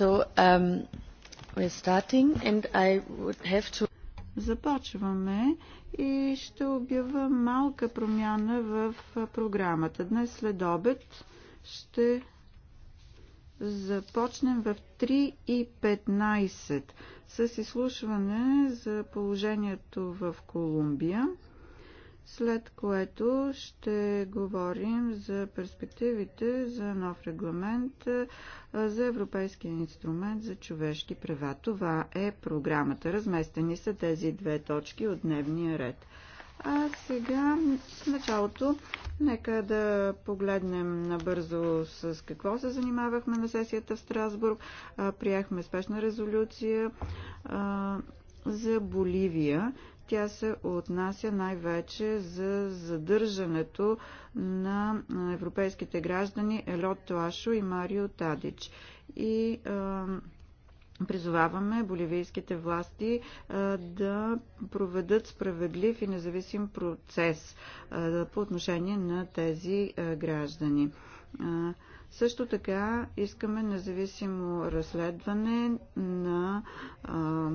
Um, Започваме и ще обява малка промяна в програмата. Днес след обед ще започнем в 3.15 с изслушване за положението в Колумбия след което ще говорим за перспективите за нов регламент за Европейския инструмент за човешки права. Това е програмата. Разместени са тези две точки от дневния ред. А сега, в началото, нека да погледнем набързо с какво се занимавахме на сесията в Страсбург. Приехме спешна резолюция за Боливия тя се отнася най-вече за задържането на европейските граждани Елот Туашо и Марио Тадич. И а, Призоваваме боливийските власти да проведат справедлив и независим процес по отношение на тези граждани. Също така искаме независимо разследване на а,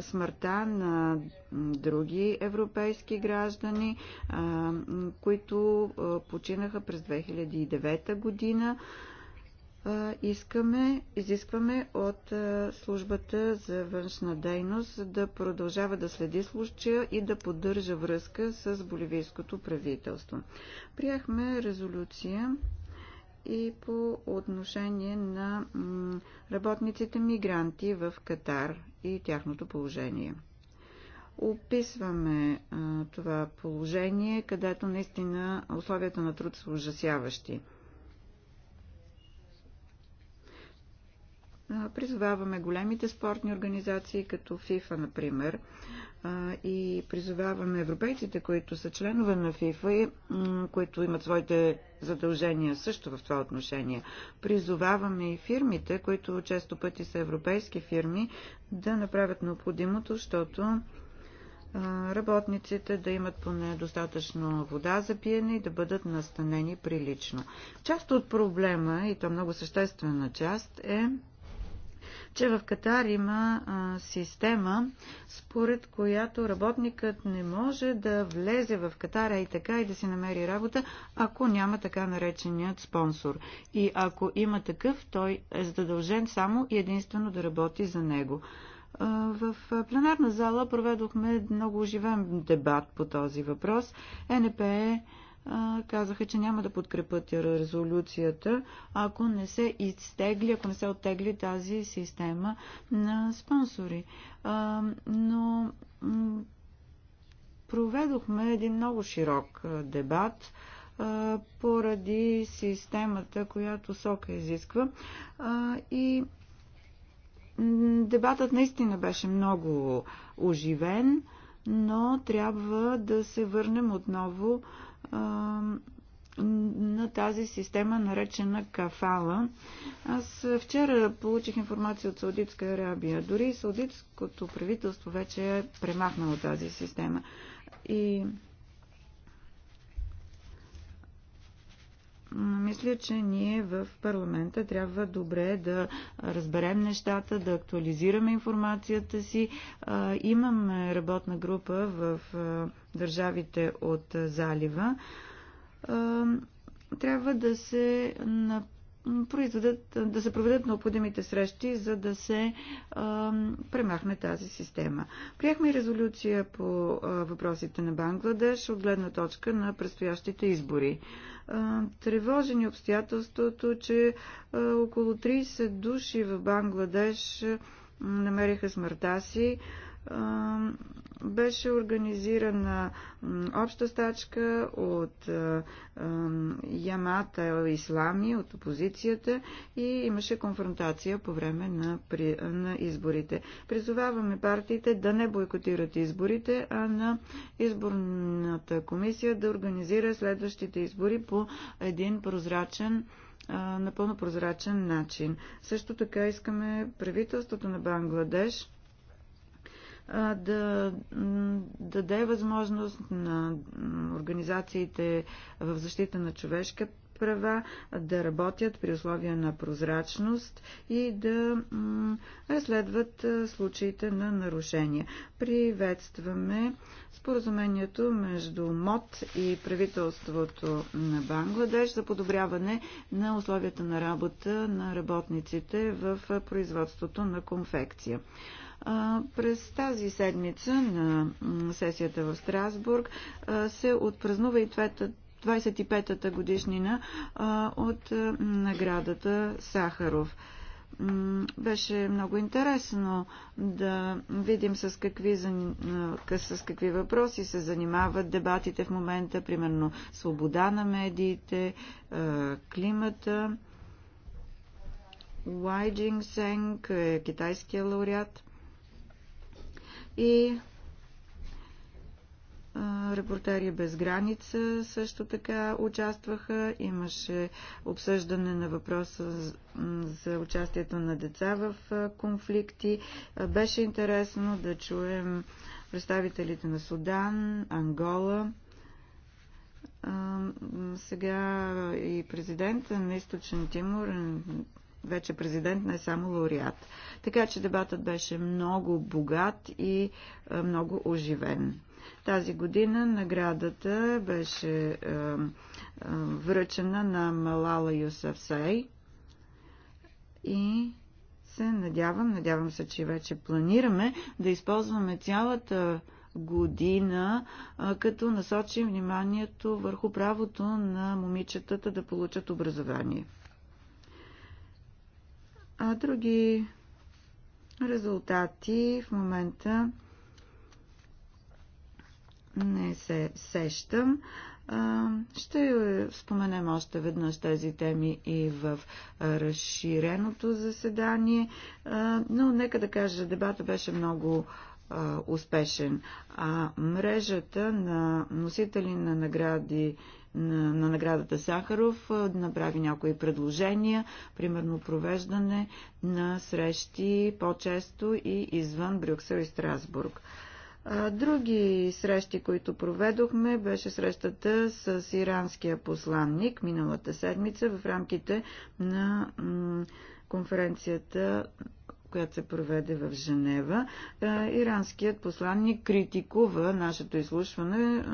смъртта на други европейски граждани, а, които а, починаха през 2009 година. А, искаме, изискваме от а, службата за външна дейност да продължава да следи случая и да поддържа връзка с боливийското правителство. Приехме резолюция и по отношение на работниците мигранти в Катар и тяхното положение. Описваме а, това положение, където наистина условията на труд са ужасяващи. Призоваваме големите спортни организации, като ФИФА, например, и призоваваме европейците, които са членове на ФИФА и които имат своите задължения също в това отношение. Призоваваме и фирмите, които често пъти са европейски фирми, да направят необходимото, защото работниците да имат поне достатъчно вода за пиене и да бъдат настанени прилично. Част от проблема, и то много съществена част, е че в Катар има а, система, според която работникът не може да влезе в Катара и така и да си намери работа, ако няма така нареченият спонсор. И ако има такъв, той е задължен само и единствено да работи за него. В пленарна зала проведохме много оживен дебат по този въпрос. НПЕ. е казаха, че няма да подкрепят резолюцията, ако не се изтегли, ако не се оттегли тази система на спонсори. Но проведохме един много широк дебат поради системата, която СОКа изисква. И дебатът наистина беше много оживен, но трябва да се върнем отново на тази система, наречена кафала. Аз вчера получих информация от Саудитска Арабия. Дори Саудитското правителство вече е премахнало тази система. И Мисля, че ние в парламента трябва добре да разберем нещата, да актуализираме информацията си. Имаме работна група в държавите от залива. Трябва да се направи произведат, да се проведат необходимите срещи, за да се а, премахне тази система. Приехме и резолюция по а, въпросите на Бангладеш от гледна точка на предстоящите избори. А, тревожени обстоятелството, че а, около 30 души в Бангладеш намериха смъртта си. А, беше организирана обща стачка от Ямата Ислами, от опозицията и имаше конфронтация по време на, при, на изборите. Призоваваме партиите да не бойкотират изборите, а на изборната комисия да организира следващите избори по един прозрачен напълно прозрачен начин. Също така искаме правителството на Бангладеш да даде възможност на организациите в защита на човешка права да работят при условия на прозрачност и да разследват случаите на нарушения. Приветстваме споразумението между МОД и правителството на Бангладеш за подобряване на условията на работа на работниците в производството на конфекция. През тази седмица на сесията в Страсбург се отпразнува и 25-та годишнина от наградата Сахаров беше много интересно да видим с какви, с какви въпроси се занимават дебатите в момента, примерно свобода на медиите, климата. Уай Джинг Сенг е китайския лауреат и Репортери без граница също така участваха. Имаше обсъждане на въпроса за участието на деца в конфликти. Беше интересно да чуем представителите на Судан, Ангола. Сега и президента на Източен Тимур, вече президент, не е само лауреат. Така че дебатът беше много богат и е, много оживен. Тази година наградата беше е, е, връчена на Малала Юсафсай и се надявам, надявам се, че вече планираме да използваме цялата година, като насочим вниманието върху правото на момичетата да получат образование. А други резултати в момента не се сещам. Ще споменем още веднъж тези теми и в разширеното заседание, но нека да кажа, дебата беше много успешен. А мрежата на носители на награди на наградата Сахаров направи някои предложения, примерно провеждане на срещи по-често и извън Брюксел и Страсбург. Други срещи, които проведохме, беше срещата с иранския посланник миналата седмица в рамките на конференцията която се проведе в Женева. Иранският посланник критикува нашето изслушване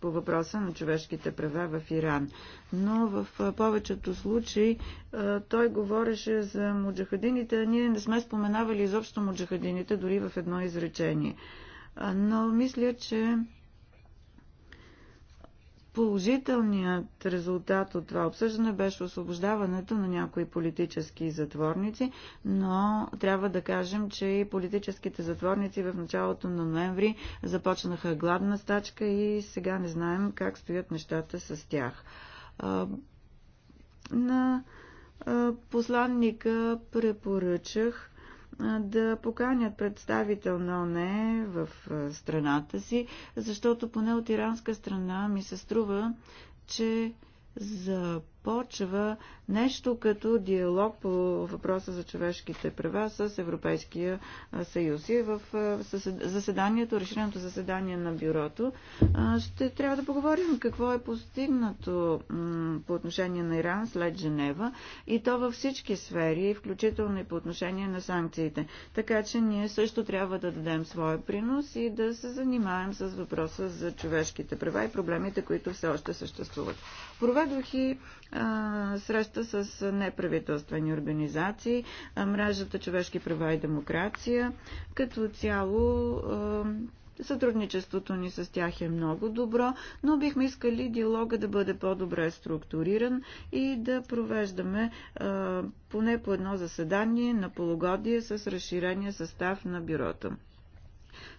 по въпроса на човешките права в Иран. Но в повечето случаи той говореше за муджахадините, а ние не сме споменавали изобщо муджахадините, дори в едно изречение. Но мисля, че Положителният резултат от това обсъждане беше освобождаването на някои политически затворници, но трябва да кажем, че и политическите затворници в началото на ноември започнаха гладна стачка и сега не знаем как стоят нещата с тях. На посланника препоръчах да поканят представител на ОНЕ в страната си, защото поне от иранска страна ми се струва, че за започва нещо като диалог по въпроса за човешките права с Европейския съюз. И в заседанието, решеното заседание на бюрото, ще трябва да поговорим какво е постигнато по отношение на Иран след Женева и то във всички сфери, включително и по отношение на санкциите. Така че ние също трябва да дадем своя принос и да се занимаем с въпроса за човешките права и проблемите, които все още съществуват. Проведох и среща с неправителствени организации, мрежата човешки права и демокрация. Като цяло Сътрудничеството ни с тях е много добро, но бихме искали диалога да бъде по-добре структуриран и да провеждаме поне по едно заседание на полугодие с разширения състав на бюрото.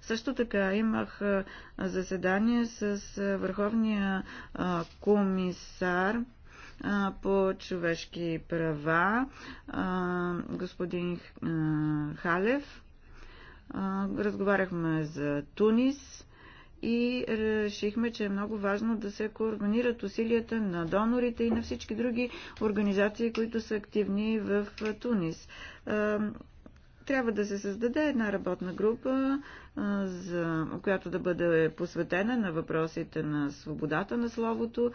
Също така имах заседание с Върховния комисар по човешки права, господин Халев. Разговаряхме за Тунис и решихме, че е много важно да се координират усилията на донорите и на всички други организации, които са активни в Тунис. Трябва да се създаде една работна група, за, която да бъде посветена на въпросите на свободата на словото.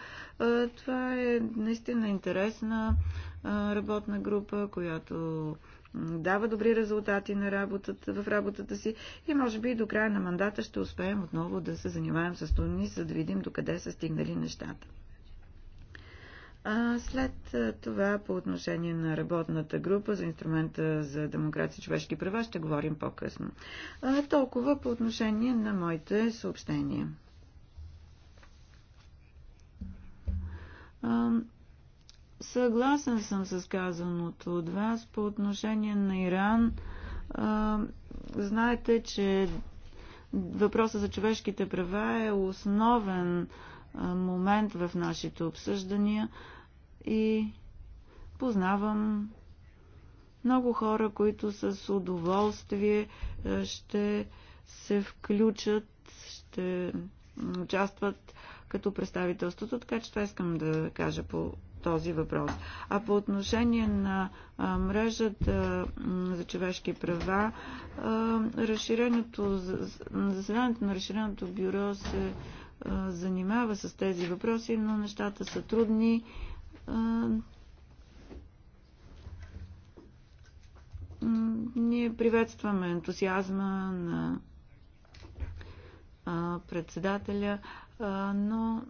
Това е наистина интересна работна група, която дава добри резултати на работата, в работата си и може би до края на мандата ще успеем отново да се занимаем с Тунис, за да видим докъде са стигнали нещата. А след това по отношение на работната група за инструмента за демокрация и човешки права ще говорим по-късно. толкова по отношение на моите съобщения. Съгласен съм с казаното от вас по отношение на Иран. Знаете, че въпросът за човешките права е основен момент в нашите обсъждания и познавам много хора, които с удоволствие ще се включат, ще участват като представителството, така че това искам да кажа по този въпрос. А по отношение на мрежата за човешки права, разширеното, заседанието на разширеното бюро се занимава с тези въпроси, но нещата са трудни. Ние приветстваме ентусиазма на председателя, но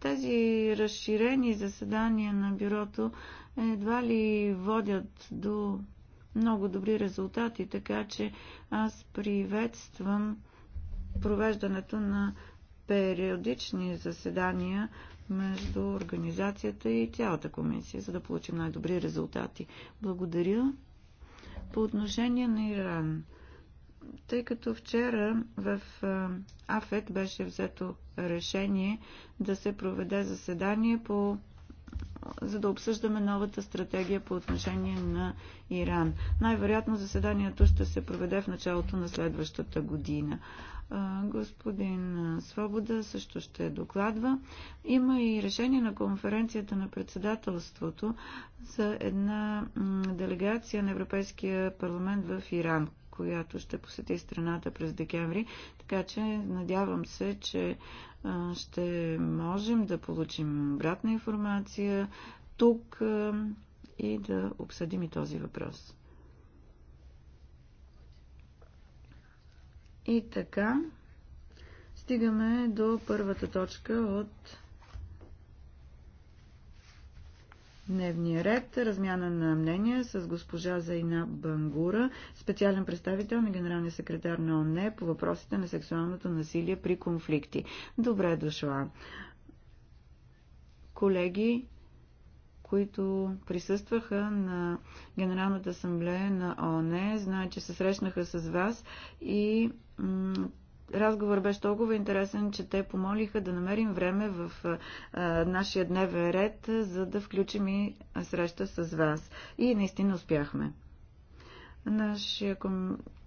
тези разширени заседания на бюрото едва ли водят до много добри резултати, така че аз приветствам провеждането на периодични заседания между организацията и цялата комисия, за да получим най-добри резултати. Благодаря. По отношение на Иран, тъй като вчера в АФЕТ беше взето решение да се проведе заседание по за да обсъждаме новата стратегия по отношение на Иран. Най-вероятно заседанието ще се проведе в началото на следващата година. Господин Свобода също ще докладва. Има и решение на конференцията на председателството за една делегация на Европейския парламент в Иран, която ще посети страната през декември. Така че надявам се, че ще можем да получим обратна информация тук и да обсъдим и този въпрос. И така, стигаме до първата точка от дневния ред. Размяна на мнения с госпожа Зайна Бангура, специален представител на генералния секретар на ОНЕ по въпросите на сексуалното насилие при конфликти. Добре дошла. Колеги, които присъстваха на Генералната асамблея на ООН. Знае, че се срещнаха с вас и разговор беше толкова интересен, че те помолиха да намерим време в а, нашия дневен ред, за да включим и среща с вас. И наистина успяхме. Нашия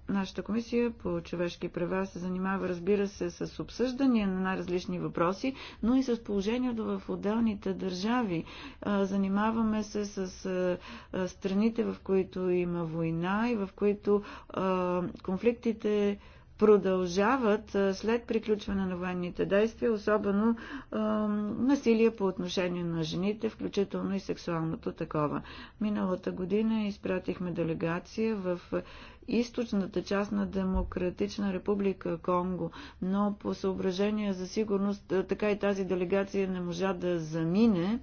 Нашата комисия по човешки права се занимава, разбира се, с обсъждания на най-различни въпроси, но и с положението в отделните държави. Занимаваме се с страните, в които има война и в които конфликтите продължават след приключване на военните действия, особено е, насилие по отношение на жените, включително и сексуалното такова. Миналата година изпратихме делегация в източната част на Демократична република Конго, но по съображение за сигурност така и тази делегация не можа да замине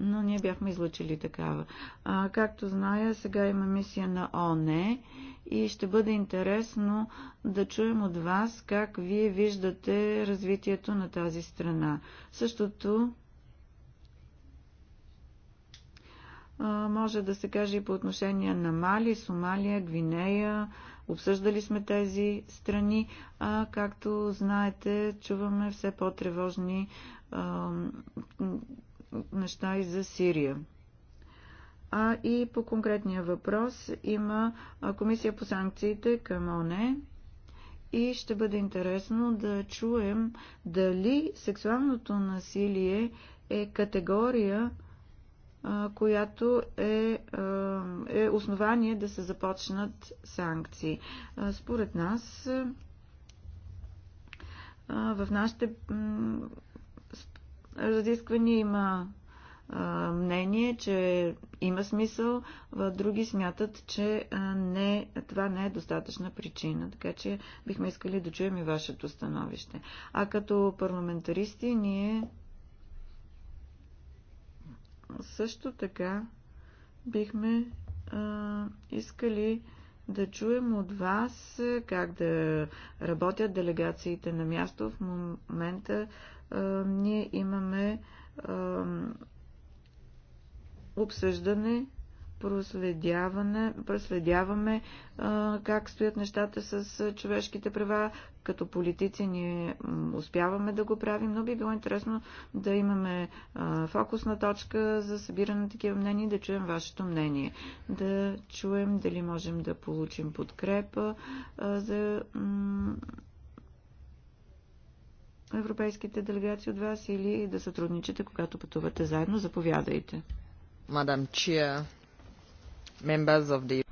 но ние бяхме излучили такава. А, както зная, сега има мисия на ОНЕ и ще бъде интересно да чуем от вас как вие виждате развитието на тази страна. Същото може да се каже и по отношение на Мали, Сомалия, Гвинея. Обсъждали сме тези страни, а както знаете, чуваме все по-тревожни неща и за Сирия. А и по конкретния въпрос има комисия по санкциите към ОНЕ и ще бъде интересно да чуем дали сексуалното насилие е категория, която е, е основание да се започнат санкции. Според нас в нашите разисквания, има мнение, че има смисъл, други смятат, че не, това не е достатъчна причина. Така че бихме искали да чуем и вашето становище. А като парламентаристи ние също така бихме а, искали да чуем от вас как да работят делегациите на място в момента е, ние имаме е, обсъждане, проследяване, проследяваме е, как стоят нещата с човешките права. Като политици ние успяваме да го правим, но би било интересно да имаме фокусна точка за събиране на такива мнения и да чуем вашето мнение. Да чуем дали можем да получим подкрепа за европейските делегации от вас или да сътрудничате, когато пътувате заедно. Заповядайте. Мадам Чия, members of the...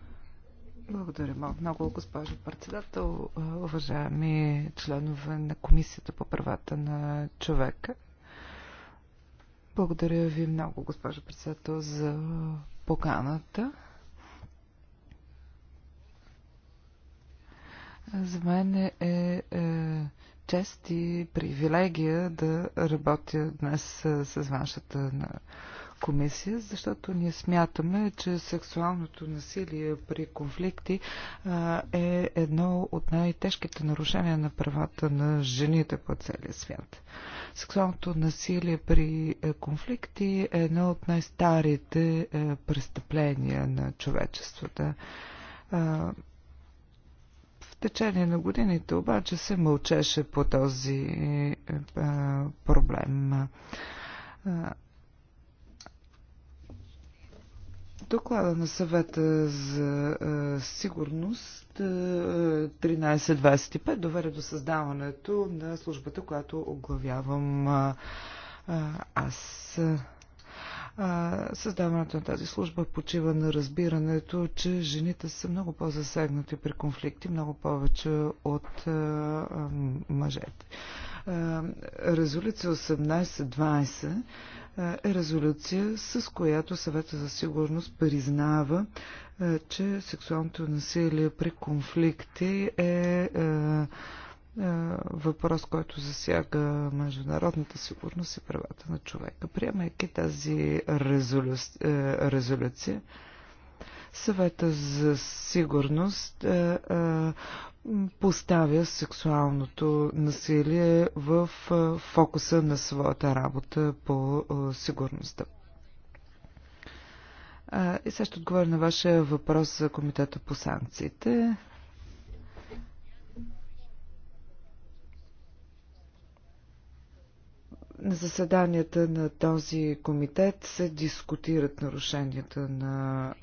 Благодаря много, госпожо председател, уважаеми членове на Комисията по правата на човека. Благодаря ви много, госпожо председател, за поканата. За мен е, е чест и привилегия да работя днес с вашата комисия, защото ние смятаме, че сексуалното насилие при конфликти е едно от най-тежките нарушения на правата на жените по целия свят. Сексуалното насилие при конфликти е едно от най-старите престъпления на човечеството течение на годините обаче се мълчеше по този а, е, е, проблем. А, е, доклада на съвета за а, сигурност 1325 доведе до създаването на службата, която оглавявам а, аз. Създаването на тази служба почива на разбирането, че жените са много по-засегнати при конфликти, много повече от мъжете. Резолюция 1820 е резолюция, с която съвета за сигурност признава, че сексуалното насилие при конфликти е, е е, въпрос, който засяга международната сигурност и правата на човека. Приемайки тази резолю... Е, резолюция, съвета за сигурност е, поставя сексуалното насилие в фокуса на своята работа по сигурността. И също отговоря на вашия въпрос за комитета по санкциите. На заседанията на този комитет се дискутират нарушенията на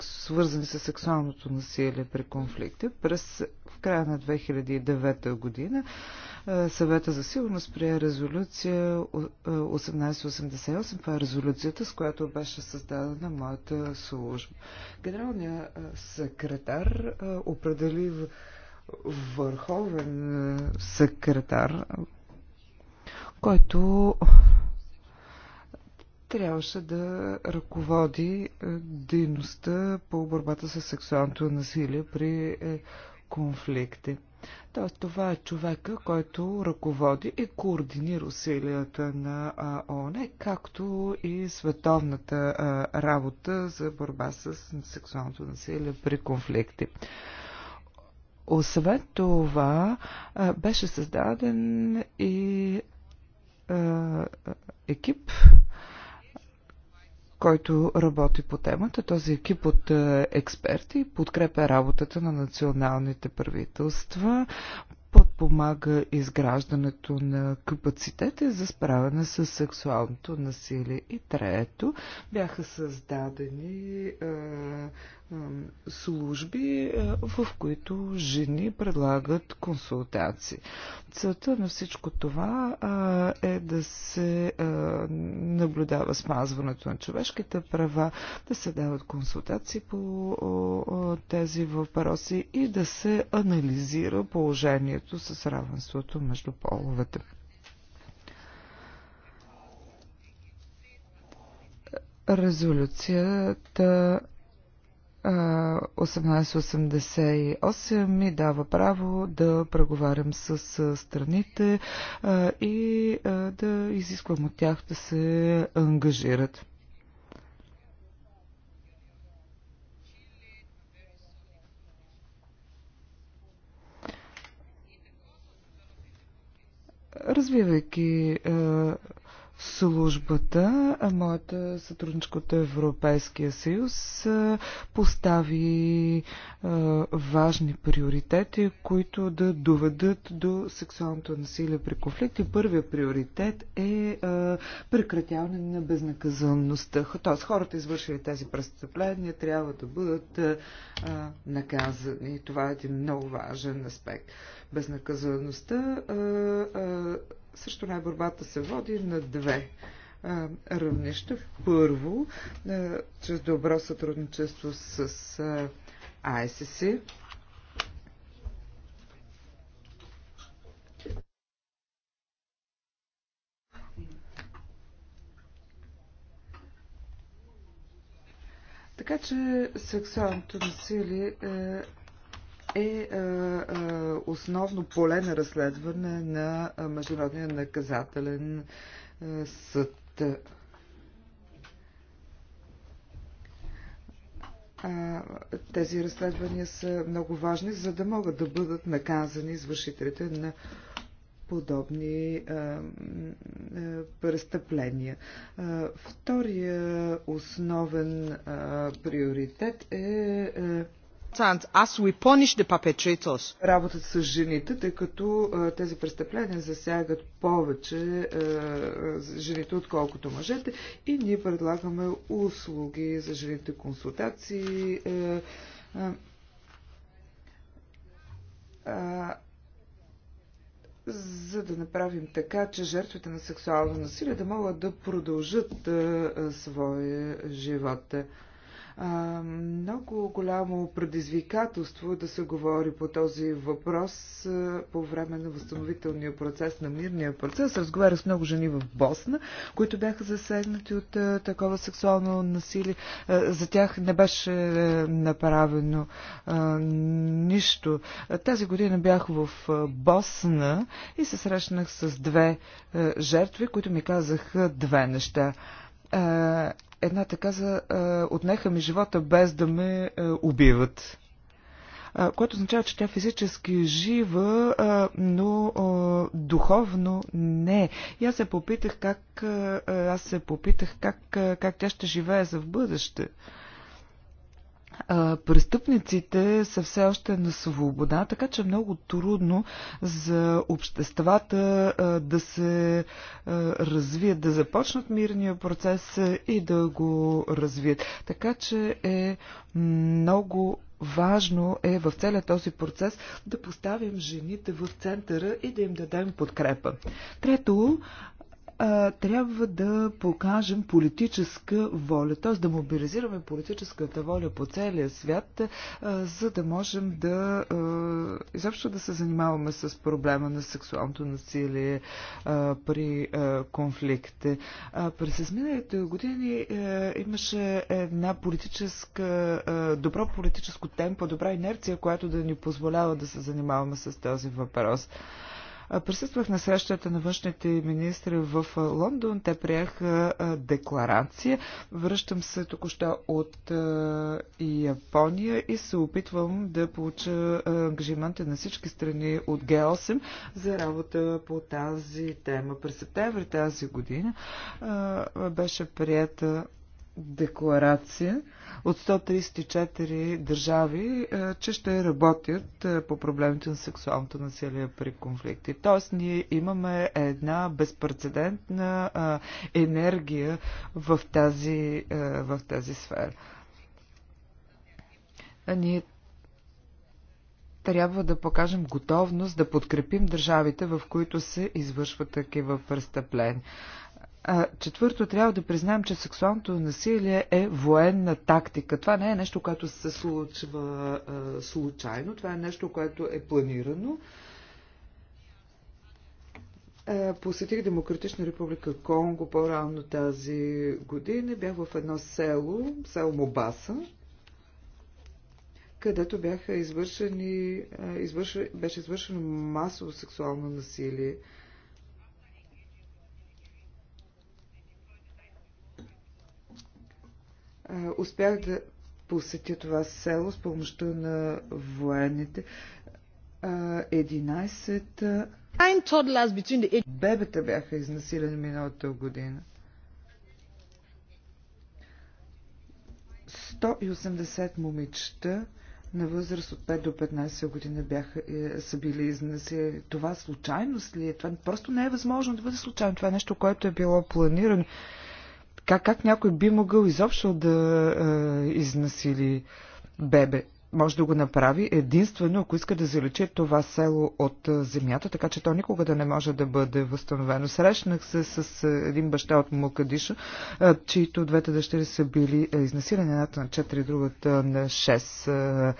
свързани с сексуалното насилие при конфликти, През в края на 2009 година съвета за сигурност прие резолюция 1888. Това е резолюцията, с която беше създадена моята служба. Генералният секретар определи върховен секретар който трябваше да ръководи е, дейността по борбата с сексуалното насилие при е, конфликти. Тоест, това е човека, който ръководи и координира усилията на ООН, както и световната работа за борба с сексуалното насилие при конфликти. Освен това, беше създаден и е, екип, който работи по темата. Този екип от е, експерти подкрепя работата на националните правителства, подпомага изграждането на капацитета за справяне с сексуалното насилие. И трето, бяха създадени е, служби, в които жени предлагат консултации. Целта на всичко това е да се наблюдава смазването на човешките права, да се дават консултации по тези въпроси и да се анализира положението с равенството между половете. Резолюцията 1888 ми дава право да преговарям с страните и да изисквам от тях да се ангажират. Развивайки службата, а моята сътрудничка от Европейския съюз постави важни приоритети, които да доведат до сексуалното насилие при конфликти. Първият приоритет е прекратяване на безнаказанността. Тоест, хората, извършили тези престъпления, трябва да бъдат наказани. Това е един много важен аспект. Безнаказанността също най борбата се води на две равнища. Първо, чрез добро сътрудничество с ICC, Така че сексуалното насилие е е, е основно поле на разследване на Международния наказателен е, съд. Е, тези разследвания са много важни, за да могат да бъдат наказани извършителите на подобни а, а, престъпления. А, втория основен а, приоритет е а, Работата с жените, тъй като тези престъпления засягат повече жените, отколкото мъжете. И ние предлагаме услуги за жените, консултации. за да направим така, че жертвите на сексуално насилие да могат да продължат своя живот много голямо предизвикателство е да се говори по този въпрос по време на възстановителния процес, на мирния процес. Разговаря с много жени в Босна, които бяха засегнати от такова сексуално насилие. За тях не беше направено нищо. Тази година бях в Босна и се срещнах с две жертви, които ми казаха две неща. Е, едната каза, е, отнеха ми живота без да ме е, убиват. Което означава, че тя физически жива, но духовно не. И аз се попитах как, аз се попитах как, как тя ще живее за в бъдеще престъпниците са все още на свобода, така че е много трудно за обществата да се развият, да започнат мирния процес и да го развият. Така че е много важно е в целият този процес да поставим жените в центъра и да им дадем подкрепа. Трето, а, трябва да покажем политическа воля, т.е. да мобилизираме политическата воля по целия свят, а, за да можем да а, изобщо да се занимаваме с проблема на сексуалното насилие а, при а, конфликти. А, през изминалите години а, имаше една политическа, а, добро политическо темпо, добра инерция, която да ни позволява да се занимаваме с този въпрос. А, Присъствах на срещата на външните министри в Лондон. Те приеха декларация. Връщам се току-що от Япония и се опитвам да получа ангажимента на всички страни от Г8 за работа по тази тема. През септември тази година беше прията декларация от 134 държави, е, че ще работят е, по проблемите на сексуалното насилие при конфликти. Тоест, ние имаме една безпредседентна е, енергия в тази, в тази сфера. ние трябва да покажем готовност да подкрепим държавите, в които се извършват такива престъпления. А, четвърто, трябва да признаем, че сексуалното насилие е военна тактика. Това не е нещо, което се случва а, случайно, това е нещо, което е планирано. А, посетих Демократична република Конго по-рано тази година. Бях в едно село, село Мобаса, където бяха извършени, а, извърш... беше извършено масово сексуално насилие. А, успях да посетя това село с помощта на военните. 11 бебета бяха изнасилени миналата година. 180 момичета на възраст от 5 до 15 години бяха, е, са били изнасилени. Това случайност ли е? Това просто не е възможно да бъде случайно. Това е нещо, което е било планирано. Така как някой би могъл изобщо да е, изнасили бебе? Може да го направи единствено, ако иска да залечи това село от е, земята, така че то никога да не може да бъде възстановено. Срещнах се с е, един баща от Мукадиша, е, чието двете дъщери са били изнасилени, едната на 4, другата на 6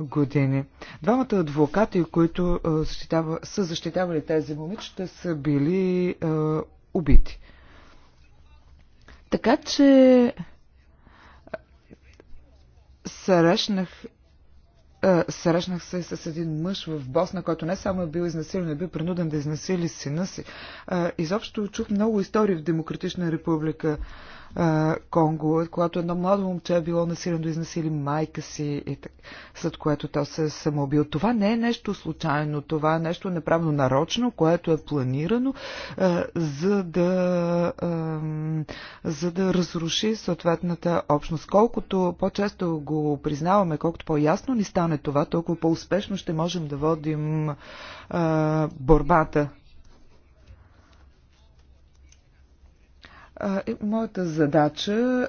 години. Двамата адвокати, които защитава, са защитавали тези момичета, са били е, убити. Така че срещнах се с един мъж в Босна, който не само е бил изнасилен, е бил принуден да изнасили сина си. Изобщо чух много истории в Демократична република Конго, когато едно младо момче е било насилено да изнасили майка си, и так, след което то се е самоубил. Това не е нещо случайно, това е нещо направено нарочно, което е планирано, а, за, да, а, за да разруши съответната общност. Колкото по-често го признаваме, колкото по-ясно ни стане това, толкова по-успешно ще можем да водим а, борбата Е, моята задача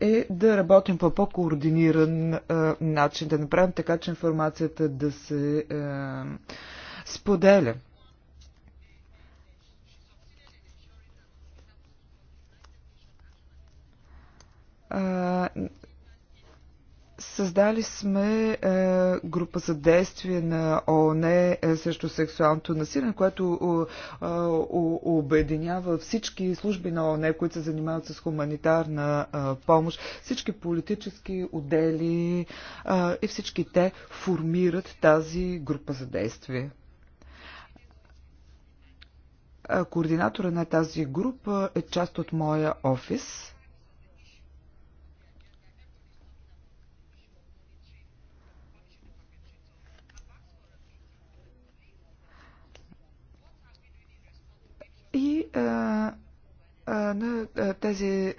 е да работим по по-координиран начин, да направим така, че информацията да се споделя. Създали сме е, група за действие на ООН е, срещу сексуалното насилие, което е, обединява всички служби на ООН, които се занимават с хуманитарна помощ, всички политически отдели и всички те формират тази група за действие. Координатора на тази група е част от моя офис. на тези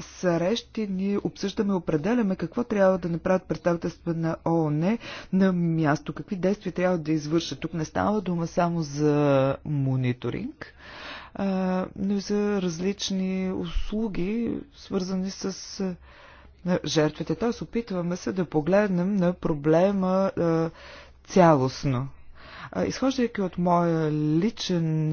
срещи ние обсъждаме, определяме какво трябва да направят представителства на ООН на място, какви действия трябва да извършат. Тук не става дума само за мониторинг, но и за различни услуги, свързани с жертвите. Т.е. опитваме се да погледнем на проблема цялостно. изхождайки от моя личен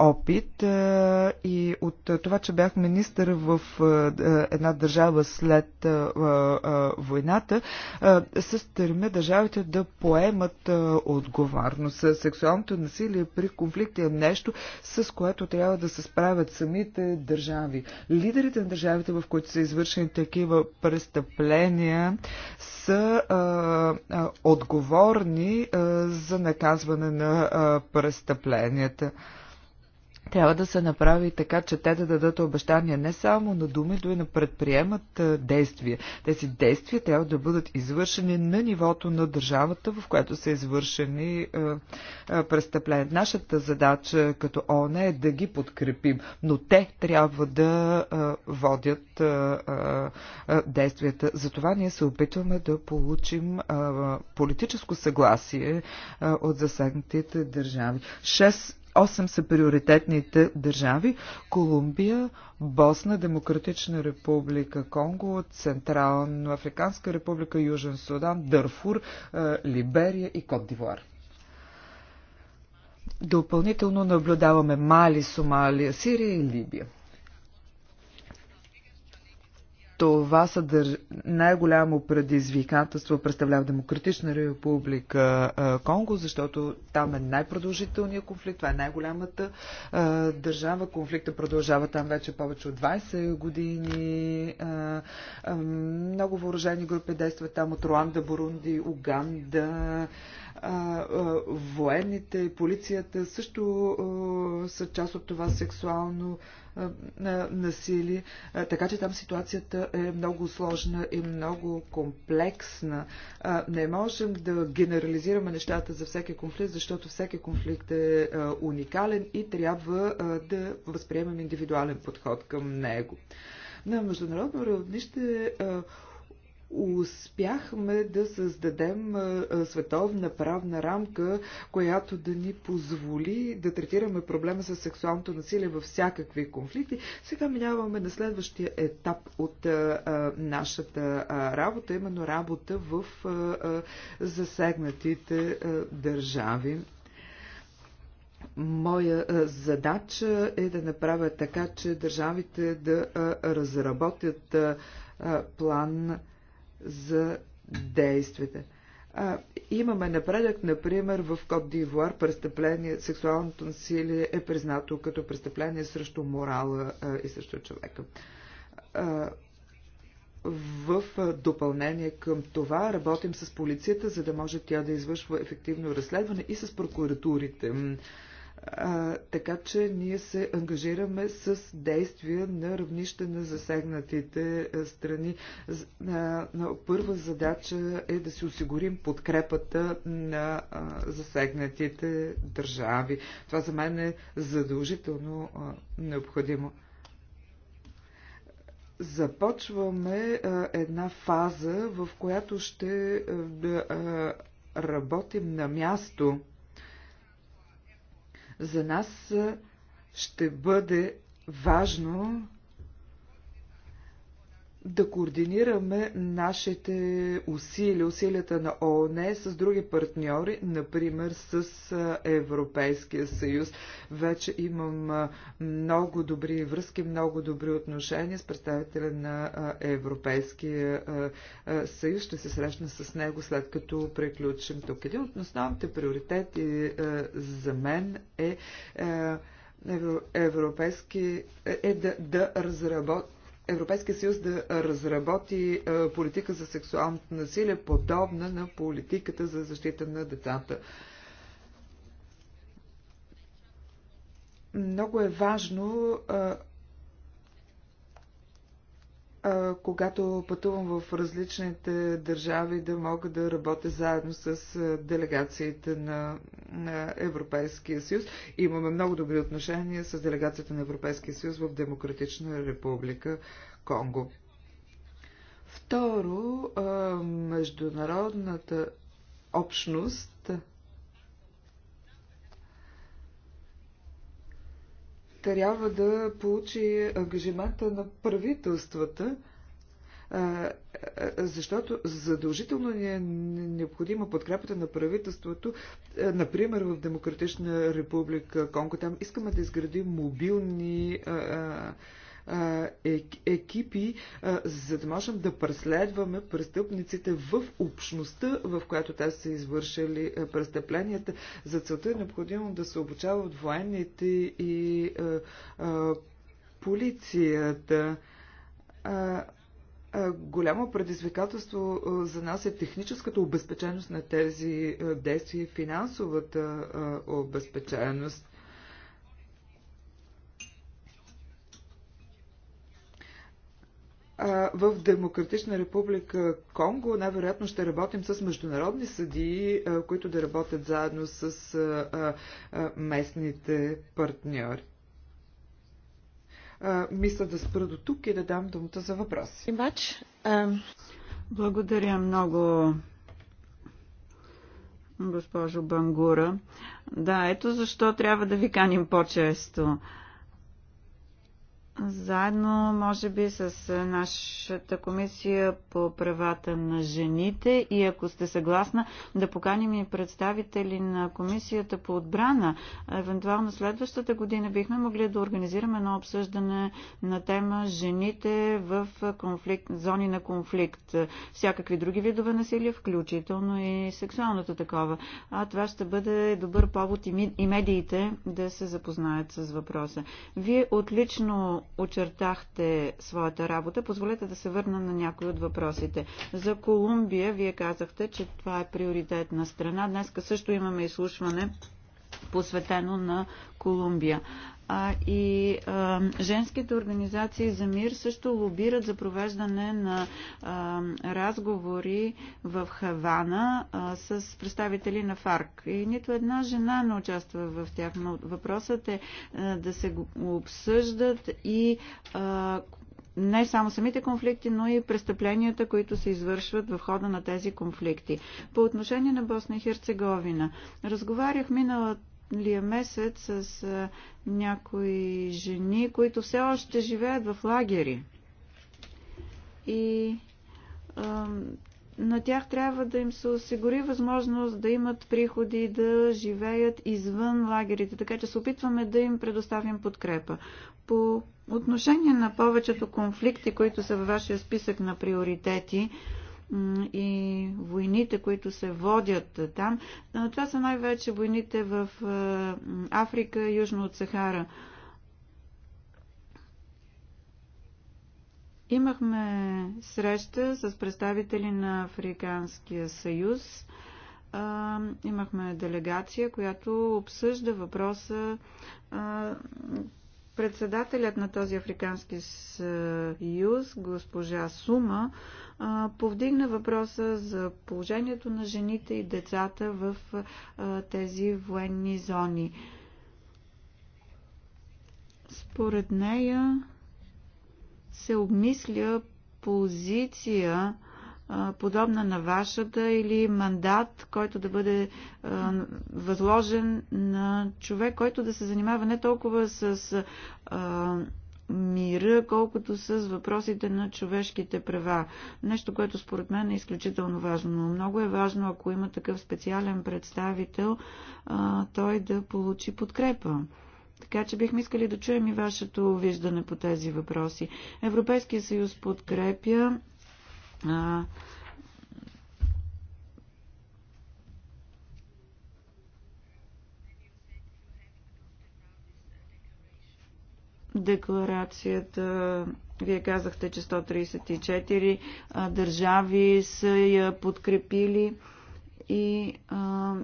опит а, и от това, че бях министър в а, една държава след а, а, войната, а, се стърме държавите да поемат а, отговорност. Сексуалното насилие при конфликт е нещо, с което трябва да се справят самите държави. Лидерите на държавите, в които са извършени такива престъпления, са а, а, отговорни а, за наказване на а, престъпленията. Трябва да се направи така, че те да дадат обещания не само на думи, но и на предприемат действия. Тези действия трябва да бъдат извършени на нивото на държавата, в която са извършени престъпления. Нашата задача като ОНЕ е да ги подкрепим, но те трябва да водят действията. Затова ние се опитваме да получим политическо съгласие от засегнатите държави. Шест Осем са приоритетните държави Колумбия, Босна, Демократична република Конго, Централна Африканска република, Южен Судан, Дърфур, е, Либерия и Кот Дивуар. Допълнително наблюдаваме Мали, Сомалия, Сирия и Либия. Това съдърж... най-голямо предизвикателство представлява Демократична република Конго, защото там е най-продължителният конфликт, това е най-голямата държава. Конфликта продължава там вече повече от 20 години. много въоръжени групи действат там от Руанда, Бурунди, Уганда, военните и полицията също са част от това сексуално насилие. Така че там ситуацията е много сложна и много комплексна. Не можем да генерализираме нещата за всеки конфликт, защото всеки конфликт е уникален и трябва да възприемем индивидуален подход към него. На международно равнище успяхме да създадем световна правна рамка, която да ни позволи да третираме проблема с сексуалното насилие във всякакви конфликти. Сега минаваме на следващия етап от нашата работа, именно работа в засегнатите държави. Моя задача е да направя така, че държавите да разработят план за действията. А, имаме напредък, например, в Код Дивуар престъпление, сексуалното насилие е признато като престъпление срещу морала а, и срещу човека. А, в допълнение към това работим с полицията, за да може тя да извършва ефективно разследване и с прокуратурите. А, така че ние се ангажираме с действия на равнище на засегнатите страни. А, първа задача е да си осигурим подкрепата на а, засегнатите държави. Това за мен е задължително а, необходимо започваме една фаза, в която ще работим на място. За нас ще бъде важно да координираме нашите усилия, усилията на ООН с други партньори, например с Европейския съюз. Вече имам много добри връзки, много добри отношения с представителя на Европейския съюз. Ще се срещна с него след като приключим тук. Един от основните приоритети за мен е европейски е, е да, да разработи Европейския съюз да разработи е, политика за сексуалното насилие, подобна на политиката за защита на децата. Много е важно е, когато пътувам в различните държави, да мога да работя заедно с делегациите на, на Европейския съюз. Имаме много добри отношения с делегацията на Европейския съюз в Демократична република Конго. Второ, международната общност трябва да получи ангажимента на правителствата, защото задължително ни е необходима подкрепата на правителството, например в Демократична република Конго. Там искаме да изградим мобилни екипи, за да можем да преследваме престъпниците в общността, в която те са извършили престъпленията. За целта е необходимо да се обучават военните и полицията. Голямо предизвикателство за нас е техническата обезпеченост на тези действия и финансовата обезпеченост. в Демократична република Конго най-вероятно ще работим с международни съдии, които да работят заедно с местните партньори. Мисля да спра до тук и да дам думата за въпроси. Благодаря много, госпожо Бангура. Да, ето защо трябва да ви каним по-често заедно, може би, с е, нашата комисия по правата на жените и ако сте съгласна да поканим и представители на комисията по отбрана. Евентуално следващата година бихме могли да организираме едно обсъждане на тема жените в конфликт, зони на конфликт. Всякакви други видове насилие, включително и сексуалното такова. А това ще бъде добър повод и медиите да се запознаят с въпроса. Вие отлично очертахте своята работа. Позволете да се върна на някои от въпросите. За Колумбия вие казахте, че това е приоритетна страна. Днес също имаме изслушване посветено на Колумбия а и а, женските организации за мир също лобират за провеждане на а, разговори в Хавана а, с представители на ФАРК. И нито една жена не участва в тях, но въпросът е а, да се обсъждат и а, не само самите конфликти, но и престъпленията, които се извършват в хода на тези конфликти. По отношение на Босна и Херцеговина, разговарях миналата миналия е месец с някои жени, които все още живеят в лагери. И а, на тях трябва да им се осигури възможност да имат приходи, да живеят извън лагерите, така че се опитваме да им предоставим подкрепа. По отношение на повечето конфликти, които са във вашия списък на приоритети, и войните, които се водят там. Това са най-вече войните в Африка, южно от Сахара. Имахме среща с представители на Африканския съюз. Имахме делегация, която обсъжда въпроса Председателят на този Африкански съюз, госпожа Сума, повдигна въпроса за положението на жените и децата в тези военни зони. Според нея се обмисля позиция подобна на вашата или мандат, който да бъде възложен на човек, който да се занимава не толкова с мира, колкото с въпросите на човешките права. Нещо, което според мен е изключително важно. Но много е важно, ако има такъв специален представител, той да получи подкрепа. Така че бихме искали да чуем и вашето виждане по тези въпроси. Европейския съюз подкрепя декларацията. Вие казахте, че 134 държави са я подкрепили. И а,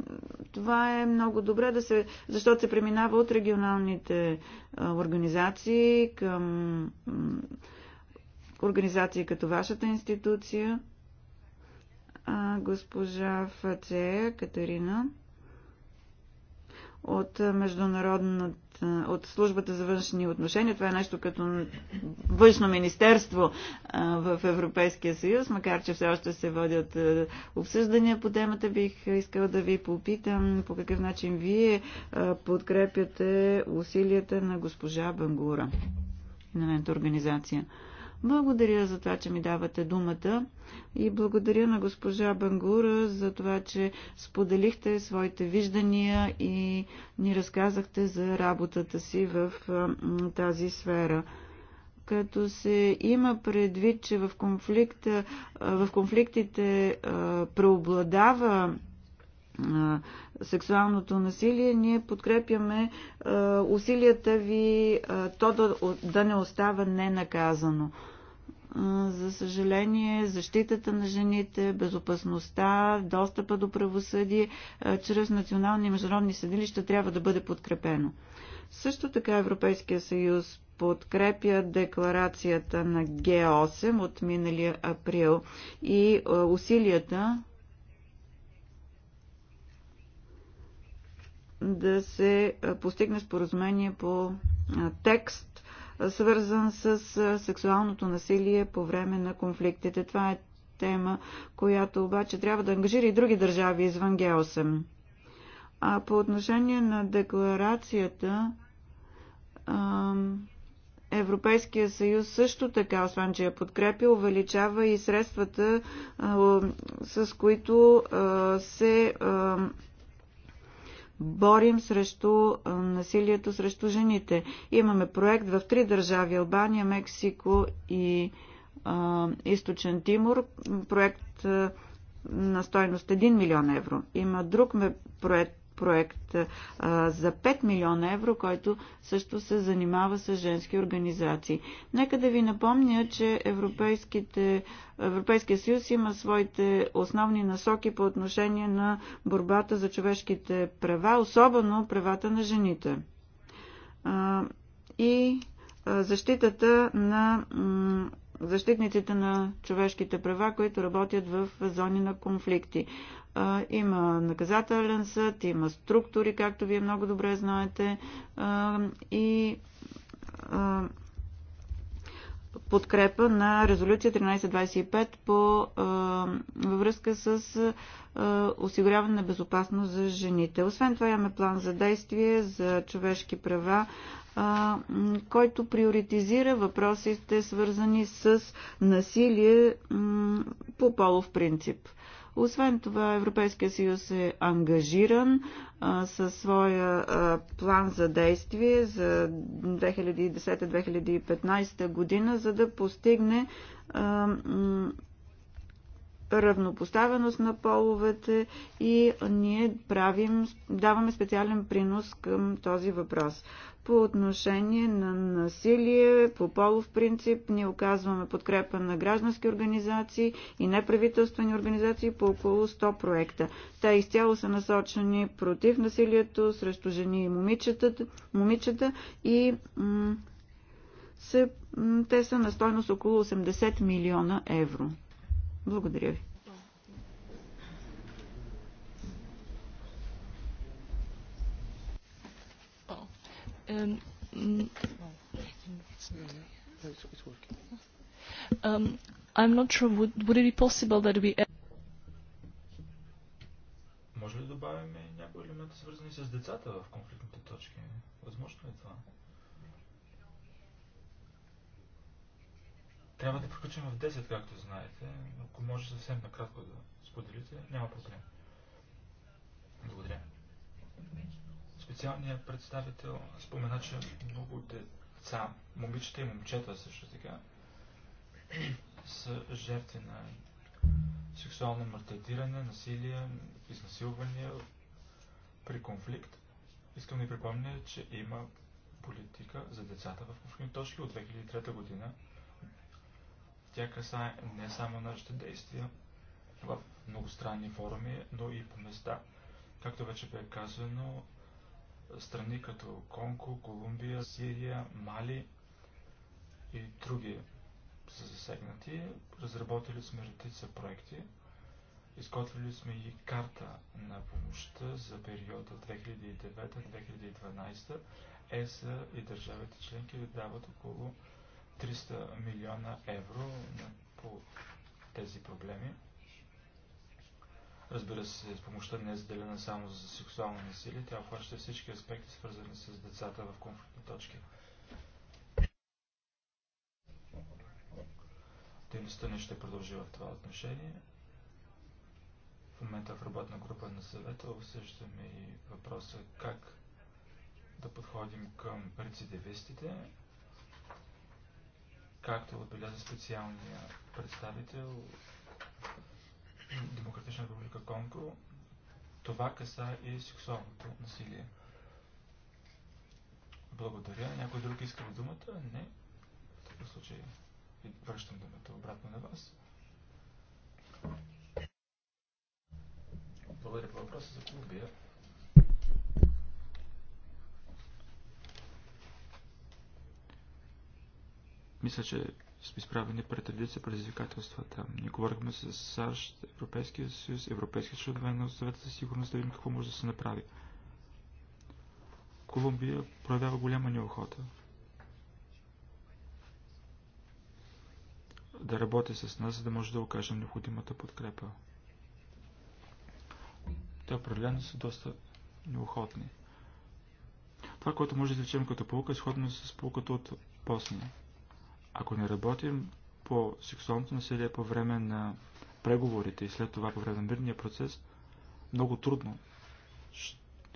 това е много добре да се. защото се преминава от регионалните а, организации към организации като вашата институция, а, госпожа Фацея Катерина от Международната, от службата за външни отношения. Това е нещо като външно министерство в Европейския съюз, макар че все още се водят обсъждания по темата. Бих искала да ви попитам по какъв начин вие подкрепяте усилията на госпожа Бангура и на нейната организация. Благодаря за това, че ми давате думата и благодаря на госпожа Бангура за това, че споделихте своите виждания и ни разказахте за работата си в тази сфера като се има предвид, че в, конфликта, в конфликтите преобладава сексуалното насилие, ние подкрепяме усилията ви то да, да не остава ненаказано. За съжаление, защитата на жените, безопасността, достъпа до правосъдие чрез национални и международни съдилища трябва да бъде подкрепено. Също така Европейския съюз подкрепя декларацията на Г8 от миналия април и усилията да се постигне споразумение по текст, свързан с сексуалното насилие по време на конфликтите. Това е тема, която обаче трябва да ангажира и други държави извън Г8. А по отношение на декларацията, Европейския съюз също така, освен че я подкрепи, увеличава и средствата, с които се борим срещу насилието срещу жените. Имаме проект в три държави Албания, Мексико и а, Източен Тимур. Проект а, на стойност 1 милион евро. Има друг проект проект а, за 5 милиона евро, който също се занимава с женски организации. Нека да ви напомня, че Европейските, Европейския съюз има своите основни насоки по отношение на борбата за човешките права, особено правата на жените. А, и а, защитата на защитниците на човешките права, които работят в зони на конфликти. Има наказателен съд, има структури, както вие много добре знаете. И подкрепа на резолюция 1325 по, а, във връзка с а, осигуряване на безопасност за жените. Освен това имаме план за действие за човешки права, а, който приоритизира въпросите свързани с насилие по полов принцип. Освен това, Европейския съюз е ангажиран а, със своя а, план за действие за 2010-2015 година, за да постигне а, равнопоставеност на половете и ние правим, даваме специален принос към този въпрос. По отношение на насилие, по полов принцип, ние оказваме подкрепа на граждански организации и неправителствени организации по около 100 проекта. Те изцяло са насочени против насилието срещу жени и момичета, момичета и се, те са на стойност около 80 милиона евро. Благодаря ви. I'm not sure, would, would it be possible that we... Може ли да добавим някои елементи, свързани с децата в конфликтните точки? Възможно е това? Трябва да приключим в 10, както знаете. Ако може съвсем накратко да споделите, няма проблем. Благодаря. Специалният представител спомена, че много деца, момичета и момчета също така, са жертви на сексуално мартетиране, насилие, изнасилване при конфликт. Искам да ви припомня, че има политика за децата в конфликтни точки от 2003 година, тя касае не само нашите действия в многостранни форуми, но и по места. Както вече бе казано, страни като Конго, Колумбия, Сирия, Мали и други са засегнати. Разработили сме редица проекти. Изготвили сме и карта на помощта за периода 2009-2012. ЕСА и държавите членки дават около 300 милиона евро по тези проблеми. Разбира се, с помощта не е заделена само за сексуално насилие, тя обхваща всички аспекти, свързани с децата в конфликтни точки. Дейността не ще продължи в това отношение. В момента в работна група на съвета обсъждаме и въпроса как да подходим към рецидивистите, както отбеляза специалния представител Демократична република Конго, това каса и сексуалното насилие. Благодаря. Някой друг иска ли думата? Не. В такъв случай връщам думата обратно на вас. Благодаря по въпроса за Колумбия. Мисля, че сме изправени пред редица там. Ние говорихме с САЩ, Европейския съюз, европейски членове на съвета за сигурност, да видим какво може да се направи. Колумбия проявява голяма неохота да работи с нас, за да може да окажем необходимата подкрепа. Те определено са доста неохотни. Това, което може да изречем като полука, е сходно с полуката от Босния. Ако не работим по сексуалното насилие по време на преговорите и след това по време на мирния процес, много трудно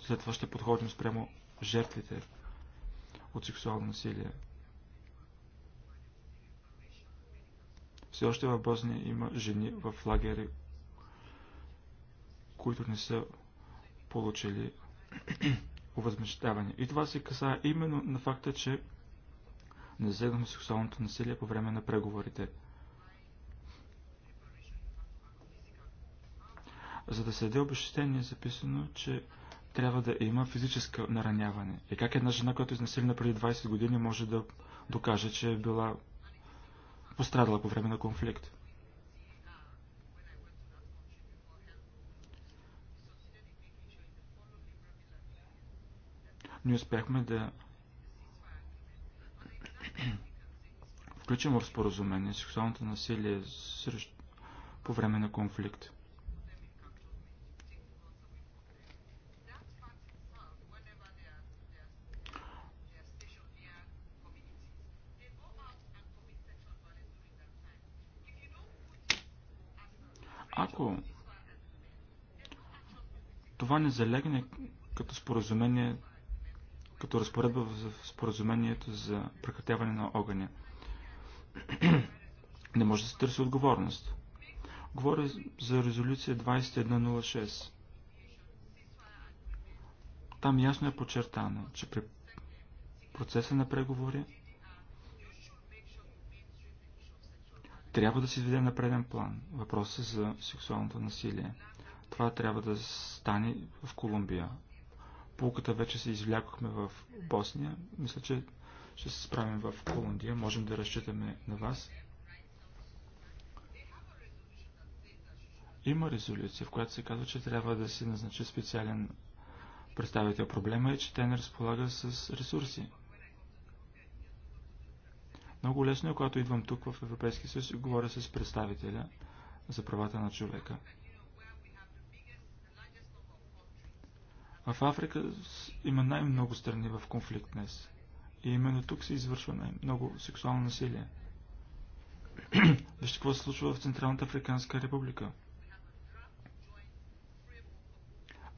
след това ще подходим спрямо жертвите от сексуално насилие. Все още в Босния има жени в лагери, които не са получили увъзмещаване. И това се касае именно на факта, че не засегнахме сексуалното насилие по време на преговорите. За да се даде обещание, е записано, че трябва да има физическо нараняване. И как една жена, която е изнасилена преди 20 години, може да докаже, че е била пострадала по време на конфликт? Ние успяхме да включим в споразумение сексуалното насилие срещу, по време на конфликт. Ако това не залегне като споразумение, като разпоредба в споразумението за прекратяване на огъня. Не може да се търси отговорност. Говоря за резолюция 2106. Там ясно е подчертано, че при процеса на преговори трябва да се изведе на преден план въпроса за сексуалното насилие. Това трябва да стане в Колумбия, Полуката вече се извлякохме в Босния. Мисля, че ще се справим в Колумбия. Можем да разчитаме на вас. Има резолюция, в която се казва, че трябва да се назначи специален представител. Проблема е, че те не разполага с ресурси. Много лесно е, когато идвам тук в Европейския съюз и говоря с представителя за правата на човека. В Африка има най-много страни в конфликт днес. И именно тук се извършва най-много сексуално насилие. Вижте какво се случва в Централната Африканска република.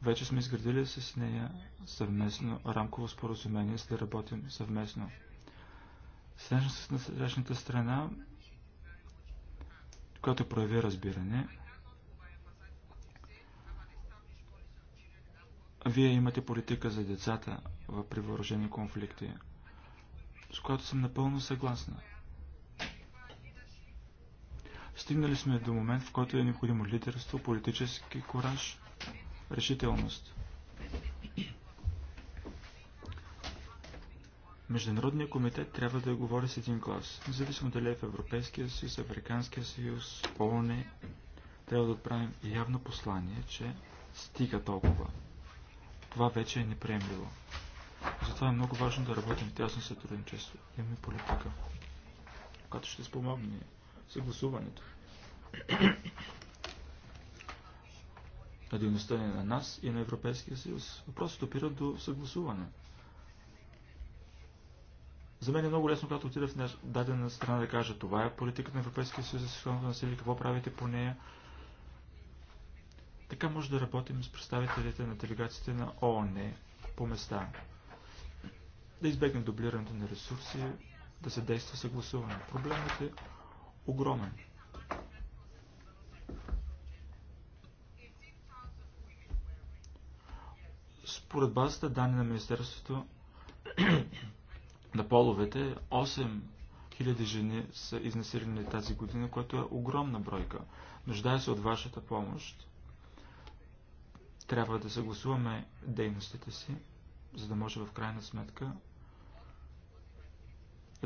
Вече сме изградили с нея съвместно рамково споразумение, за да работим съвместно. Срещна с насрещната страна, която прояви разбиране, Вие имате политика за децата в въоръжени конфликти, с която съм напълно съгласна. Стигнали сме до момент, в който е необходимо лидерство, политически кораж, решителност. Международният комитет трябва да говори с един глас, независимо дали е в Европейския съюз, Африканския съюз, ООН, трябва да отправим явно послание, че стига толкова. Това вече е неприемливо. Затова е много важно да работим в тясно сътрудничество. Имаме политика, която ще спомогне съгласуването. на дейността е на нас и на Европейския съюз. Въпросът опира до съгласуване. За мен е много лесно, когато отида в дадена страна да кажа това е политиката на Европейския съюз за сексуалното насилие, какво правите по нея, така може да работим с представителите на делегациите на ООН по места. Да избегнем дублирането на ресурси, да се действа съгласуване. Проблемът е огромен. Според базата данни на Министерството на половете, 8 хиляди жени са изнасилени тази година, което е огромна бройка. Нуждае се от вашата помощ трябва да съгласуваме дейностите си, за да може в крайна сметка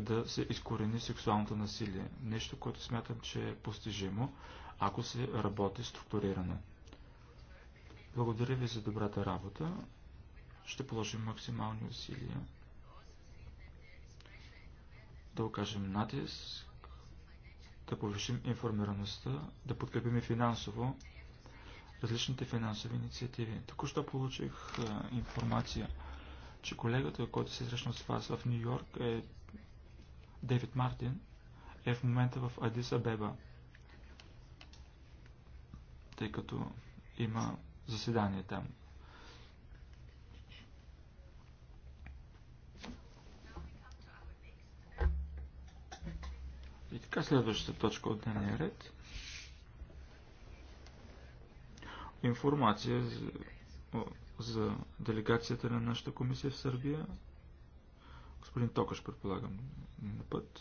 да се изкорени сексуалното насилие. Нещо, което смятам, че е постижимо, ако се работи структурирано. Благодаря ви за добрата работа. Ще положим максимални усилия да окажем натиск, да повишим информираността, да подкрепим и финансово различните финансови инициативи. Току-що получих е, информация, че колегата, който се срещна с вас в Нью Йорк, е Дейвид Мартин, е в момента в Адис Беба, тъй като има заседание там. И така следващата точка от дневния ред – информация за, за делегацията на нашата комисия в Сърбия. Господин Токаш, предполагам, на път.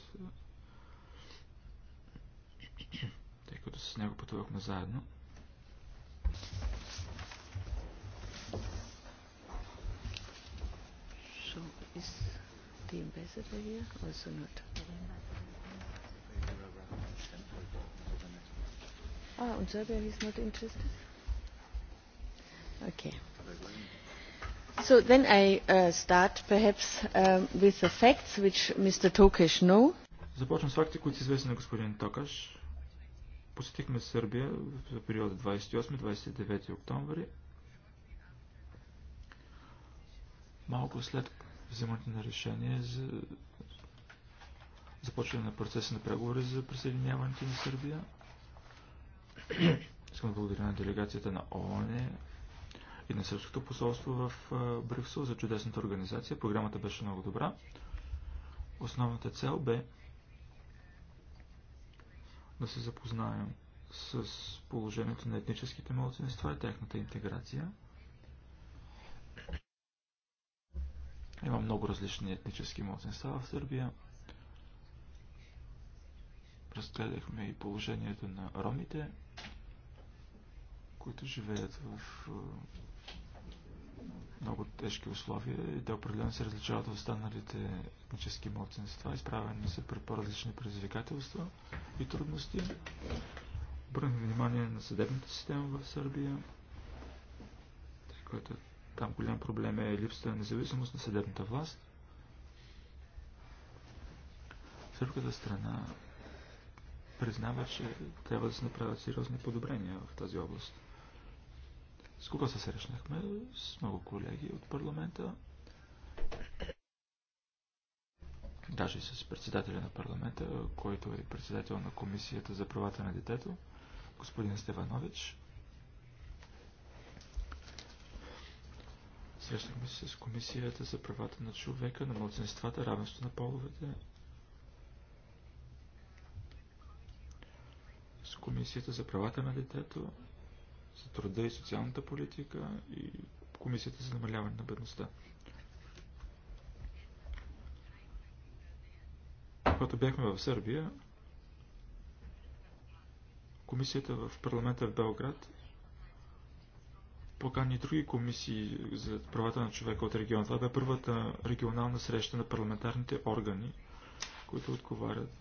Тъй като с него пътувахме заедно. So is the ambassador here also not? Ah, und Serbia is not interested? Okay. So then I uh, start perhaps uh, with the facts which Mr. Tokesh know. Започвам с факти, които са известни на господин Токаш. Посетихме Сърбия за периода 28-29 октомври. Малко след вземането на решение за започване на процеса на преговори за присъединяването на Сърбия. Искам да благодаря на делегацията на ООН, и на Сръбското посолство в Брюксел за чудесната организация. Програмата беше много добра. Основната цел бе да се запознаем с положението на етническите младсинства и тяхната интеграция. Има много различни етнически младсинства в Сърбия. Разгледахме и положението на ромите, които живеят в много тежки условия и те определено се различават от останалите етнически младсинства. Изправени са пред по-различни предизвикателства и трудности. Обърнахме внимание на съдебната система в Сърбия, тъй като там голям проблем е липсата на независимост на съдебната власт. Сърбската страна признава, че трябва да се направят сериозни подобрения в тази област с кого се срещнахме? С много колеги от парламента. Даже с председателя на парламента, който е председател на Комисията за правата на детето, господин Стеванович. Срещнахме се с Комисията за правата на човека, на младсенствата, равенство на половете, с Комисията за правата на детето, за труда и социалната политика и Комисията за намаляване на бедността. Когато бяхме в Сърбия, комисията в парламента в Белград покани други комисии за правата на човека от региона. Това бе първата регионална среща на парламентарните органи, които отговарят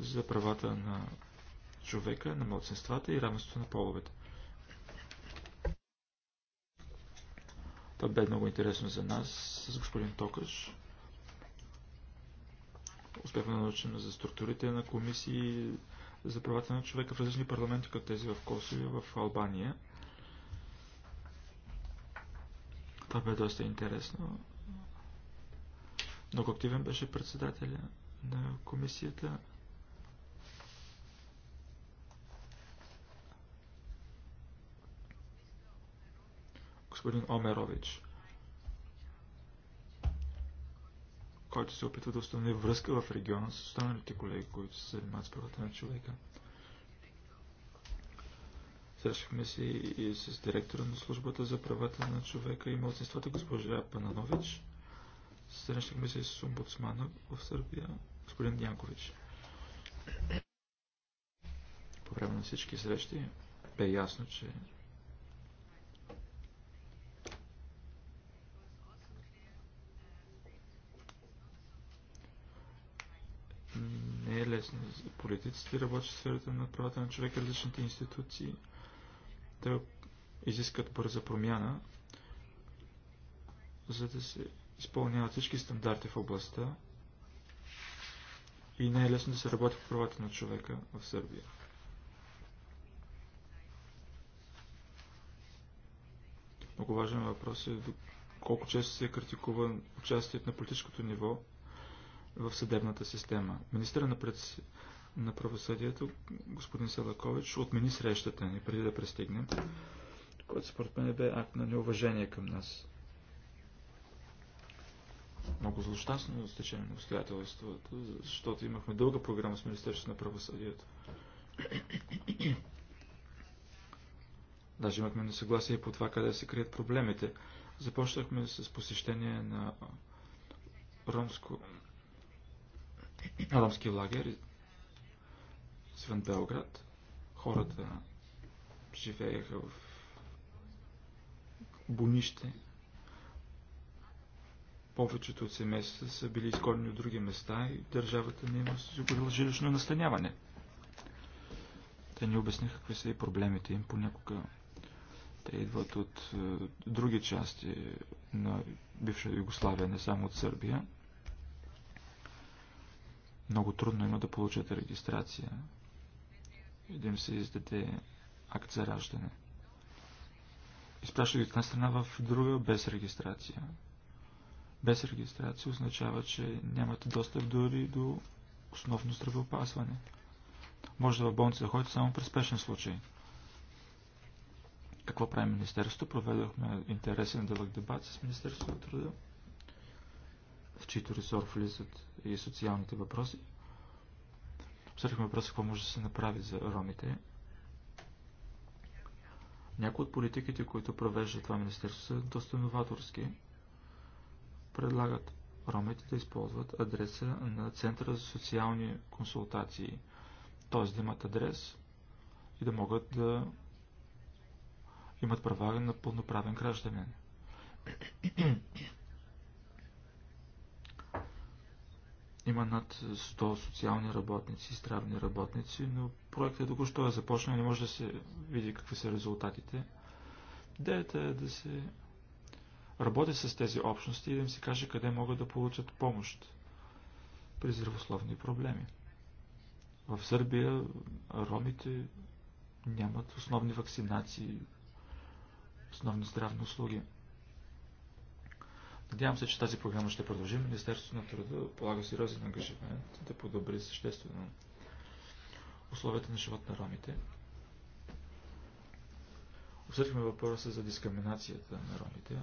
за правата на човека, на младсенствата и равенството на половете. Това бе много интересно за нас с господин Токаш. Успяхме да научим за структурите на комисии за правата на човека в различни парламенти, като тези в Косово и в Албания. Това бе доста интересно. Много активен беше председателя на комисията. господин Омерович, който се опитва да установи връзка в региона с останалите колеги, които се занимават с правата на човека. Срещахме се и с директора на службата за правата на човека и младсинствата госпожа Пананович. Срещахме се и с омбудсмана в Сърбия, господин Дянкович. По време на всички срещи бе ясно, че не е лесно за политиците, работят в сферата на правата на човека, различните институции да изискат бърза промяна, за да се изпълняват всички стандарти в областта и не е лесно да се работи по правата на човека в Сърбия. Много важен въпрос е колко често се е критикува участието на политическото ниво в съдебната система. Министра на, пред... на правосъдието, господин Селакович, отмени срещата ни преди да пристигнем, което според мен бе акт на неуважение към нас. Много злощастно е стечение на обстоятелствата, защото имахме дълга програма с Министерството на правосъдието. Даже имахме несъгласие по това къде се крият проблемите. Започнахме с посещение на ромско ромски лагер извън Белград. Хората живееха в бунище. Повечето от семейства са били изгонени от други места и държавата не има е осигурила жилищно настаняване. Те ни обясниха какви са и проблемите им. Понякога те идват от е, други части на бивша Югославия, не само от Сърбия много трудно има да получат регистрация и да им се издаде акт за раждане. Изпращат ги от една страна в друга без регистрация. Без регистрация означава, че нямате достъп дори до основно здравеопазване. Може да в болница да ходите само при спешен случай. Какво прави Министерството? Проведохме интересен дълъг дебат с Министерството на труда в чието ресор влизат и социалните въпроси. Обсъдихме въпроса какво може да се направи за ромите. Някои от политиките, които провежда това министерство, са доста новаторски. Предлагат ромите да използват адреса на Центъра за социални консултации, т.е. да имат адрес и да могат да имат права на пълноправен гражданин. Има над 100 социални работници, здравни работници, но проектът току-що е започнал и не може да се види какви са резултатите. Идеята е да се работи с тези общности и да им се каже къде могат да получат помощ при здравословни проблеми. В Сърбия ромите нямат основни вакцинации, основни здравни услуги. Надявам се, че тази програма ще продължи. Министерството на труда полага сериозен ангажимент да подобри съществено условията на живот на ромите. Обсъдихме въпроса за дискриминацията на ромите.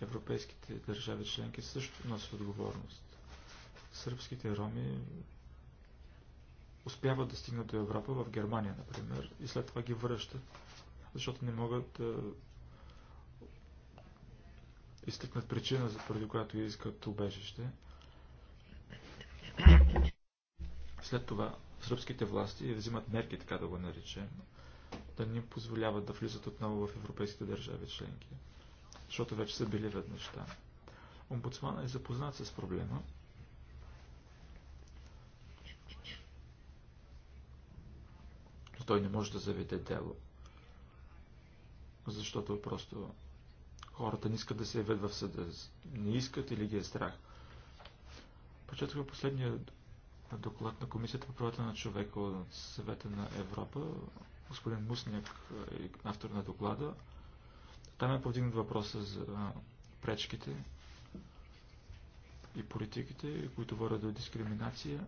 Европейските държави членки също носят отговорност. Сръбските роми успяват да стигнат до Европа, в Германия, например, и след това ги връщат, защото не могат да изтъкнат причина, поради която искат убежище. След това сръбските власти взимат мерки, така да го наречем, да ни позволяват да влизат отново в европейските държави членки, защото вече са били веднъж там. Омбудсмана е запознат с проблема. Но той не може да заведе дело, защото просто Хората не искат да се явят в съда, не искат или ги е страх. Прочетохме последния доклад на Комисията по правата на човека от Съвета на Европа. Господин Мусняк е автор на доклада. Там е повдигнат въпроса за пречките и политиките, които водят до дискриминация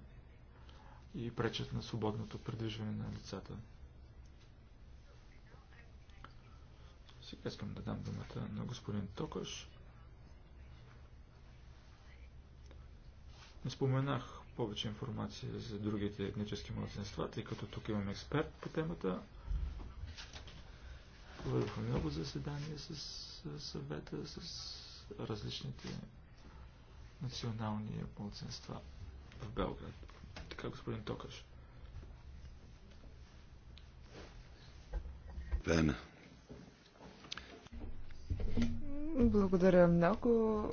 и пречат на свободното придвижване на лицата. Сега искам да дам думата на господин Токаш. Не споменах повече информация за другите етнически младсенства, тъй като тук имам експерт по темата. Проведохме много заседания с съвета, с различните национални младсенства в Белград. Така, господин Токаш. Време. Благодаря много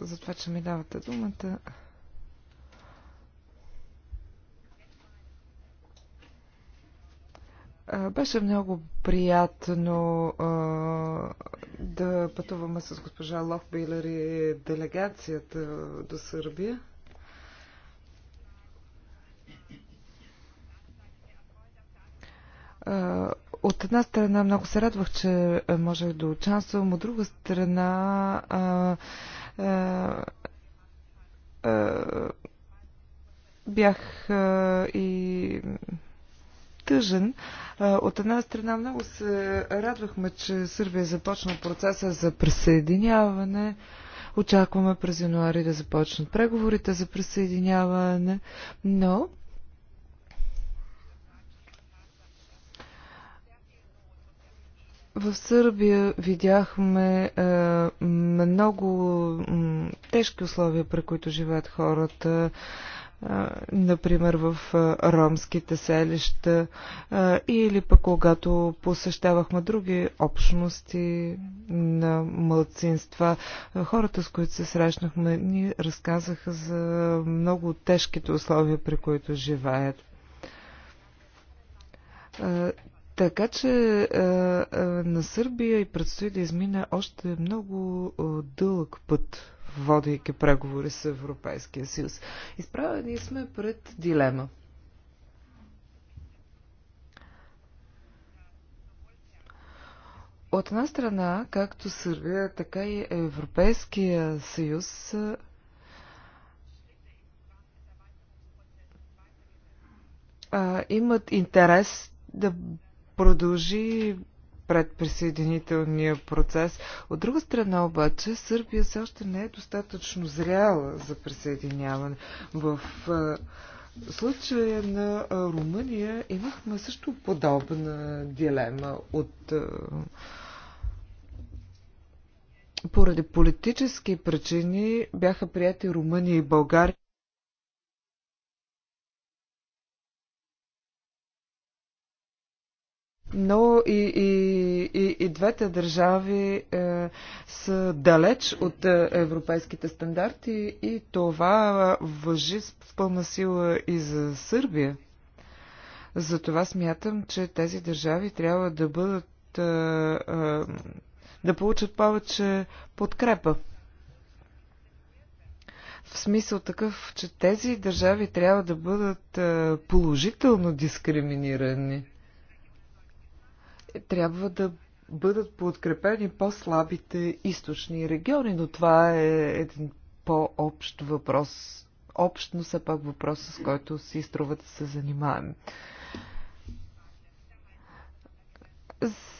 за това, че ми давате думата. Беше много приятно да пътуваме с госпожа Лофбилер и делегацията до Сърбия. А, от една страна много се радвах, че е, можех да участвам, от друга страна а, а, бях а, и тъжен. От една страна много се радвахме, че Сърбия започна процеса за присъединяване. Очакваме през януари да започнат преговорите за присъединяване, но В Сърбия видяхме е, много тежки условия, при които живеят хората е, например в е, ромските селища е, или пък когато посещавахме други общности на мълцинства. Хората, с които се срещнахме, ни разказаха за много тежките условия, при които живеят така че е, е, на Сърбия и предстои да измине още много е, дълъг път, водейки преговори с Европейския съюз. Изправени сме пред дилема. От една страна, както Сърбия, така и Европейския съюз а, имат интерес да продължи предприсъединителния процес. От друга страна обаче, Сърбия все още не е достатъчно зряла за присъединяване. В случая на Румъния имахме също подобна дилема от поради политически причини бяха прияти Румъния и България Но и, и, и, и двете държави е, са далеч от е, европейските стандарти и това въжи в пълна сила и за Сърбия. Затова смятам, че тези държави трябва да бъдат е, е, да получат повече подкрепа. В смисъл такъв, че тези държави трябва да бъдат е, положително дискриминирани трябва да бъдат подкрепени по-слабите източни региони, но това е един по-общ въпрос. Общ, но все пак въпрос, с който си струва да се занимаем.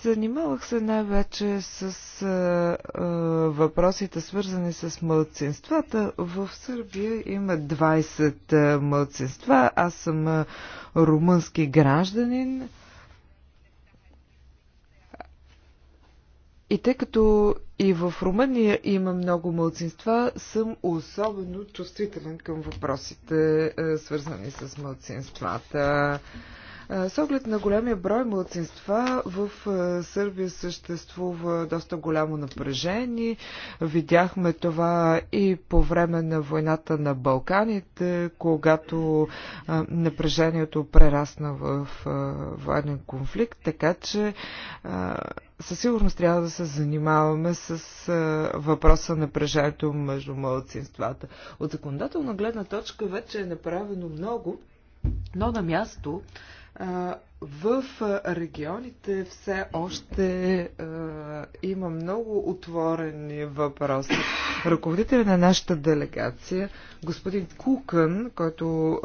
Занимавах се най-вече с а, а, въпросите, свързани с младсинствата. В Сърбия има 20 младсинства. Аз съм а, румънски гражданин. А, И тъй като и в Румъния има много мълцинства, съм особено чувствителен към въпросите, е, свързани с мълцинствата. С оглед на големия брой младсинства в Сърбия съществува доста голямо напрежение. Видяхме това и по време на войната на Балканите, когато напрежението прерасна в военен конфликт, така че със сигурност трябва да се занимаваме с а, въпроса на напрежението между младсинствата. От законодателна гледна точка вече е направено много, но на място в регионите все още има много отворени въпроси. Ръководителя на нашата делегация, господин Кукън, който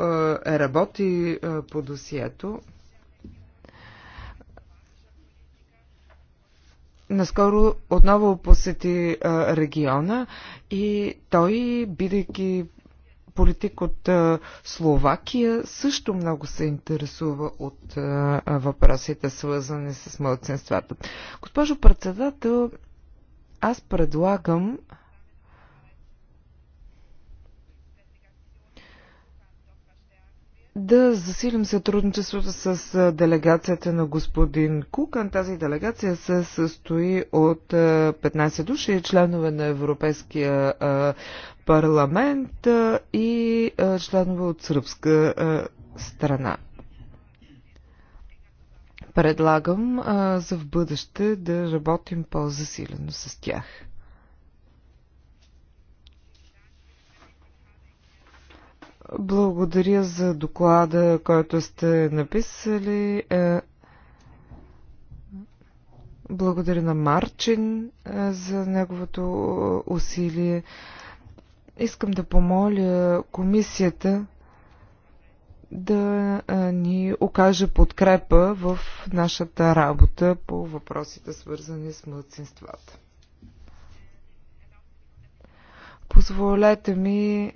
е, работи по досието, наскоро отново посети а, региона и той, бидейки политик от Словакия също много се интересува от въпросите, свързани с младсенствата. Госпожо председател, аз предлагам да засилим сътрудничеството с делегацията на господин Кукан. Тази делегация се състои от 15 души и членове на Европейския парламент и членове от сръбска страна. Предлагам за в бъдеще да работим по-засилено с тях. Благодаря за доклада, който сте написали. Е, благодаря на Марчин е, за неговото усилие. Искам да помоля комисията да ни окаже подкрепа в нашата работа по въпросите, свързани с младсинствата. Позволете ми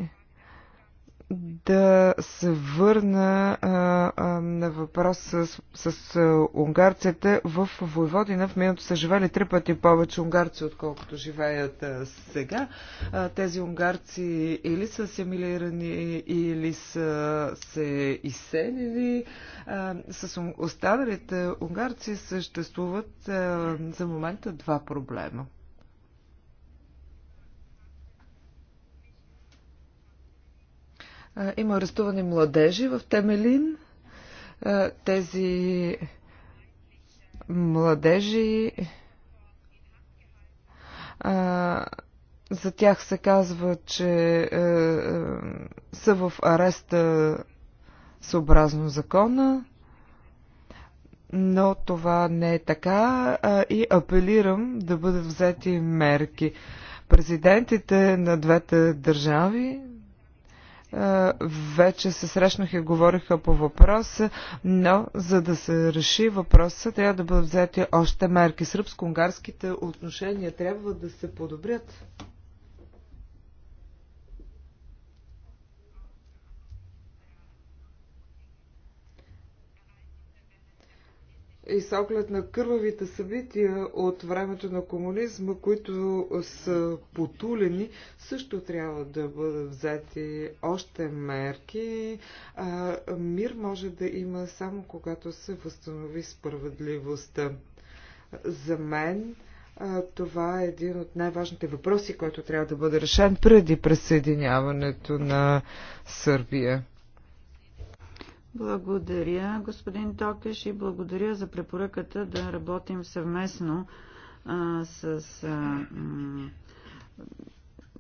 да се върна а, а, на въпрос с, с унгарците. В Войводина в миналото са живели три пъти повече унгарци, отколкото живеят а, сега. А, тези унгарци или са асимилирани, или са се изселили. А, с останалите унгарци съществуват а, за момента два проблема. Има арестувани младежи в Темелин. Тези младежи за тях се казва, че е, е, са в ареста съобразно закона, но това не е така и апелирам да бъдат взети мерки. Президентите на двете държави е, вече се срещнах и говориха по въпроса, но за да се реши въпроса, трябва да бъдат взети още мерки. Сръбско-унгарските отношения трябва да се подобрят. и с оглед на кървавите събития от времето на комунизма, които са потулени, също трябва да бъдат взети още мерки. А, мир може да има само когато се възстанови справедливостта. За мен а, това е един от най-важните въпроси, който трябва да бъде решен преди присъединяването на Сърбия. Благодаря, господин Токеш, и благодаря за препоръката да работим съвместно а, с а,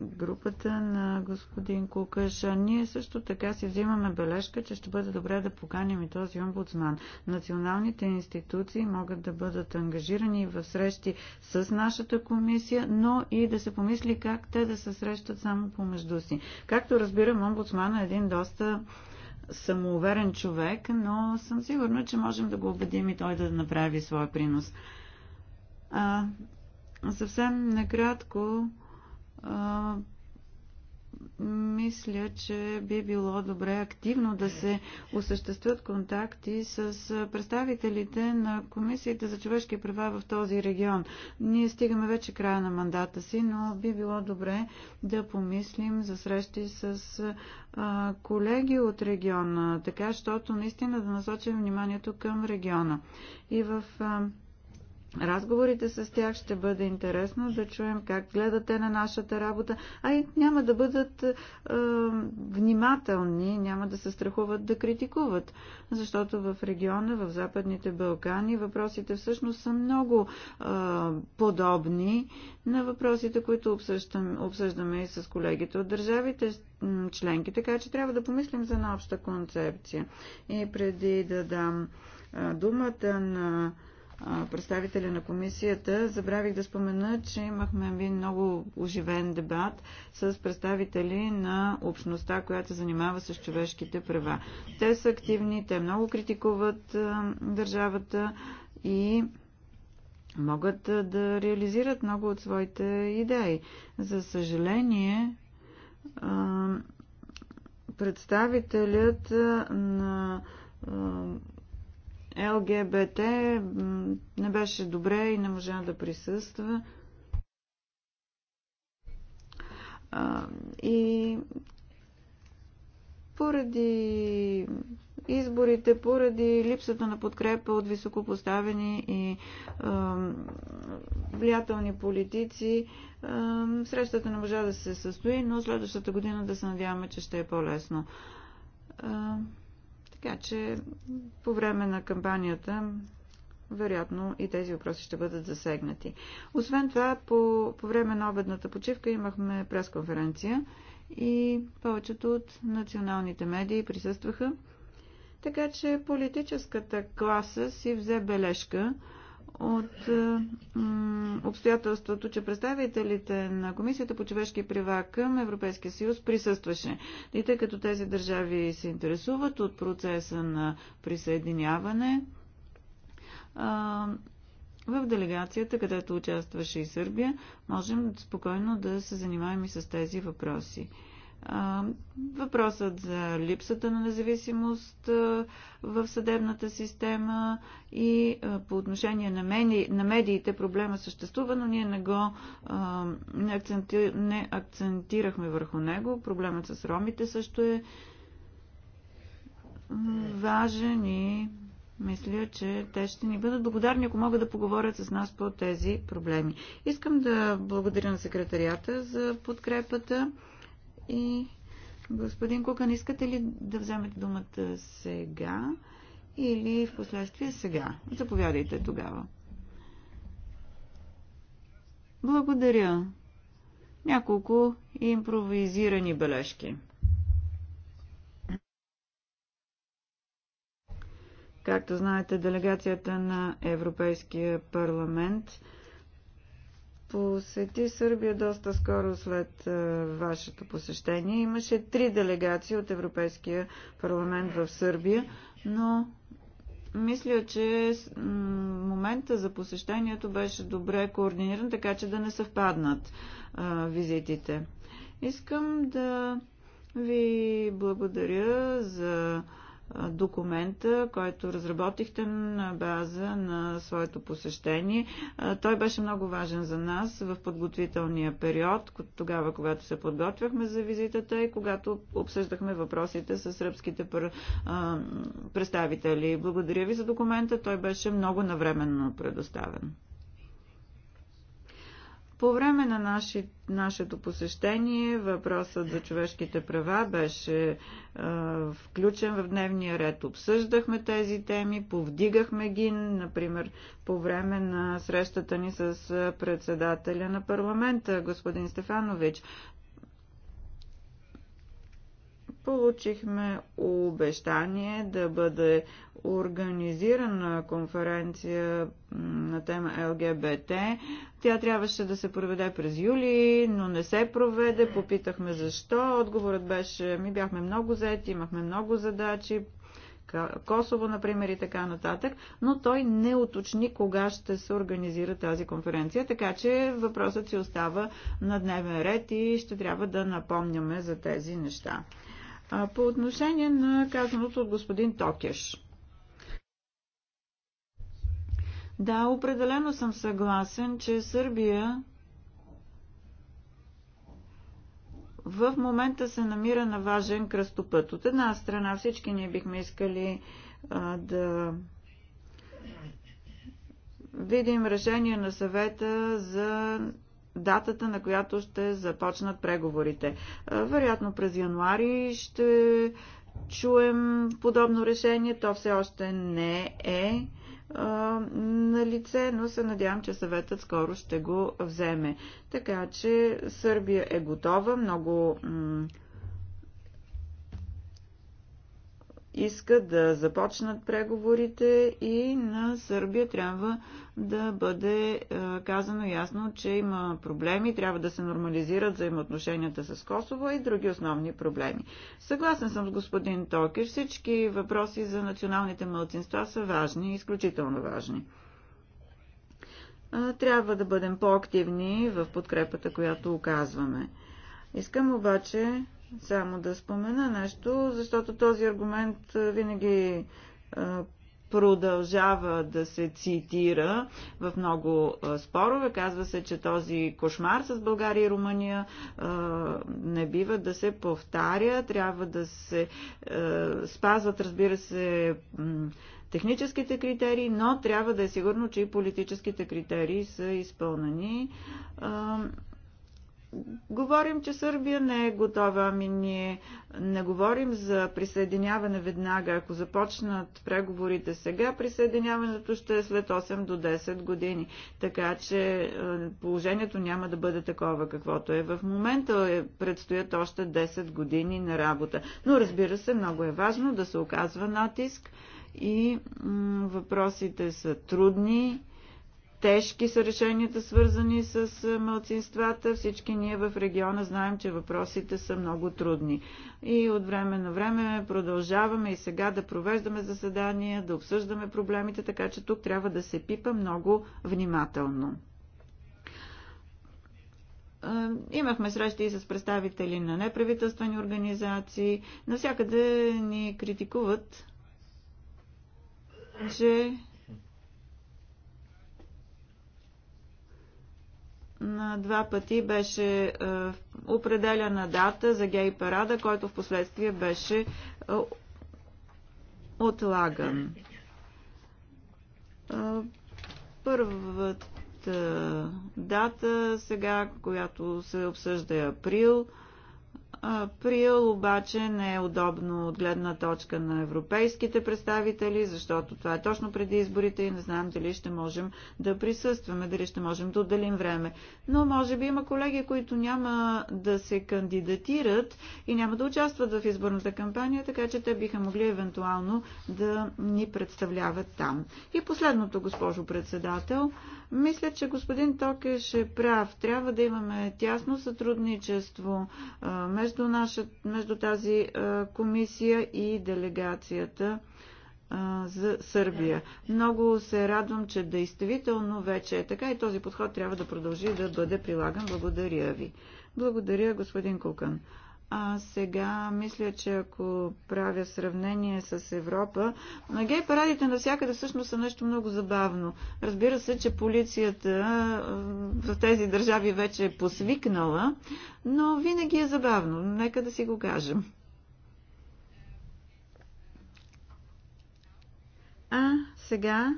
групата на господин Кукаш. Ние също така си взимаме бележка, че ще бъде добре да поканим и този омбудсман. Националните институции могат да бъдат ангажирани в срещи с нашата комисия, но и да се помисли как те да се срещат само помежду си. Както разбирам, омбудсман е един доста самоуверен човек, но съм сигурна, че можем да го убедим и той да направи своя принос. А, съвсем накратко, мисля, че би било добре активно да се осъществят контакти с представителите на Комисията за човешки права в този регион. Ние стигаме вече края на мандата си, но би било добре да помислим за срещи с колеги от региона, така, защото наистина да насочим вниманието към региона. И в разговорите с тях ще бъде интересно да чуем как гледат те на нашата работа, а и няма да бъдат е, внимателни, няма да се страхуват да критикуват, защото в региона, в Западните Балкани, въпросите всъщност са много е, подобни на въпросите, които обсъждам, обсъждаме и с колегите от държавите членки, така че трябва да помислим за една обща концепция. И преди да дам е, думата на представителя на комисията, забравих да спомена, че имахме един много оживен дебат с представители на общността, която занимава с човешките права. Те са активни, те много критикуват държавата и могат да реализират много от своите идеи. За съжаление, представителят на ЛГБТ не беше добре и не можа да присъства. И поради изборите, поради липсата на подкрепа от високопоставени и влиятелни политици, срещата не можа да се състои, но следващата година да се надяваме, че ще е по-лесно. Така че по време на кампанията вероятно и тези въпроси ще бъдат засегнати. Освен това, по, по време на обедната почивка имахме пресконференция и повечето от националните медии присъстваха. Така че политическата класа си взе бележка от е, обстоятелството, че представителите на Комисията по човешки права към Европейския съюз присъстваше. И тъй като тези държави се интересуват от процеса на присъединяване, в делегацията, където участваше и Сърбия, можем спокойно да се занимаем и с тези въпроси. Въпросът за липсата на независимост в съдебната система и по отношение на, медиите проблема съществува, но ние не го не, акценти, не акцентирахме върху него. Проблемът с ромите също е важен и мисля, че те ще ни бъдат благодарни, ако могат да поговорят с нас по тези проблеми. Искам да благодаря на секретарията за подкрепата. И господин Кукан, искате ли да вземете думата сега или в последствие сега? Заповядайте тогава. Благодаря. Няколко импровизирани бележки. Както знаете, делегацията на Европейския парламент – посети Сърбия доста скоро след вашето посещение. Имаше три делегации от Европейския парламент в Сърбия, но мисля, че момента за посещението беше добре координиран, така че да не съвпаднат а, визитите. Искам да ви благодаря за документа, който разработихте на база на своето посещение. Той беше много важен за нас в подготвителния период, тогава, когато се подготвяхме за визитата и когато обсъждахме въпросите с сръбските представители. Благодаря ви за документа, той беше много навременно предоставен. По време на наши, нашето посещение въпросът за човешките права беше а, е, включен в дневния ред. Обсъждахме тези теми, повдигахме ги, например, по време на срещата ни с е, председателя на парламента, господин Стефанович. Получихме обещание да бъде организирана конференция на тема ЛГБТ. Тя трябваше да се проведе през юли, но не се проведе. Попитахме защо. Отговорът беше, ми бяхме много заети, имахме много задачи, Косово, например, и така нататък, но той не уточни кога ще се организира тази конференция, така че въпросът си остава на дневен ред и ще трябва да напомняме за тези неща. По отношение на казаното от господин Токеш. Да, определено съм съгласен, че Сърбия в момента се намира на важен кръстопът. От една страна всички ние бихме искали а, да видим решение на съвета за датата, на която ще започнат преговорите. Е, вероятно през януари ще чуем подобно решение. То все още не е, е на лице, но се надявам, че съветът скоро ще го вземе. Така че Сърбия е готова, много искат да започнат преговорите и на Сърбия трябва да бъде е, казано ясно, че има проблеми, трябва да се нормализират взаимоотношенията с Косово и други основни проблеми. Съгласен съм с господин Токер, всички въпроси за националните мълцинства са важни, изключително важни. Е, трябва да бъдем по-активни в подкрепата, която оказваме. Искам обаче само да спомена нещо, защото този аргумент винаги продължава да се цитира в много спорове. Казва се, че този кошмар с България и Румъния не бива да се повтаря, трябва да се спазват, разбира се, техническите критерии, но трябва да е сигурно, че и политическите критерии са изпълнени. Говорим, че Сърбия не е готова, ами ние не говорим за присъединяване веднага. Ако започнат преговорите сега, присъединяването ще е след 8 до 10 години. Така че е, положението няма да бъде такова, каквото е. В момента е, предстоят още 10 години на работа. Но разбира се, много е важно да се оказва натиск и въпросите са трудни Тежки са решенията, свързани с мълцинствата. Всички ние в региона знаем, че въпросите са много трудни. И от време на време продължаваме и сега да провеждаме заседания, да обсъждаме проблемите, така че тук трябва да се пипа много внимателно. Имахме срещи и с представители на неправителствени организации. Навсякъде ни критикуват, че на два пъти беше е, определена дата за гей парада, който в последствие беше е, отлаган. Е, първата дата сега, която се обсъжда е април, Април обаче не е удобно от гледна точка на европейските представители, защото това е точно преди изборите и не знаем дали ще можем да присъстваме, дали ще можем да отделим време. Но може би има колеги, които няма да се кандидатират и няма да участват в изборната кампания, така че те биха могли евентуално да ни представляват там. И последното, госпожо председател, мисля, че господин Токеш е прав. Трябва да имаме тясно сътрудничество между между, наша, между тази комисия и делегацията за Сърбия. Много се радвам, че действително вече е така и този подход трябва да продължи да бъде прилаган. Благодаря ви. Благодаря, господин Кукан. А сега мисля, че ако правя сравнение с Европа, на гей парадите навсякъде всъщност са е нещо много забавно. Разбира се, че полицията в тези държави вече е посвикнала, но винаги е забавно. Нека да си го кажем. А сега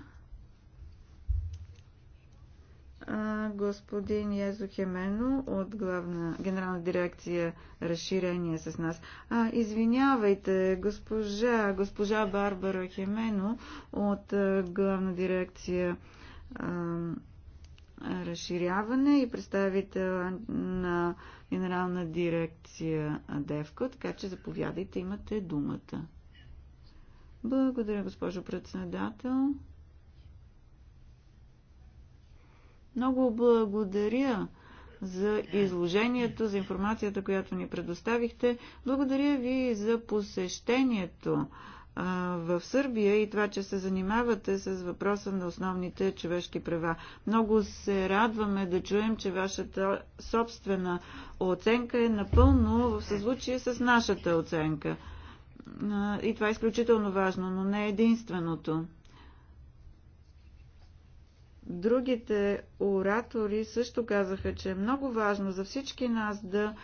господин Язо Хемено от главна генерална дирекция разширение с нас. А, извинявайте, госпожа, госпожа Барбара Хемено от главна дирекция а, разширяване и представител на генерална дирекция Девко, така че заповядайте, имате думата. Благодаря, госпожо председател. Много благодаря за изложението, за информацията, която ни предоставихте. Благодаря ви за посещението в Сърбия и това, че се занимавате с въпроса на основните човешки права. Много се радваме да чуем, че вашата собствена оценка е напълно в съзвучие с нашата оценка. И това е изключително важно, но не единственото. Другите оратори също казаха, че е много важно за всички нас да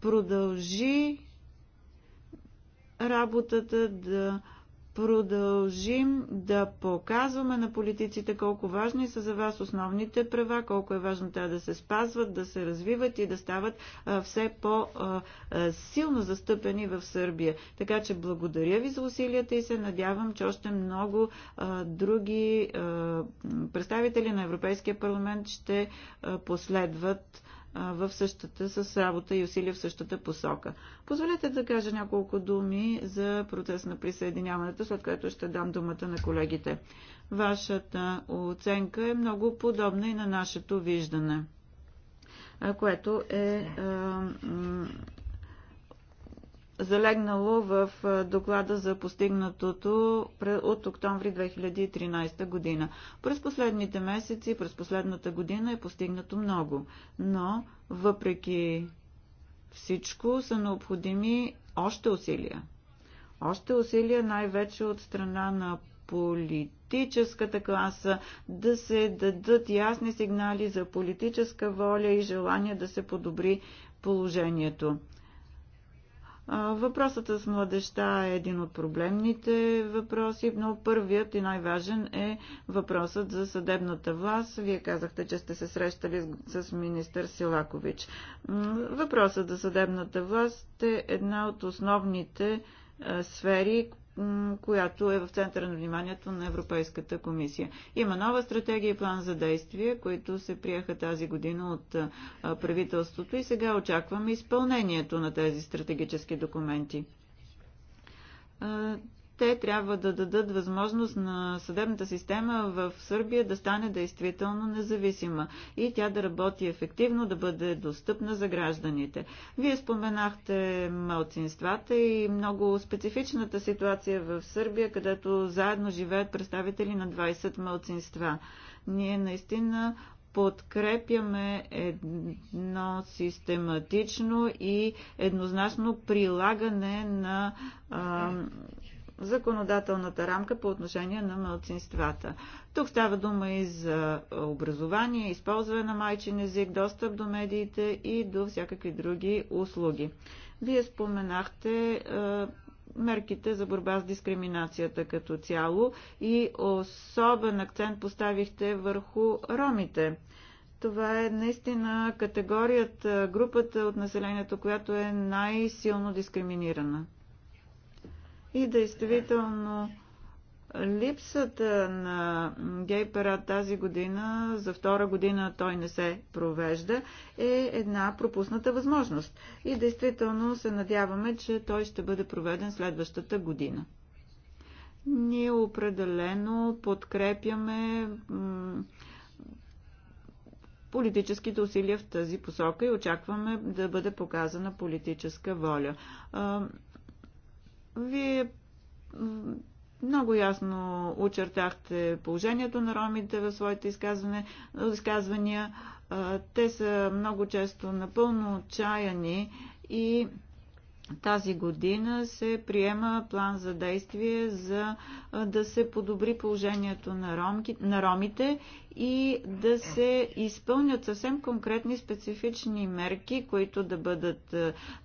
продължи работата, да продължим да показваме на политиците колко важни са за вас основните права, колко е важно тя да се спазват, да се развиват и да стават все по-силно застъпени в Сърбия. Така че благодаря ви за усилията и се надявам, че още много други представители на Европейския парламент ще последват в същата, с работа и усилия в същата посока. Позволете да кажа няколко думи за процес на присъединяването, след което ще дам думата на колегите. Вашата оценка е много подобна и на нашето виждане, което е залегнало в доклада за постигнатото от октомври 2013 година. През последните месеци, през последната година е постигнато много, но въпреки всичко са необходими още усилия. Още усилия най-вече от страна на политическата класа, да се дадат ясни сигнали за политическа воля и желание да се подобри положението. Въпросът с младеща е един от проблемните въпроси, но първият и най-важен е въпросът за съдебната власт. Вие казахте, че сте се срещали с министър Силакович. Въпросът за съдебната власт е една от основните сфери, която е в центъра на вниманието на Европейската комисия. Има нова стратегия и план за действие, които се приеха тази година от правителството и сега очакваме изпълнението на тези стратегически документи те трябва да дадат възможност на съдебната система в Сърбия да стане действително независима и тя да работи ефективно, да бъде достъпна за гражданите. Вие споменахте малцинствата и много специфичната ситуация в Сърбия, където заедно живеят представители на 20 малцинства. Ние наистина подкрепяме едно систематично и еднозначно прилагане на а, законодателната рамка по отношение на мълцинствата. Тук става дума и за образование, използване на майчин език, достъп до медиите и до всякакви други услуги. Вие споменахте е, мерките за борба с дискриминацията като цяло и особен акцент поставихте върху ромите. Това е наистина категорията, групата от населението, която е най-силно дискриминирана и действително липсата на гей парад тази година, за втора година той не се провежда, е една пропусната възможност. И действително се надяваме, че той ще бъде проведен следващата година. Ние определено подкрепяме политическите усилия в тази посока и очакваме да бъде показана политическа воля. Вие много ясно очертахте положението на ромите в своите изказвания. Те са много често напълно отчаяни и тази година се приема план за действие за да се подобри положението на, ромки, на ромите и да се изпълнят съвсем конкретни специфични мерки, които да бъдат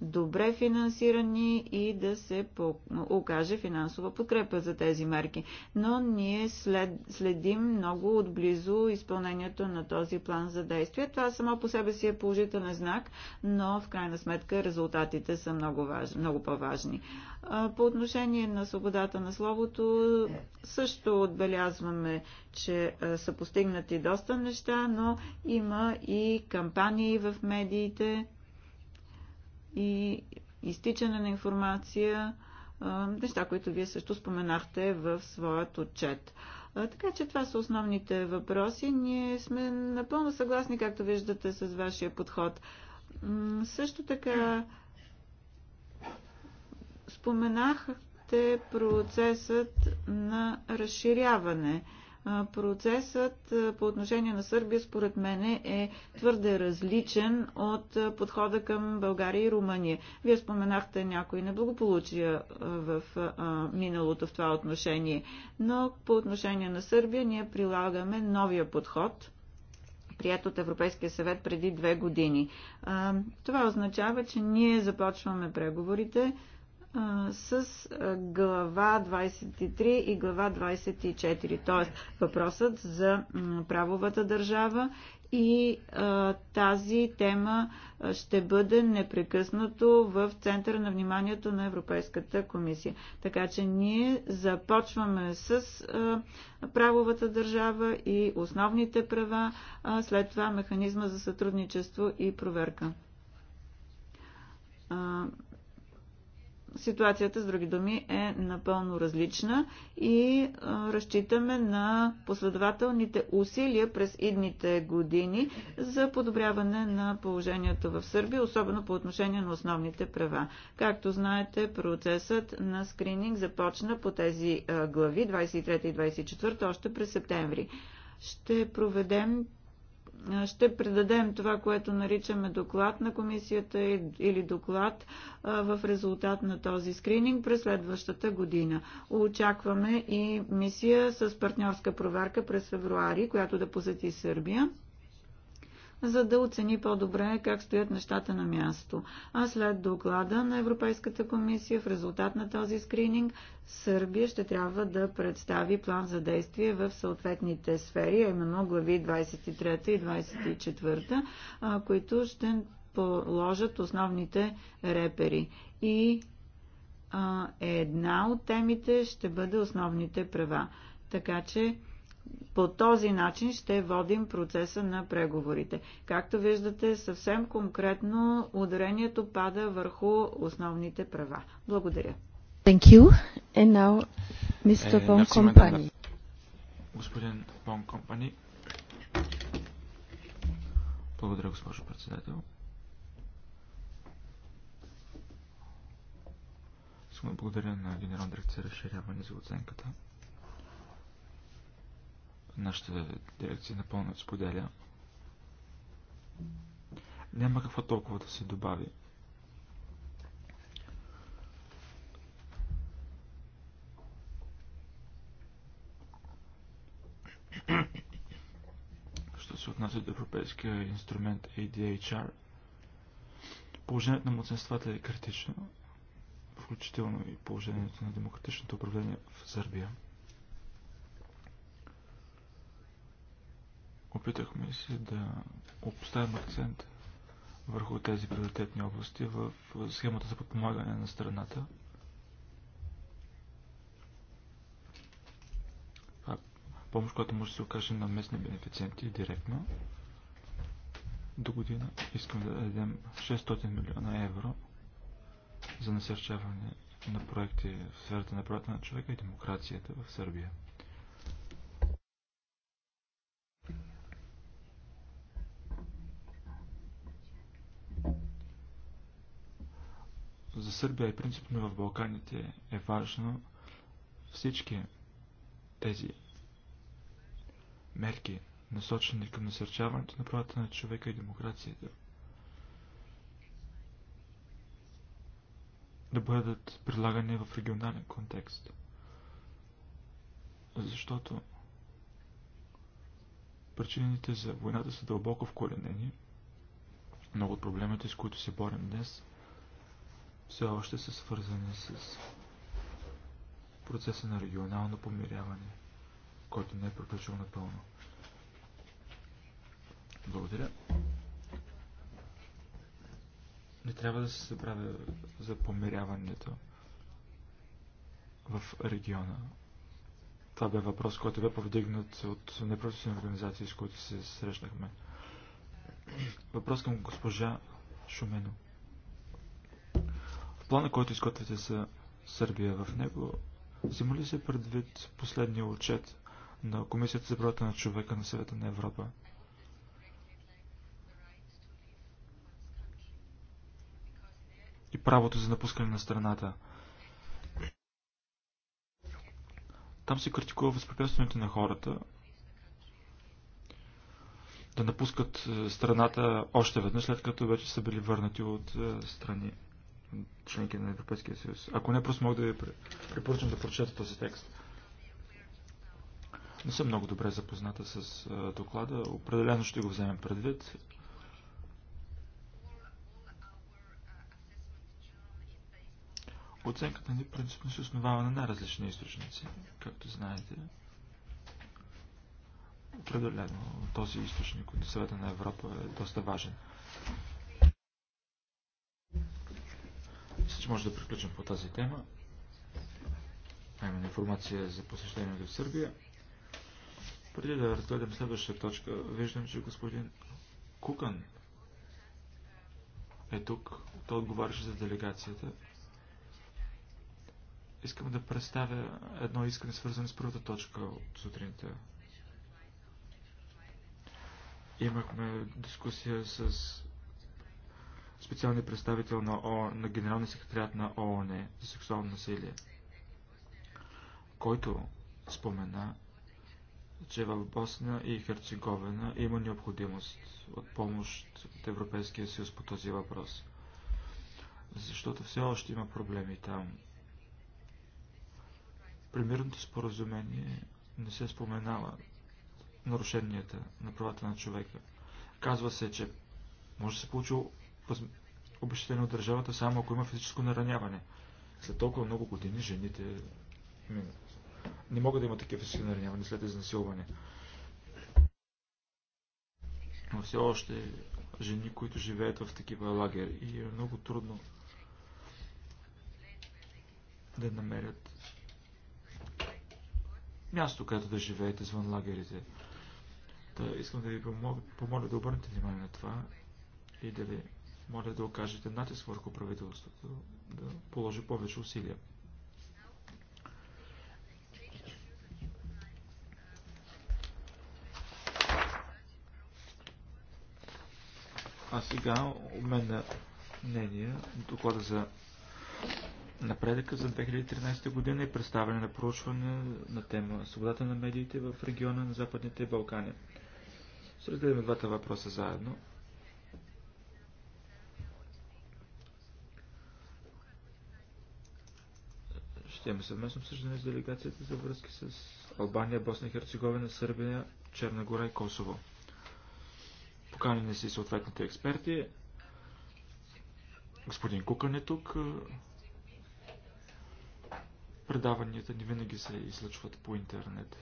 добре финансирани и да се окаже финансова подкрепа за тези мерки. Но ние след, следим много отблизо изпълнението на този план за действие. Това само по себе си е положителен знак, но в крайна сметка резултатите са много важни по-важни, много по-важни. По отношение на свободата на словото, също отбелязваме, че са постигнати доста неща, но има и кампании в медиите и изтичане на информация, неща, които вие също споменахте в своят отчет. Така че това са основните въпроси. Ние сме напълно съгласни, както виждате, с вашия подход. Също така Споменахте процесът на разширяване. Процесът по отношение на Сърбия, според мен, е твърде различен от подхода към България и Румъния. Вие споменахте някои неблагополучия в миналото в това отношение, но по отношение на Сърбия ние прилагаме новия подход – прият от Европейския съвет преди две години. Това означава, че ние започваме преговорите с глава 23 и глава 24, т.е. въпросът за правовата държава и а, тази тема ще бъде непрекъснато в центъра на вниманието на Европейската комисия. Така че ние започваме с а, правовата държава и основните права, а след това механизма за сътрудничество и проверка. А, ситуацията, с други думи, е напълно различна и разчитаме на последователните усилия през идните години за подобряване на положението в Сърбия, особено по отношение на основните права. Както знаете, процесът на скрининг започна по тези глави 23 и 24 още през септември. Ще проведем ще предадем това, което наричаме доклад на комисията или доклад в резултат на този скрининг през следващата година. Очакваме и мисия с партньорска проверка през февруари, която да посети Сърбия за да оцени по-добре как стоят нещата на място. А след доклада на Европейската комисия в резултат на този скрининг Сърбия ще трябва да представи план за действие в съответните сфери, а именно глави 23 и 24, които ще положат основните репери. И една от темите ще бъде основните права. Така че по този начин ще водим процеса на преговорите. Както виждате, съвсем конкретно ударението пада върху основните права. Благодаря. Thank you. And now, Mr. Bon е, значи Company. Господин Бон Компани. Благодаря, госпожо председател. благодаря на генерал дирекция разширяване за оценката. Нашата дирекция напълно споделя. Няма какво толкова да се добави. Що се отнася до европейския инструмент ADHR, положението на младсенствата е критично, включително и положението на демократичното управление в Сърбия. Опитахме се да поставим акцент върху тези приоритетни области в схемата за подпомагане на страната. Това е помощ, която може да се окаже на местни бенефициенти директно. До година искаме да дадем 600 милиона евро за насърчаване на проекти в сферата на правата на човека и демокрацията в Сърбия. за Сърбия и принципно в Балканите е важно всички тези мерки, насочени към насърчаването на правата на човека и демокрацията, да бъдат прилагани в регионален контекст. Защото причините за войната са дълбоко вкоренени. Много от проблемите, с които се борим днес, все още са свързани с процеса на регионално помиряване, който не е приключил напълно. Благодаря. Не трябва да се забравя за помиряването в региона. Това бе въпрос, който бе повдигнат от неправителствени организации, с които се срещнахме. Въпрос към госпожа Шумено плана, който изготвяте за Сърбия в него, взима ли се предвид последния отчет на Комисията за правата на човека на Съвета на Европа? И правото за напускане на страната. Там се критикува възпрепятстването на хората да напускат е, страната още веднъж, след като вече са били върнати от е, страни членки на Европейския съюз. Ако не, просто мога да ви препоръчам да прочета този текст. Не съм много добре запозната с доклада. Определено ще го вземем предвид. Оценката ни принципно се основава на най-различни източници, както знаете. Определено този източник от Съвета на Европа е доста важен. Мисля, че може да приключим по тази тема. А именно информация за посещението в Сърбия. Преди да разгледам следващата точка, виждам, че господин Кукан е тук. Той отговаряше за делегацията. Искам да представя едно искане, свързано с първата точка от сутринта. Имахме дискусия с специалния представител на, ООН, на Генералния секретарят на ООН за сексуално насилие, който спомена, че в Босна и Херцеговина има необходимост от помощ от Европейския съюз по този въпрос. Защото все още има проблеми там. Примерното споразумение не се споменава нарушенията на правата на човека. Казва се, че може да се получи обещане от държавата само ако има физическо нараняване. След толкова много години жените не могат да имат такива физически наранявания след изнасилване. Но все още жени, които живеят в такива лагери и е много трудно да намерят място, където да живеете извън лагерите. Та искам да ви помоля да обърнете внимание на това и да ви моля да окажете натиск върху правителството да положи повече усилия. А сега мен на мнение доклада за напредъка за 2013 година и представяне на проучване на тема Свободата на медиите в региона на Западните Балкани. Ще разгледаме двата въпроса заедно. Ще имаме съвместно обсъждане с делегацията за връзки с Албания, Босна и Херцеговина, Сърбия, Черна гора и Косово. Поканени са и съответните експерти. Господин Кукан е тук. Предаванията ни винаги се излъчват по интернет.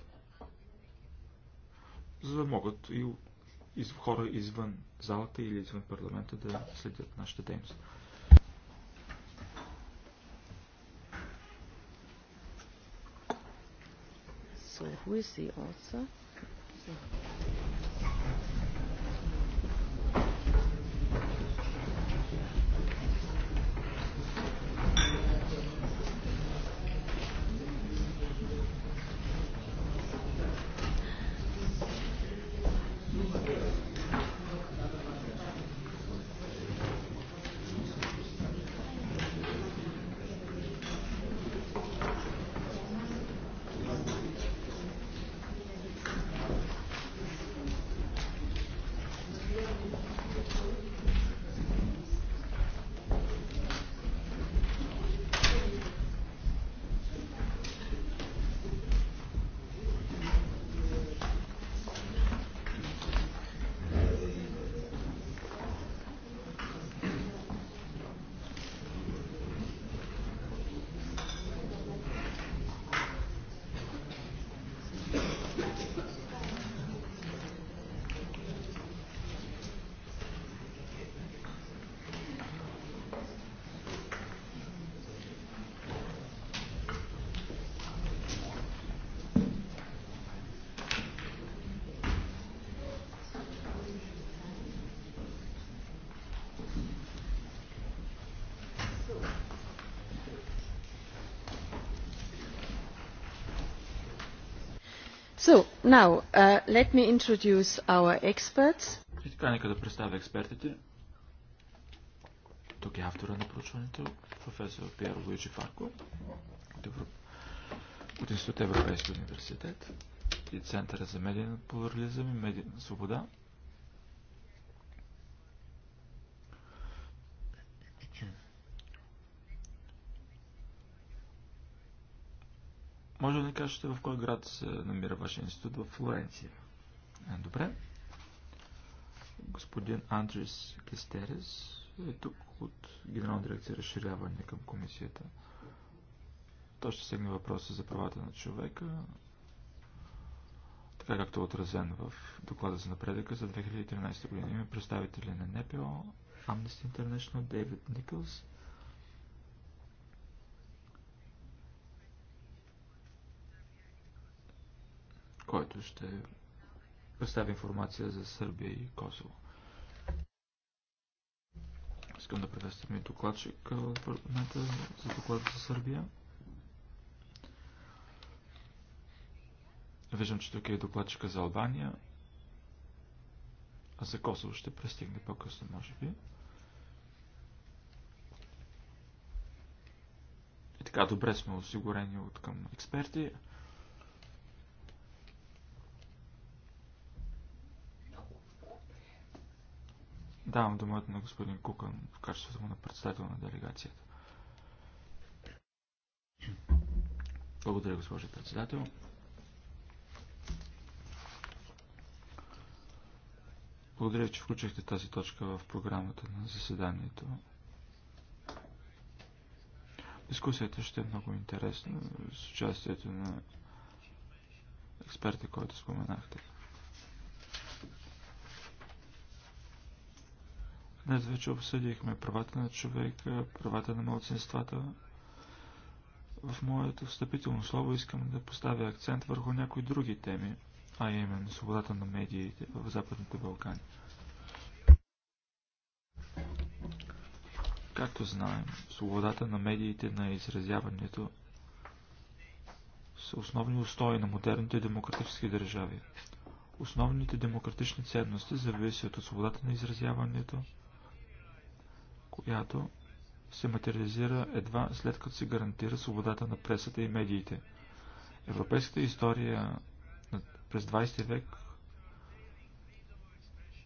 За да могат и хора извън залата или извън парламента да следят нашата дейност. who is the author? Now, uh, let me introduce our experts. така, нека да представя експертите. Тук е автора на проучването, професор Пиер Луиджи Фарко от, Евро... Институт Европейски университет и Центъра за медиен плурализъм и медиен свобода кажете в кой град се намира вашия институт? В Флоренция. Добре. Господин Андрис Кестерес е тук от Генерална дирекция разширяване към комисията. Той ще сегне въпроса за правата на човека, така както е отразен в доклада за напредъка за 2013 година. Има представители на НПО, Amnesty International, Дейвид Никълс, ще представя информация за Сърбия и Косово. Искам да приветствам и докладчик от парламента за доклад за Сърбия. Виждам, че тук е докладчика за Албания. А за Косово ще пристигне по-късно, може би. И така, добре сме осигурени от към експерти. Давам думата на господин Кукън в качеството му на председател на делегацията. Благодаря, госпожо председател. Благодаря, че включихте тази точка в програмата на заседанието. Дискусията ще е много интересна с участието на експерта, който споменахте. Днес вече обсъдихме правата на човека, правата на младсинствата. В моето встъпително слово искам да поставя акцент върху някои други теми, а именно свободата на медиите в Западните Балкани. Както знаем, свободата на медиите на изразяването са основни устои на модерните демократически държави. Основните демократични ценности зависят от свободата на изразяването, която се материализира едва след като се гарантира свободата на пресата и медиите. Европейската история през 20 век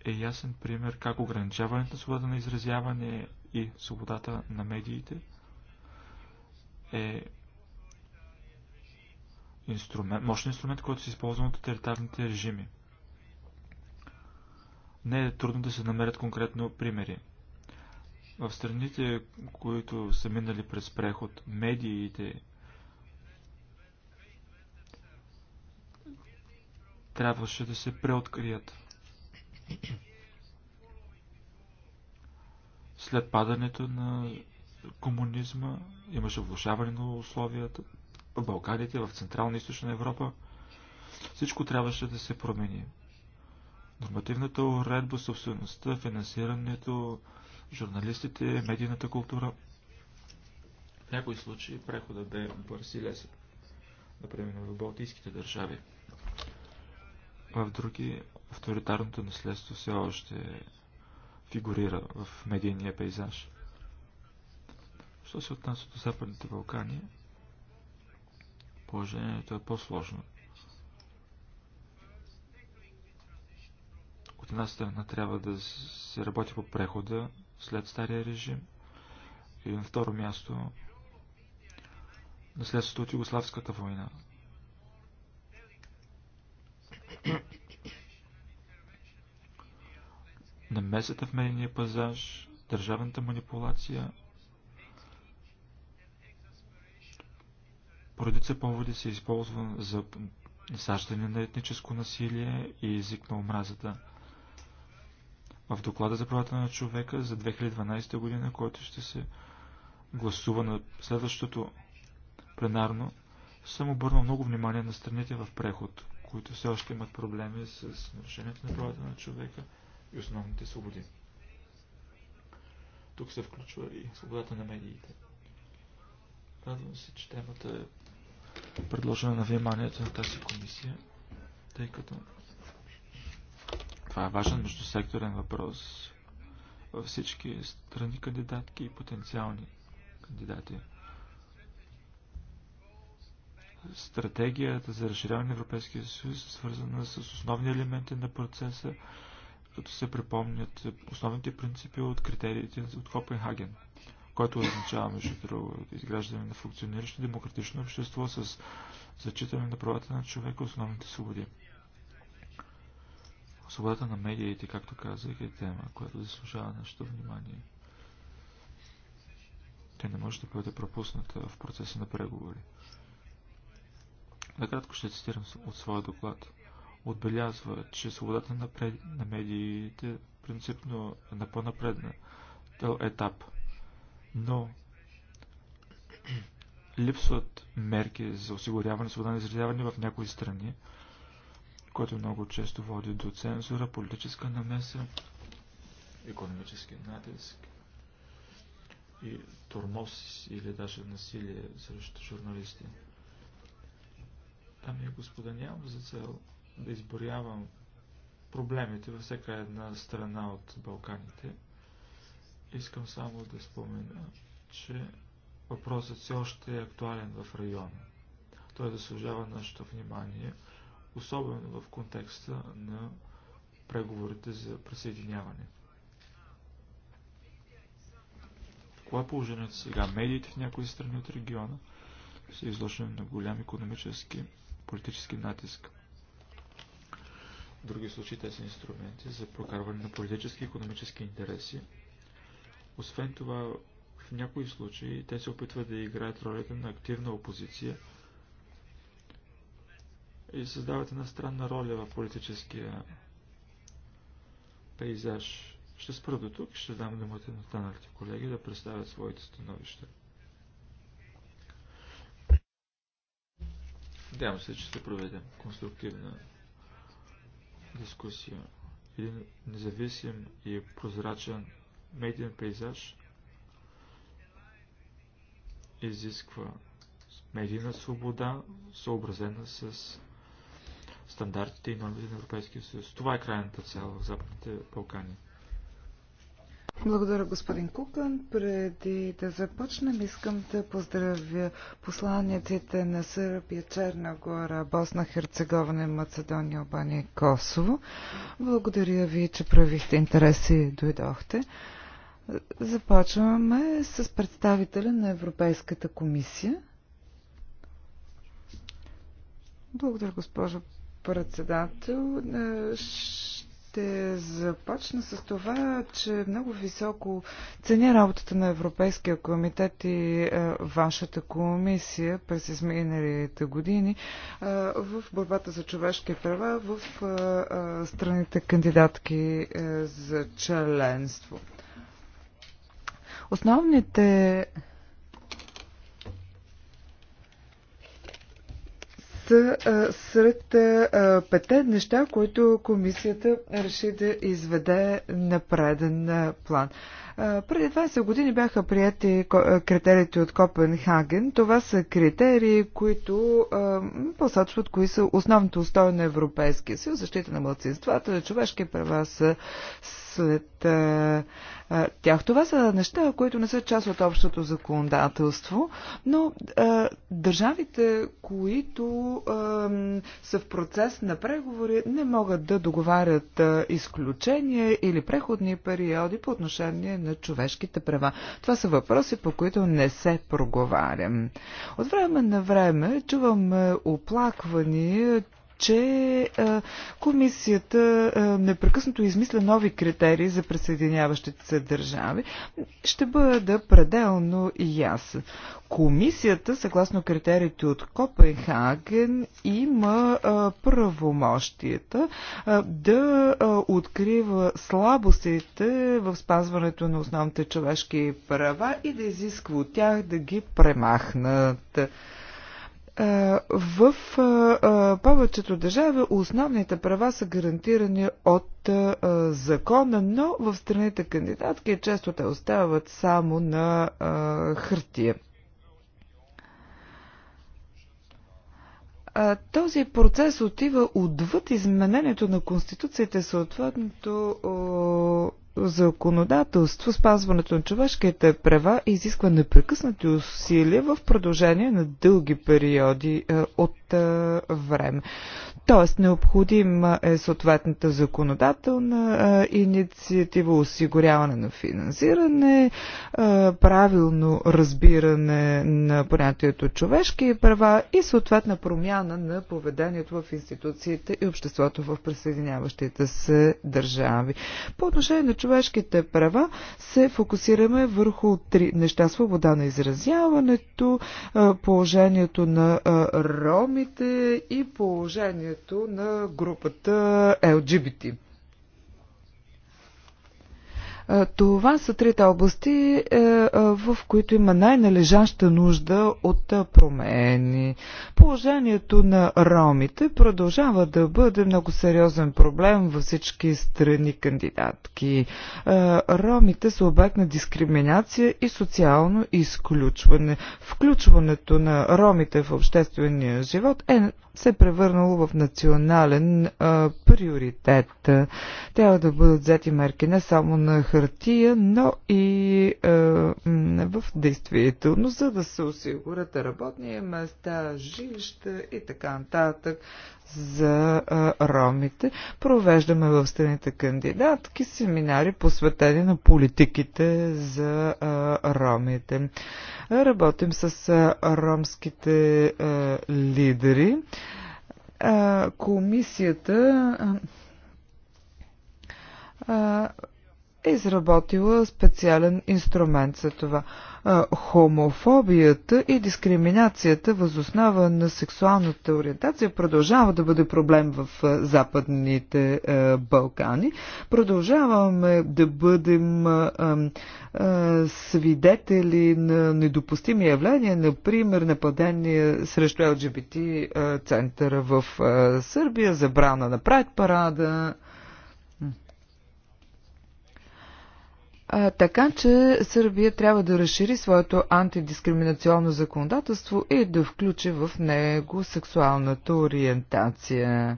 е ясен пример как ограничаването на свободата на изразяване и свободата на медиите е инструмент, мощен инструмент, който се използва от тоталитарните режими. Не е трудно да се намерят конкретно примери. В страните, които са минали през преход, медиите трябваше да се преоткрият. След падането на комунизма имаше влушаване на условията в Балканите, в Централна и Източна Европа. Всичко трябваше да се промени. Нормативната уредба, собствеността, финансирането, журналистите, медийната култура. В някои случаи прехода бе бърз и лесен, например в балтийските държави. В други авторитарното наследство все още фигурира в медийния пейзаж. Що се отнася до Западните Балкани, положението е по-сложно. От една страна трябва да се работи по прехода след стария режим. И на второ място наследството от Югославската война. Намесата в медийния пазаж, държавната манипулация, Поредица поводи се използва за насаждане на етническо насилие и език на омразата в доклада за правата на човека за 2012 година, който ще се гласува на следващото пленарно, съм обърнал много внимание на страните в преход, които все още имат проблеми с нарушението на правата на човека и основните свободи. Тук се включва и свободата на медиите. Радвам се, че темата е предложена на вниманието на тази комисия, тъй като това е важен междусекторен въпрос във всички страни кандидатки и потенциални кандидати. Стратегията за разширяване на Европейския съюз е свързана с основни елементи на процеса, като се припомнят основните принципи от критериите от Копенхаген, който означава, между друго, изграждане на функциониращо демократично общество с зачитане на правата на човека и основните свободи. Свободата на медиите, както казах, е тема, която заслужава нашето внимание. Тя не може да бъде пропусната в процеса на преговори. Накратко ще цитирам от своя доклад. Отбелязва, че свободата на, пред... на медиите принципно е на по-напредна етап, но липсват мерки за осигуряване свобода на изразяване в някои страни, което много често води до цензура, политическа намеса, економически натиск и тормоз или даже насилие срещу журналисти. Ами, господа, нямам за цел да изборявам проблемите във всяка една страна от Балканите. Искам само да спомена, че въпросът все още е актуален в района. Той заслужава нашето внимание – особено в контекста на преговорите за присъединяване. Кое е положението сега? Медиите в някои страни от региона са изложени на голям економически, политически натиск. В други случаи те са инструменти за прокарване на политически и економически интереси. Освен това, в някои случаи те се опитват да играят ролята на активна опозиция – и създават една странна роля в политическия пейзаж. Ще спра до тук и ще дам думата на останалите колеги да представят своите становища. Надявам се, че ще проведем конструктивна дискусия. Един независим и прозрачен медиен пейзаж изисква медийна свобода, съобразена с стандартите и нормите на Европейския съюз. Това е крайната цел в Западните Балкани. Благодаря, господин Кукан. Преди да започнем, искам да поздравя посланиците на Сърбия, Черна гора, Босна, Херцеговина, Македония, Албания и Косово. Благодаря ви, че проявихте интерес и дойдохте. Започваме с представителя на Европейската комисия. Благодаря, госпожо председател. Е, ще започна с това, че много високо ценя работата на Европейския комитет и е, вашата комисия през изминалите години е, в борбата за човешки права в страните кандидатки за членство. Основните са а, сред а, пете неща, които комисията реши да изведе на преден а, план. А, преди 20 години бяха прияти критериите от Копенхаген. Това са критерии, които а, посочват кои са основните устои на Европейския съюз. Защита на младсинствата, човешки права са след а, тях. Това са неща, които не са част от общото законодателство, но а, държавите, които а, са в процес на преговори, не могат да договарят а, изключения или преходни периоди по отношение на човешките права. Това са въпроси, по които не се проговарям. От време на време чувам оплаквания, че е, комисията е, непрекъснато измисля нови критерии за присъединяващите се държави. Ще бъда пределно и аз. Комисията, съгласно критериите от Копенхаген, има е, правомощията да открива слабостите в спазването на основните човешки права и да изисква от тях да ги премахнат. Е, в е, е, повечето държави основните права са гарантирани от закона, но в страните кандидатки често те остават само на хартия. този процес отива отвъд изменението на Конституцията съответното законодателство, спазването на човешките права изисква непрекъснати усилия в продължение на дълги периоди е, от време. Тоест, необходима е съответната законодателна инициатива, осигуряване на финансиране, правилно разбиране на понятието човешки права и съответна промяна на поведението в институциите и обществото в присъединяващите се държави. По отношение на човешките права се фокусираме върху три неща. Свобода на изразяването, положението на роми, проблемите и положението на групата LGBT. Е, това са трите области, е, е, в които има най-належаща нужда от промени. Положението на ромите продължава да бъде много сериозен проблем във всички страни кандидатки. Ромите са обект на дискриминация и социално изключване. Включването на ромите в обществения живот е се е превърнало в национален а, приоритет. Трябва да бъдат взети мерки не само на хартия, но и а, в действителност, за да се осигурят работни места, жилища и така нататък за а, ромите. Провеждаме в страните кандидатки семинари, посветени на политиките за а, ромите. Работим с а, ромските а, лидери. А, комисията. А, е изработила специален инструмент за това хомофобията и дискриминацията възоснова на сексуалната ориентация продължава да бъде проблем в Западните Балкани. Продължаваме да бъдем свидетели на недопустими явления, например нападение срещу ЛГБТ центъра в Сърбия, забрана на прайд парада. А, така че Сърбия трябва да разшири своето антидискриминационно законодателство и да включи в него сексуалната ориентация.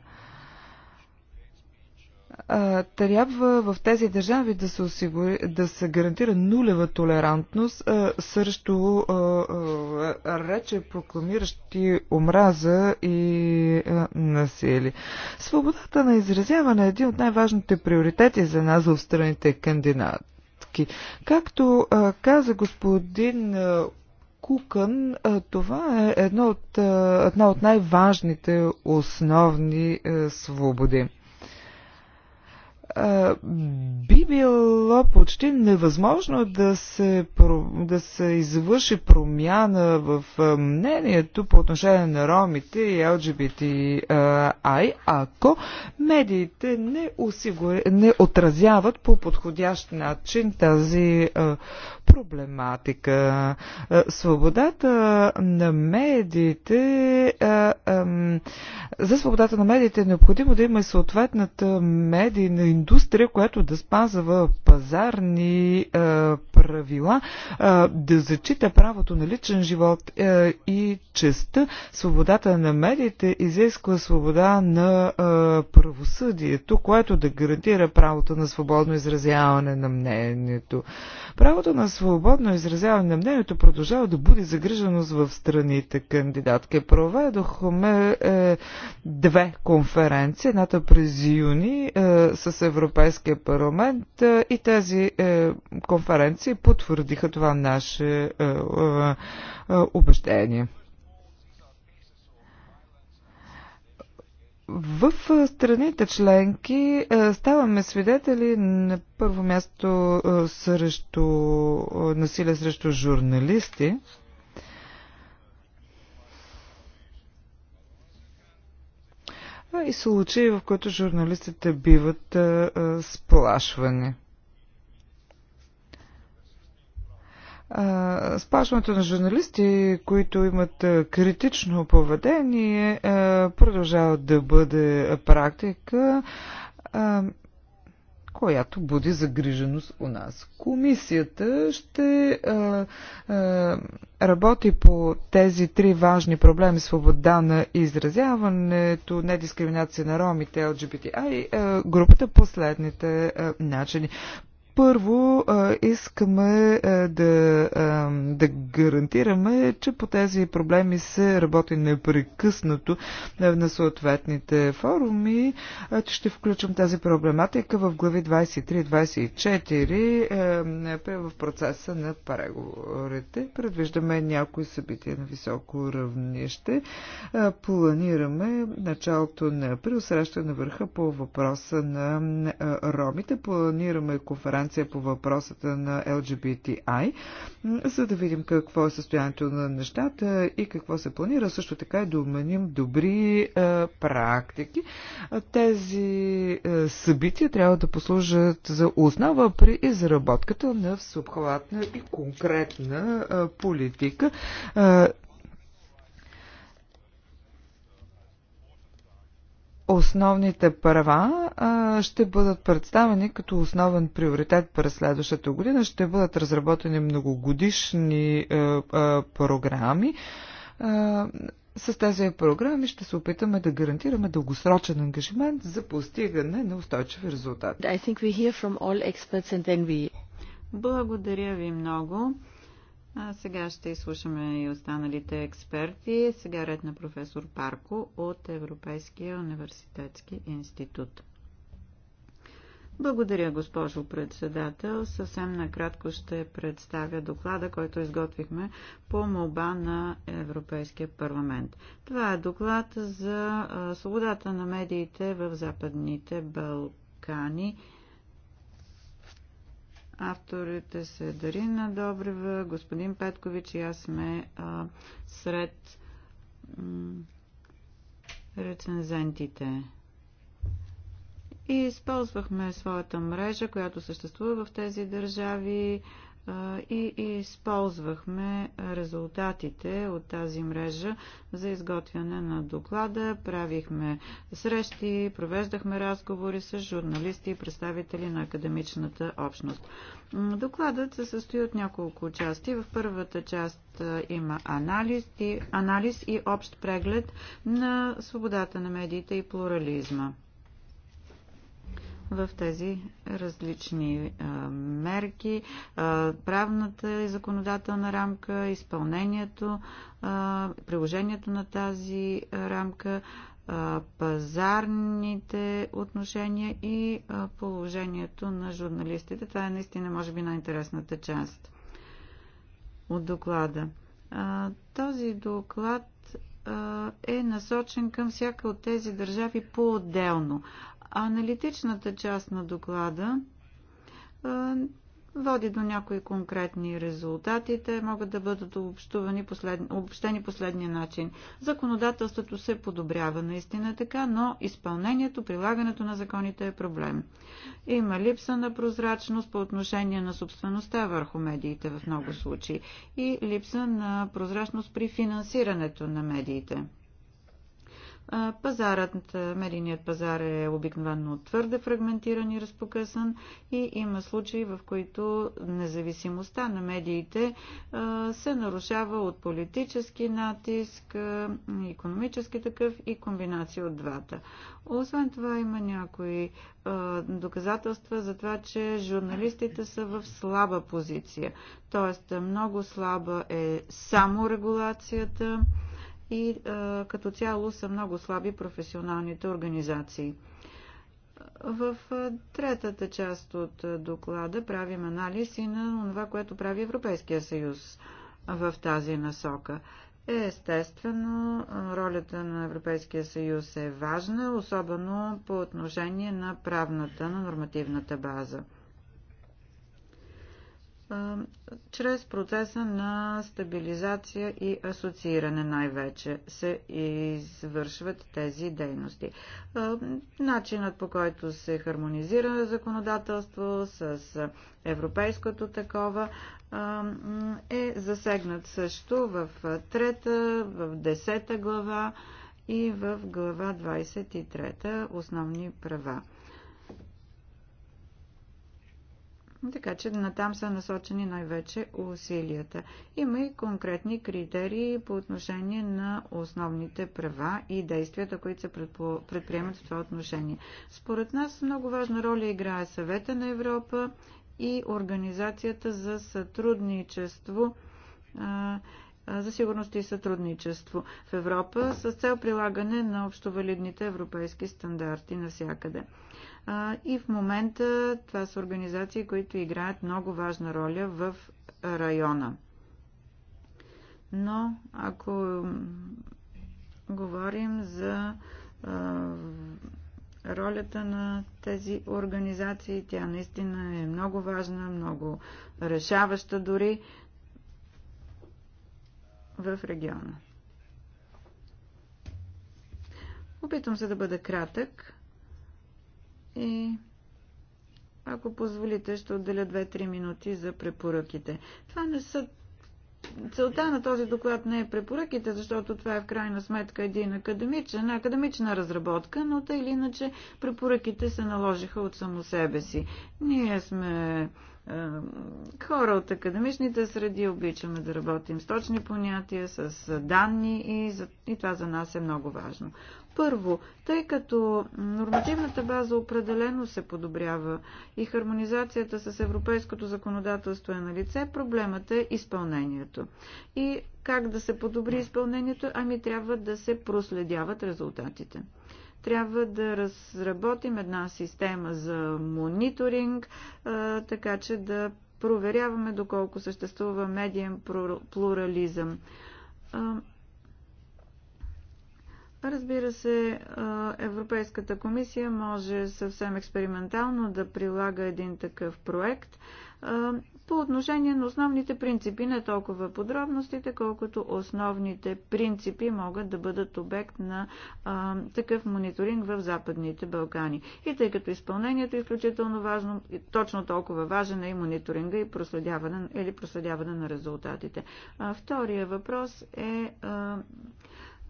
А, трябва в тези държави да се, осигури, да се гарантира нулева толерантност а, срещу а, а, рече прокламиращи омраза и а, насилие. Свободата на изразяване е един от най-важните приоритети за нас в страните кандидат вноски. Както каза господин Кукън, това е едно от, една от най-важните основни свободи би било почти невъзможно да се, да се извърши промяна в мнението по отношение на ромите и LGBTI, ако медиите не, осигур... не отразяват по подходящ начин тази проблематика. Свободата на медиите за свободата на медиите е необходимо да има и съответната медийна индустрия, която да спазва пазарни е, правила, е, да зачита правото на личен живот е, и честа. Свободата на медиите изисква свобода на правосъдието, което да гарантира правото на свободно изразяване на мнението. Правото на свободно изразяване на мнението продължава да бъде загриженост в страните кандидатки. Проведохме е, две конференции, едната през юни е, с Европейския парламент е, и тези е, конференции потвърдиха това наше е, убеждение. В страните членки ставаме свидетели на първо място срещу насилие срещу журналисти. и случаи, в които журналистите биват а, а, сплашвани. А, сплашването на журналисти, които имат а, критично поведение, а, продължава да бъде практика. А, която буди загриженост у нас. Комисията ще а, а, работи по тези три важни проблеми свобода на изразяването, недискриминация на ромите, ЛГБТ, а и а, групата последните а, начини. Първо, искаме да, да гарантираме, че по тези проблеми се работи непрекъснато на съответните форуми. че Ще включим тази проблематика в глави 23-24 в процеса на преговорите. Предвиждаме някои събития на високо равнище. Планираме началото на преосрещане на върха по въпроса на ромите. Планираме конференция Франция по въпросата на LGBTI, за да видим какво е състоянието на нещата и какво се планира. Също така и да обменим добри е, практики. Тези е, събития трябва да послужат за основа при изработката на всеобхватна и конкретна е, политика. Основните права а, ще бъдат представени като основен приоритет през следващата година. Ще бъдат разработени многогодишни а, е, а, е, програми. А, е, с тези програми ще се опитаме да гарантираме дългосрочен ангажимент за постигане на устойчиви резултати. Благодаря ви много. А сега ще изслушаме и останалите експерти. Сега ред на професор Парко от Европейския университетски институт. Благодаря, госпожо председател. Съвсем накратко ще представя доклада, който изготвихме по молба на Европейския парламент. Това е доклад за свободата на медиите в Западните Балкани – Авторите са Дарина Добрева, господин Петкович и аз сме а, сред рецензентите. И използвахме своята мрежа, която съществува в тези държави и използвахме резултатите от тази мрежа за изготвяне на доклада. Правихме срещи, провеждахме разговори с журналисти и представители на академичната общност. Докладът се състои от няколко части. В първата част има анализ и, анализ и общ преглед на свободата на медиите и плурализма в тези различни мерки, правната и законодателна рамка, изпълнението, приложението на тази рамка, пазарните отношения и положението на журналистите. Това е наистина, може би, най-интересната част от доклада. Този доклад е насочен към всяка от тези държави по-отделно. А аналитичната част на доклада води до някои конкретни резултати. Те могат да бъдат обобщени, послед... обобщени последния начин. Законодателството се подобрява наистина така, но изпълнението, прилагането на законите е проблем. Има липса на прозрачност по отношение на собствеността върху медиите в много случаи и липса на прозрачност при финансирането на медиите. Пазарът, медийният пазар е обикновено твърде фрагментиран и разпокъсан и има случаи, в които независимостта на медиите се нарушава от политически натиск, економически такъв и комбинация от двата. Освен това има някои доказателства за това, че журналистите са в слаба позиция. Тоест много слаба е само регулацията и е, като цяло са много слаби професионалните организации. В е, третата част от е, доклада правим анализ и на това, което прави Европейския съюз в тази насока. Естествено, ролята на Европейския съюз е важна, особено по отношение на правната, на нормативната база чрез процеса на стабилизация и асоцииране най-вече се извършват тези дейности. Начинът по който се хармонизира законодателство с европейското такова е засегнат също в трета, в десета глава и в глава 23 основни права. Така че натам са насочени най-вече усилията. Има и конкретни критерии по отношение на основните права и действията, които се предприемат в това отношение. Според нас много важна роля играе съвета на Европа и Организацията за сътрудничество за сигурност и сътрудничество в Европа с цел прилагане на общовалидните европейски стандарти навсякъде. И в момента това са организации, които играят много важна роля в района. Но ако говорим за ролята на тези организации. Тя наистина е много важна, много решаваща дори в региона. Опитвам се да бъда кратък и ако позволите, ще отделя 2-3 минути за препоръките. Това не са целта на този доклад не е препоръките, защото това е в крайна сметка един академичен, академична разработка, но тъй или иначе препоръките се наложиха от само себе си. Ние сме е, хора от академичните среди, обичаме да работим с точни понятия, с данни и, за, и това за нас е много важно. Първо, тъй като нормативната база определено се подобрява и хармонизацията с европейското законодателство е на лице, проблемът е изпълнението. И как да се подобри изпълнението? Ами трябва да се проследяват резултатите трябва да разработим една система за мониторинг, така че да проверяваме доколко съществува медиен плурализъм. Разбира се, Европейската комисия може съвсем експериментално да прилага един такъв проект по отношение на основните принципи, не толкова подробностите, колкото основните принципи могат да бъдат обект на а, такъв мониторинг в Западните Балкани. И тъй като изпълнението е изключително важно, точно толкова важен е и мониторинга и проследяване, или проследяване на резултатите. А, втория въпрос е. А,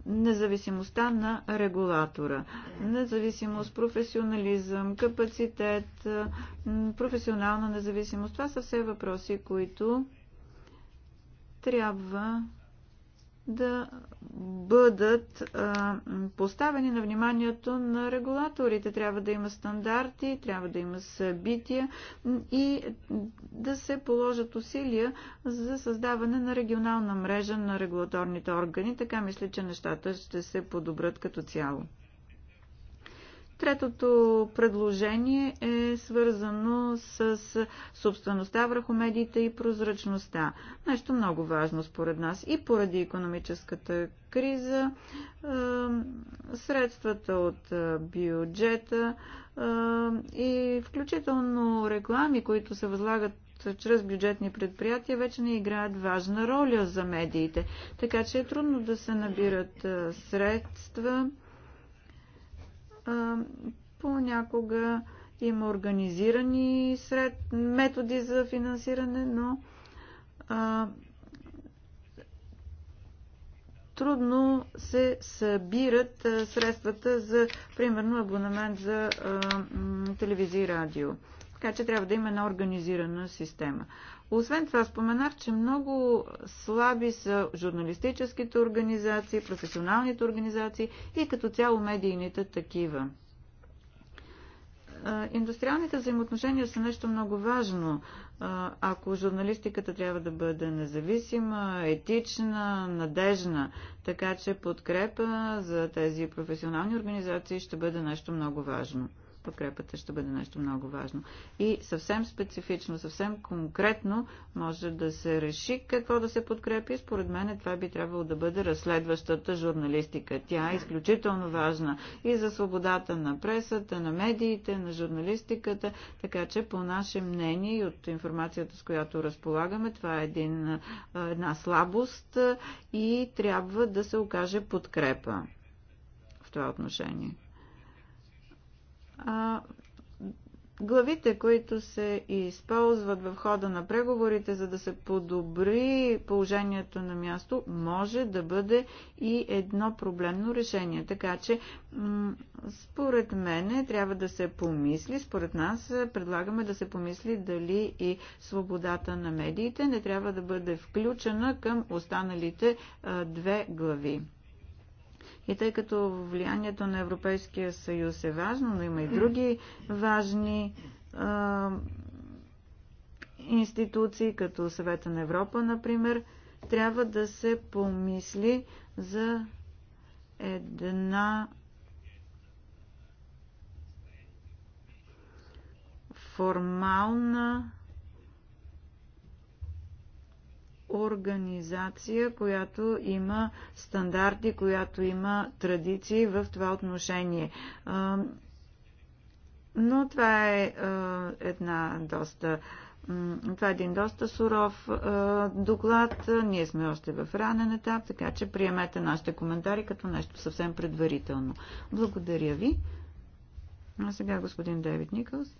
независимостта на регулатора. Независимост, професионализъм, капацитет, професионална независимост. Това са все въпроси, които трябва да бъдат а, поставени на вниманието на регулаторите. Трябва да има стандарти, трябва да има събития и да се положат усилия за създаване на регионална мрежа на регулаторните органи. Така мисля, че нещата ще се подобрят като цяло. Третото предложение е свързано с собствеността върху медиите и прозрачността. Нещо много важно според нас и поради економическата криза. Е, средствата от е, бюджета е, и включително реклами, които се възлагат чрез бюджетни предприятия вече не играят важна роля за медиите. Така че е трудно да се набират средства понякога има организирани сред методи за финансиране, но а, трудно се събират а, средствата за, примерно, абонамент за а, телевизия и радио. Така че трябва да има една организирана система. Освен това, споменах, че много слаби са журналистическите организации, професионалните организации и като цяло медийните такива. Индустриалните взаимоотношения са нещо много важно. Ако журналистиката трябва да бъде независима, етична, надежна, така че подкрепа за тези професионални организации ще бъде нещо много важно подкрепата ще бъде нещо много важно. И съвсем специфично, съвсем конкретно може да се реши какво да се подкрепи. Според мен това би трябвало да бъде разследващата журналистика. Тя е изключително важна и за свободата на пресата, на медиите, на журналистиката, така че по наше мнение и от информацията, с която разполагаме, това е един, една слабост и трябва да се окаже подкрепа в това отношение. А, главите, които се използват в хода на преговорите, за да се подобри положението на място, може да бъде и едно проблемно решение. Така че, според мене, трябва да се помисли, според нас предлагаме да се помисли дали и свободата на медиите не трябва да бъде включена към останалите две глави. И тъй като влиянието на Европейския съюз е важно, но има и други важни а, институции, като Съвета на Европа, например, трябва да се помисли за една формална организация, която има стандарти, която има традиции в това отношение. Но това е една доста. Това е един доста суров доклад. Ние сме още в ранен етап, така че приемете нашите коментари като нещо съвсем предварително. Благодаря ви. А сега господин Девид Никълс.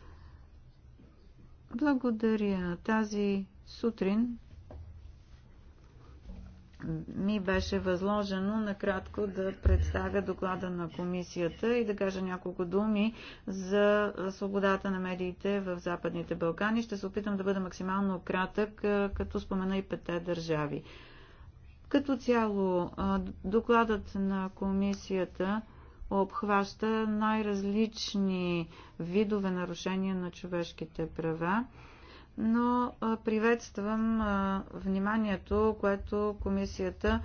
Благодаря. Тази сутрин ми беше възложено накратко да представя доклада на комисията и да кажа няколко думи за свободата на медиите в Западните Балкани. Ще се опитам да бъда максимално кратък, като спомена и пете държави. Като цяло, докладът на комисията обхваща най-различни видове нарушения на човешките права но приветствам вниманието, което комисията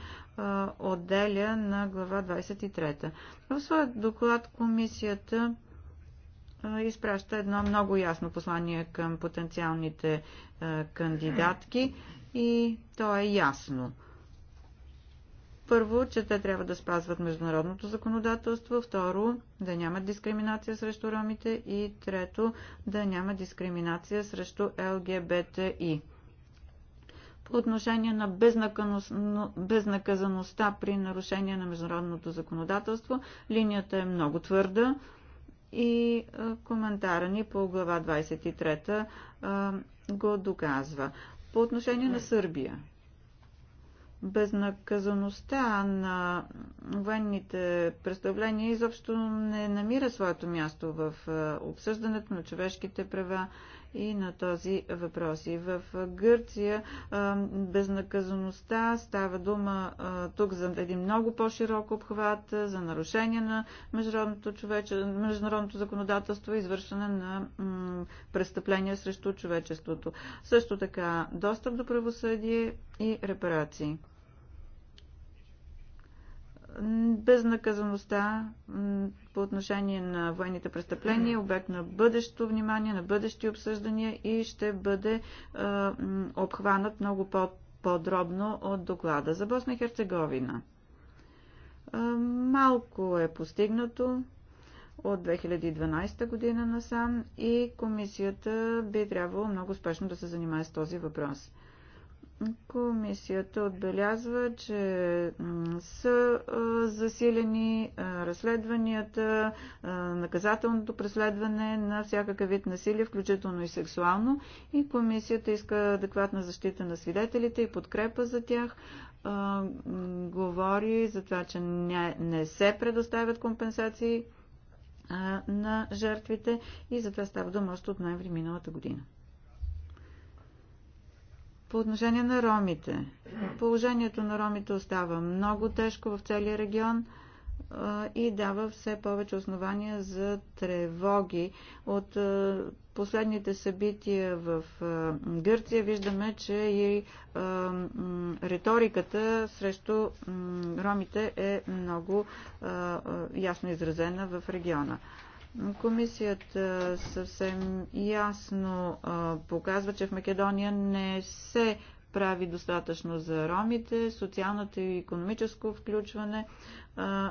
отделя на глава 23. В своя доклад комисията изпраща едно много ясно послание към потенциалните кандидатки и то е ясно – първо, че те трябва да спазват международното законодателство. Второ, да нямат дискриминация срещу ромите. И трето, да няма дискриминация срещу ЛГБТИ. По отношение на безнаказаността при нарушение на международното законодателство, линията е много твърда и коментара ни по глава 23 го доказва. По отношение на Сърбия безнаказаността на военните представления изобщо не намира своето място в е, обсъждането на човешките права и на този въпрос. И в Гърция е, безнаказаността става дума е, тук за един много по-широк обхват, за нарушение на международното, човече, международното законодателство и извършване на престъпления срещу човечеството. Също така достъп до правосъдие и репарации безнаказаността по отношение на военните престъпления, обект на бъдещо внимание, на бъдещи обсъждания и ще бъде обхванат много по-подробно от доклада за Босна и Херцеговина. малко е постигнато от 2012 година насам и комисията би трябвало много спешно да се занимае с този въпрос. Комисията отбелязва, че са засилени разследванията, наказателното преследване на всякакъв вид насилие, включително и сексуално. И комисията иска адекватна защита на свидетелите и подкрепа за тях. Говори за това, че не се предоставят компенсации на жертвите и за това става дума още от ноември миналата година. По отношение на ромите. Положението на ромите остава много тежко в целия регион и дава все повече основания за тревоги. От последните събития в Гърция виждаме, че и риториката срещу ромите е много ясно изразена в региона. Комисията съвсем ясно показва, че в Македония не се прави достатъчно за ромите. Социалното и економическо включване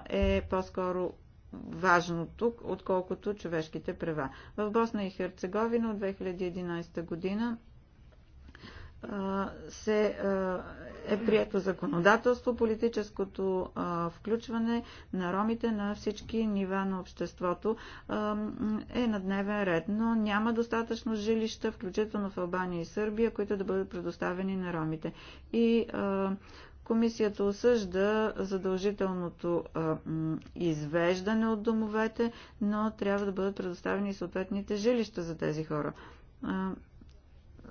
е по-скоро важно тук, отколкото човешките права. В Босна и Херцеговина от 2011 година се е прието законодателство, политическото включване на ромите на всички нива на обществото е на дневен ред, но няма достатъчно жилища, включително в Албания и Сърбия, които да бъдат предоставени на ромите. И Комисията осъжда задължителното извеждане от домовете, но трябва да бъдат предоставени съответните жилища за тези хора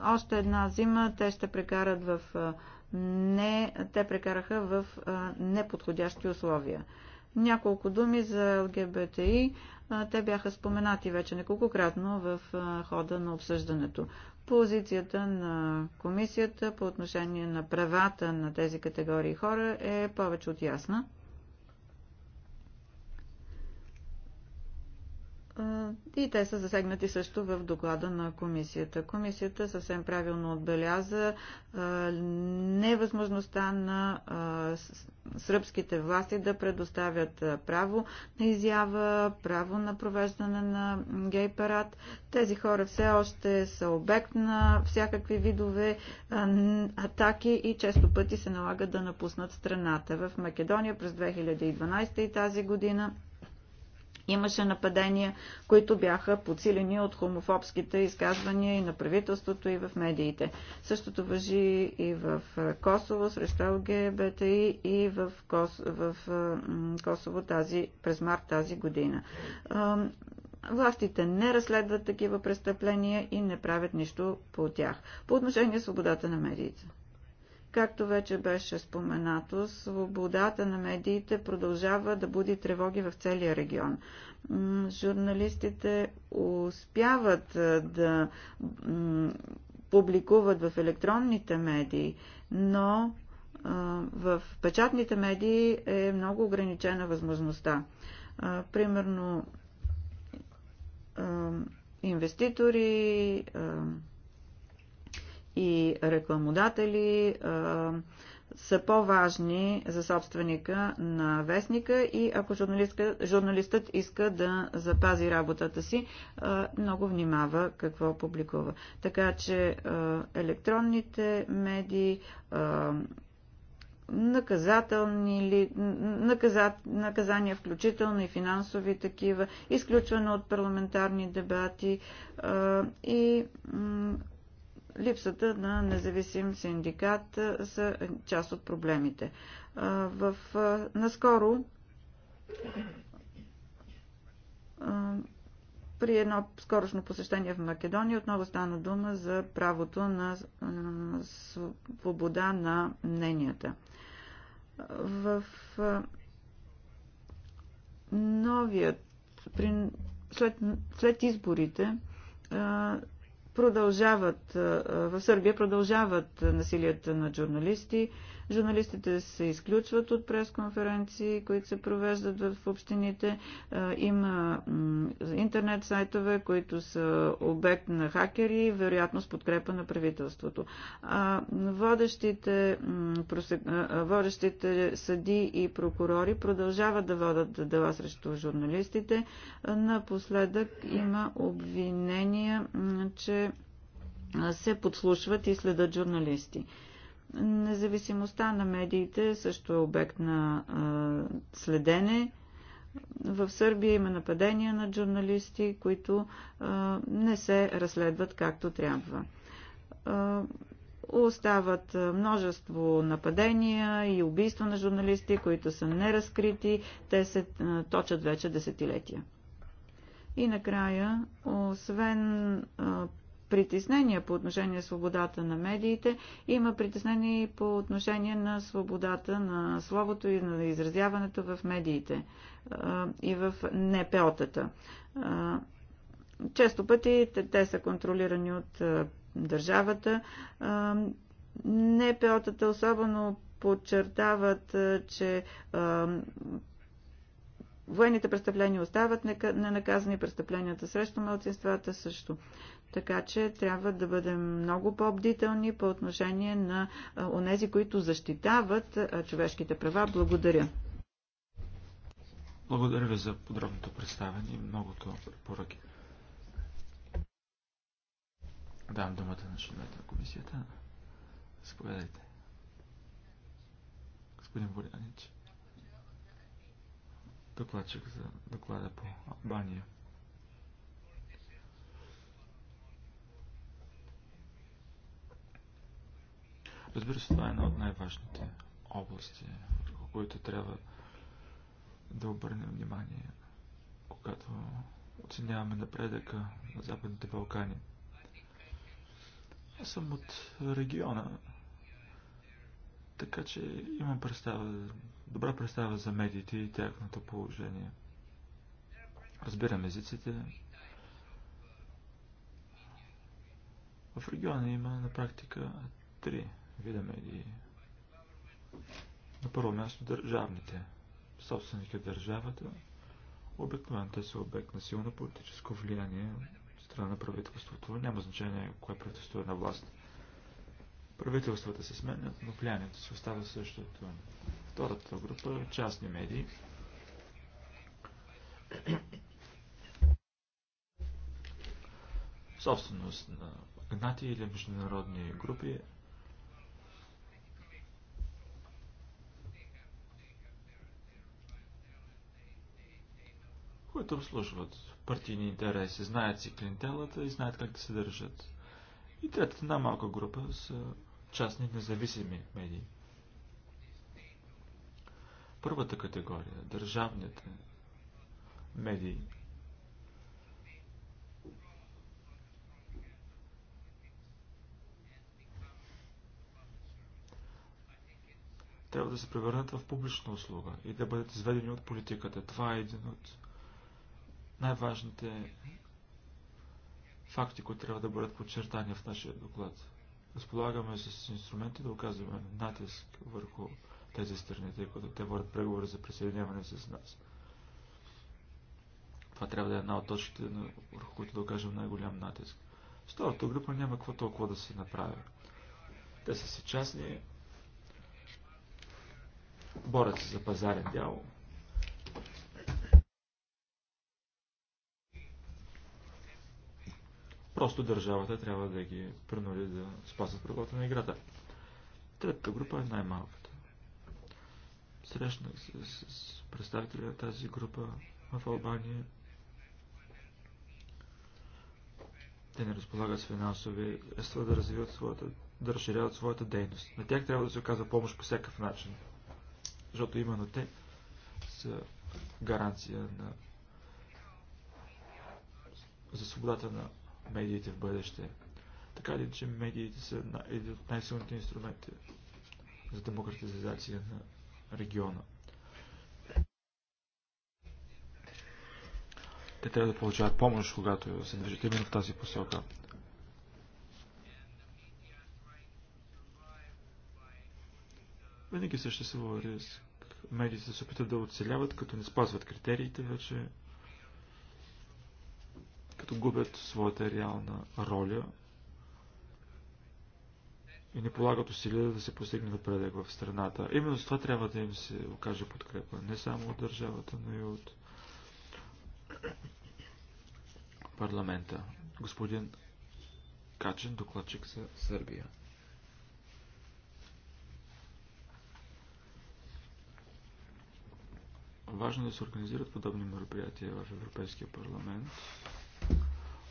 още една зима те ще прекарат в не, те прекараха в неподходящи условия. Няколко думи за ЛГБТИ. Те бяха споменати вече неколкократно в хода на обсъждането. Позицията на комисията по отношение на правата на тези категории хора е повече от ясна. И те са засегнати също в доклада на комисията. Комисията съвсем правилно отбеляза невъзможността на сръбските власти да предоставят право на изява, право на провеждане на гей парад. Тези хора все още са обект на всякакви видове атаки и често пъти се налага да напуснат страната. В Македония през 2012 и тази година Имаше нападения, които бяха подсилени от хомофобските изказвания и на правителството, и в медиите. Същото въжи и в Косово срещу ЛГБТИ и в, Кос... в Косово тази, през март тази година. Властите не разследват такива престъпления и не правят нищо по тях. По отношение свободата на медиите. Както вече беше споменато, свободата на медиите продължава да буди тревоги в целия регион. Журналистите успяват да публикуват в електронните медии, но в печатните медии е много ограничена възможността. Примерно инвеститори, и рекламодатели са по-важни за собственика на вестника и ако журналистът иска да запази работата си, много внимава какво публикува. Така че електронните медии, наказателни ли, наказат, наказания, включително и финансови такива, изключване от парламентарни дебати и липсата на независим синдикат са част от проблемите. В, наскоро при едно скорошно посещение в Македония отново стана дума за правото на свобода на мненията. В новият, при, след, след изборите продължават, в Сърбия продължават насилията на журналисти, Журналистите се изключват от пресконференции, които се провеждат в общините. Е, има интернет сайтове, които са обект на хакери, вероятно с подкрепа на правителството. Водещите, водещите съди и прокурори продължават да водат дела срещу журналистите. Напоследък има обвинения, че се подслушват и следят журналисти. Независимостта на медиите също е обект на а, следене. В Сърбия има нападения на журналисти, които а, не се разследват както трябва. А, остават множество нападения и убийства на журналисти, които са неразкрити. Те се а, точат вече десетилетия. И накрая, освен а, притеснения по отношение на свободата на медиите, има притеснения и по отношение на свободата на словото и на изразяването в медиите и в НПО-тата. Често пъти те са контролирани от държавата. НПО-тата особено подчертават, че Военните престъпления остават ненаказани, престъпленията срещу младсинствата също. Така че трябва да бъдем много по-бдителни по отношение на онези, които защитават човешките права. Благодаря. Благодаря ви за подробното представяне и многото поръки. Давам думата на членовете на комисията. Заповядайте. Господин Борянич. Докладчик за доклада по Албания. Разбира се, това е една от най-важните области, върху които трябва да обърнем внимание, когато оценяваме напредъка на Западните Балкани. Аз съм от региона, така че имам представа, добра представа за медиите и тяхното положение. Разбирам езиците. В региона има на практика три вида медии. На първо място държавните. собственика държавата обикновено те са обект на силно политическо влияние от страна на правителството. Няма значение кое правителство е на власт. Правителствата се сменят, но влиянието се остава същото. Втората група е частни медии. Собственост на гнати или международни групи които обслужват партийни интереси, знаят си клиентелата и знаят как да се държат. И третата една малка група са частни независими медии. Първата категория държавните медии трябва да се превърнат в публична услуга и да бъдат изведени от политиката. Това е един от най-важните факти, които трябва да бъдат подчертани в нашия доклад. Разполагаме с инструменти да оказваме натиск върху тези страни, тъй като те водят преговори за присъединяване с нас. Това трябва да е една от точките, върху които да окажем най-голям натиск. С втората група няма какво толкова да се направи. Те са си частни, борят се за пазарен дял, Просто държавата трябва да ги принуди да спазват правилата на играта. Третата група е най-малката. Срещнах се с представителя на тази група в Албания. Те не разполагат с финансови средства да развиват своята, да разширяват своята дейност. На тях трябва да се оказва помощ по всякакъв начин. Защото именно те са гаранция на за свободата на медиите в бъдеще. Така ли, че медиите са един от най-силните инструменти за демократизация на региона? Те трябва да получават помощ, когато се движат именно в тази посока. Винаги съществува риск. Медиите се опитат да оцеляват, като не спазват критериите вече които губят своята реална роля и не полагат усилия да се постигне напредък в страната. Именно с това трябва да им се окаже подкрепа, не само от държавата, но и от парламента. Господин Качен, докладчик за Сърбия. Важно е да се организират подобни мероприятия в Европейския парламент.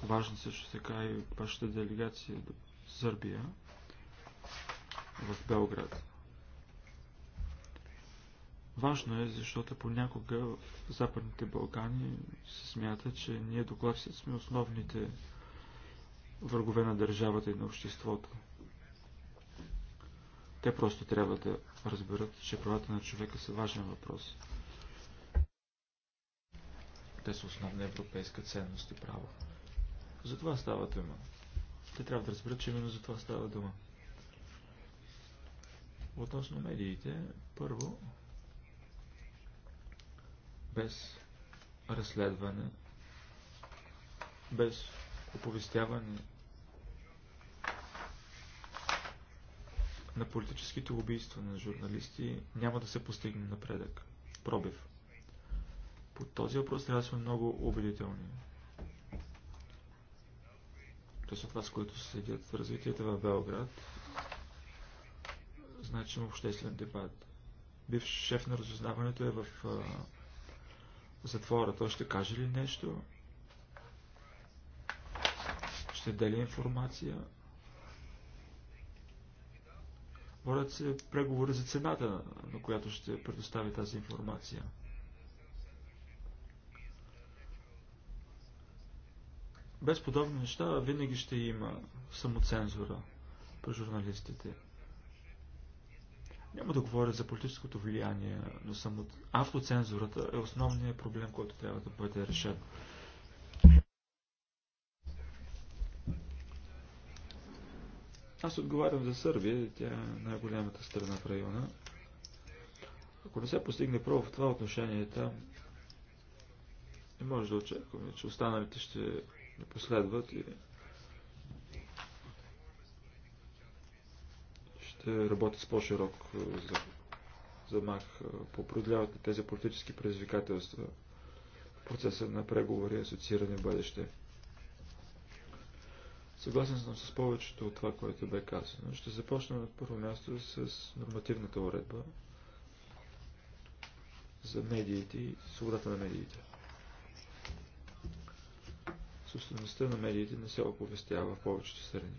Важна също така и вашата делегация до Сърбия в Белград. Важно е, защото понякога в Западните Балкани се смята, че ние докладците сме основните врагове на държавата и на обществото. Те просто трябва да разберат, че правата на човека са важен въпрос. Те са основна европейска ценност и право. За това става дума. Те трябва да разберат, че именно за това става дума. Относно медиите, първо, без разследване, без оповестяване на политическите убийства на журналисти няма да се постигне напредък. Пробив. По този въпрос трябва да сме много убедителни които са от вас, които следят развитието в Белград, значим обществен дебат. Бивш шеф на разузнаването е в а, затвора. Той ще каже ли нещо? Ще дели информация? Водят се преговори за цената, на която ще предостави тази информация. без подобни неща винаги ще има самоцензура по журналистите. Няма да говоря за политическото влияние, но само автоцензурата е основният проблем, който трябва да бъде решен. Аз отговарям за Сърбия, тя е най-голямата страна в района. Ако не се постигне право в това отношение там, не може да очакваме, че останалите ще да последват и ще работят с по-широк е, за, замах е, по преодоляването на тези политически предизвикателства в процеса на преговори и асоцииране в бъдеще. Съгласен съм с повечето от това, което бе казано. Ще започна на първо място с нормативната уредба за медиите и свободата на медиите собствеността на медиите не се оповестява в повечето страни.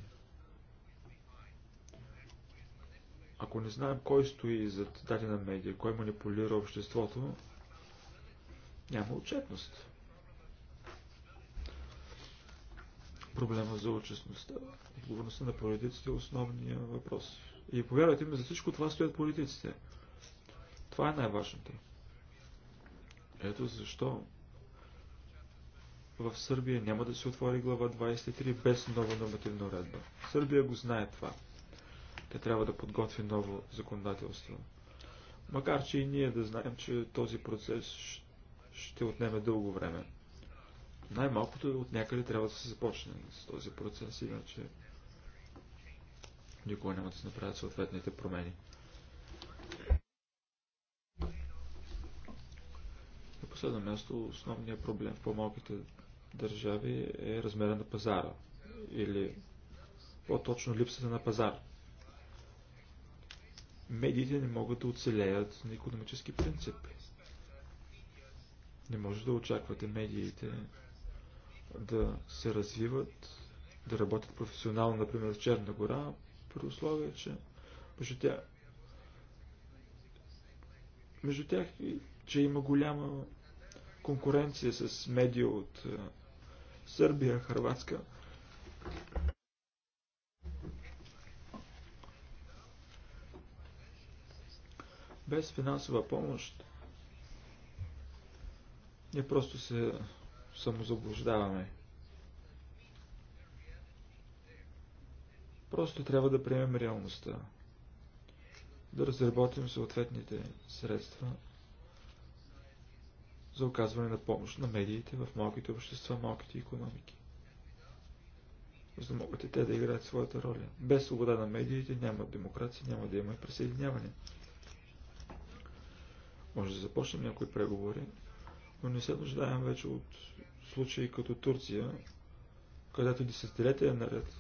Ако не знаем кой стои зад дадена медия, кой манипулира обществото, няма отчетност. Проблема за отчетността, отговорността на политиците е основния въпрос. И повярвайте ми, за всичко това стоят политиците. Това е най-важното. Ето защо в Сърбия няма да се отвори глава 23 без нова нормативна уредба. Сърбия го знае това. Те трябва да подготви ново законодателство. Макар, че и ние да знаем, че този процес ще отнеме дълго време. Най-малкото от някъде трябва да се започне с този процес, иначе никога няма да се направят съответните промени. На последно място основният проблем в по-малките държави е размера на пазара или по-точно липсата на пазар. Медиите не могат да оцелеят на економически принцип. Не може да очаквате медиите да се развиват, да работят професионално, например, в Черна гора, при условие, че между тях, между тях че има голяма конкуренция с медиа от Сърбия, Харватска. Без финансова помощ ние просто се самозаблуждаваме. Просто трябва да приемем реалността, да разработим съответните средства, за оказване на помощ на медиите в малките общества, малките економики. За да могат и те да играят своята роля. Без свобода на медиите няма демокрация, няма да има и присъединяване. Може да започнем някои преговори, но не се нуждаем вече от случаи като Турция, където десетилетия наред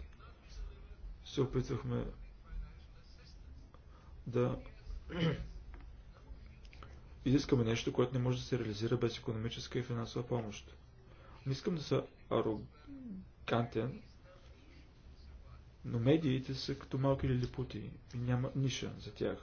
се опитвахме да изискаме нещо, което не може да се реализира без економическа и финансова помощ. Не искам да са арогантен, но медиите са като малки лилипути и няма ниша за тях.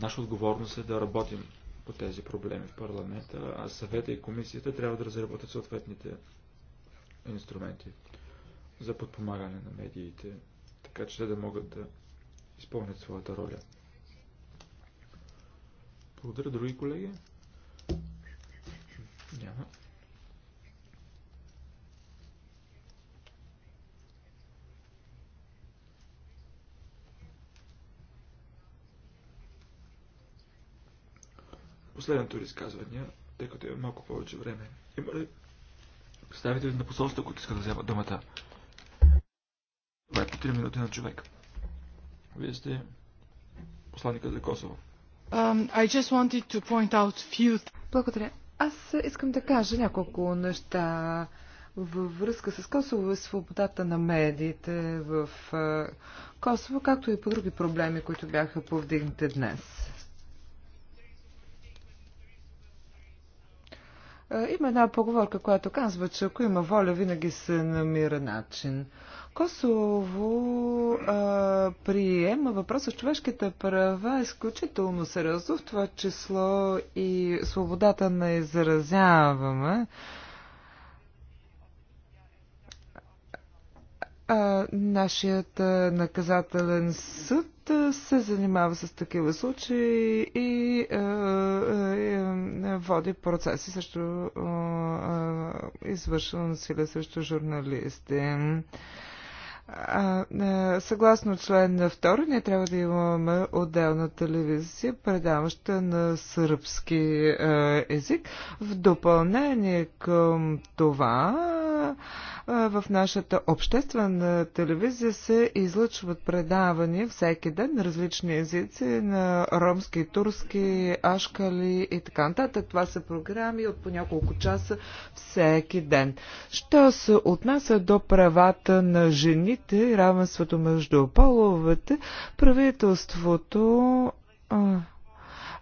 Наша отговорност е да работим по тези проблеми в парламента, а съвета и комисията трябва да разработят съответните инструменти за подпомагане на медиите, така че те да могат да изпълнят своята роля. Благодаря, други колеги. Няма. Последното изказвания, тъй като е малко повече време. Има ли представители на посолството, които искат да вземат думата? 3 минути на човек. Вие сте посланника за Косово. Um, I just wanted to point out few... Благодаря. Аз искам да кажа няколко неща във връзка с Косово и свободата на медиите в Косово, както и по други проблеми, които бяха повдигнати днес. Има една поговорка, която казва, че ако има воля, винаги се намира начин. Косово а, приема въпроса с човешките права изключително сериозно, в това число и свободата на изразяваме. А, нашият наказателен съд се занимава с такива случаи и а, а, води процеси срещу извършено насилие срещу журналисти. А, а, съгласно член 2, ние трябва да имаме отделна телевизия, предаваща на сръбски а, език. В допълнение към това в нашата обществена телевизия се излъчват предавания всеки ден на различни езици, на ромски, турски, ашкали и така нататък. Това са програми от по няколко часа всеки ден. Що се отнася до правата на жените и равенството между половете, правителството а,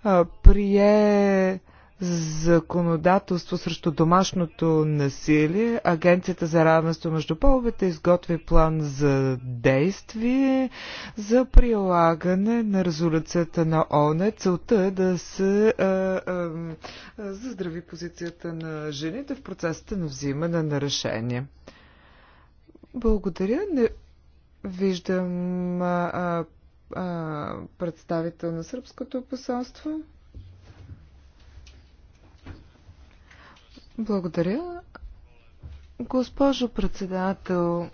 а, прие законодателство срещу домашното насилие, Агенцията за равенство между половете изготви план за действие за прилагане на резолюцията на ОНЕ. Целта е да се е, е, заздрави позицията на жените в процесите на взимане на решение. Благодаря. Не виждам а, е, а, представител на Сръбското посолство. Благодаря. Госпожо председател,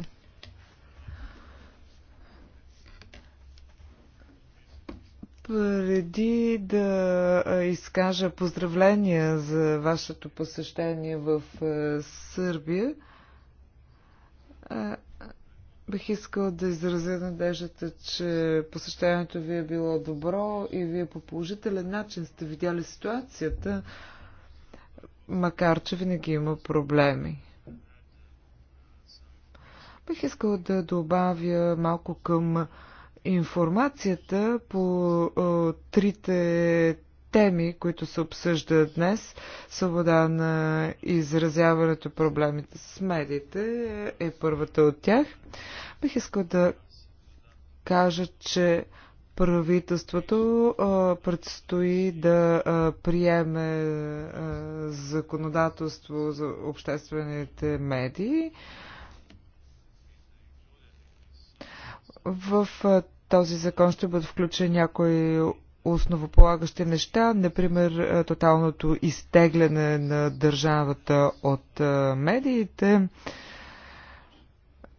преди да изкажа поздравления за вашето посещение в е, Сърбия, е, бих искал да изразя надеждата, че посещението ви е било добро и вие по положителен начин сте видяли ситуацията макар че винаги има проблеми. Бих искала да добавя малко към информацията по о, трите теми, които се обсъждат днес. Свобода на изразяването, проблемите с медиите е първата от тях. Бих искала да кажа, че Правителството предстои да приеме законодателство за обществените медии. В този закон ще бъдат включени някои основополагащи неща, например тоталното изтегляне на държавата от медиите,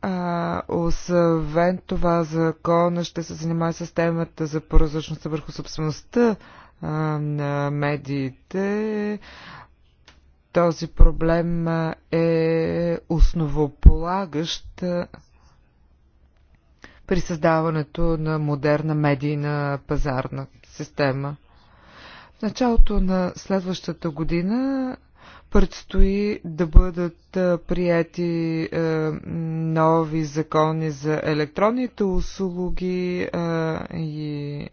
а, освен това, закона ще се занимава с темата за поразличността върху собствеността а, на медиите. Този проблем е основополагащ при създаването на модерна медийна пазарна система. В началото на следващата година Предстои да бъдат прияти нови закони за електронните услуги и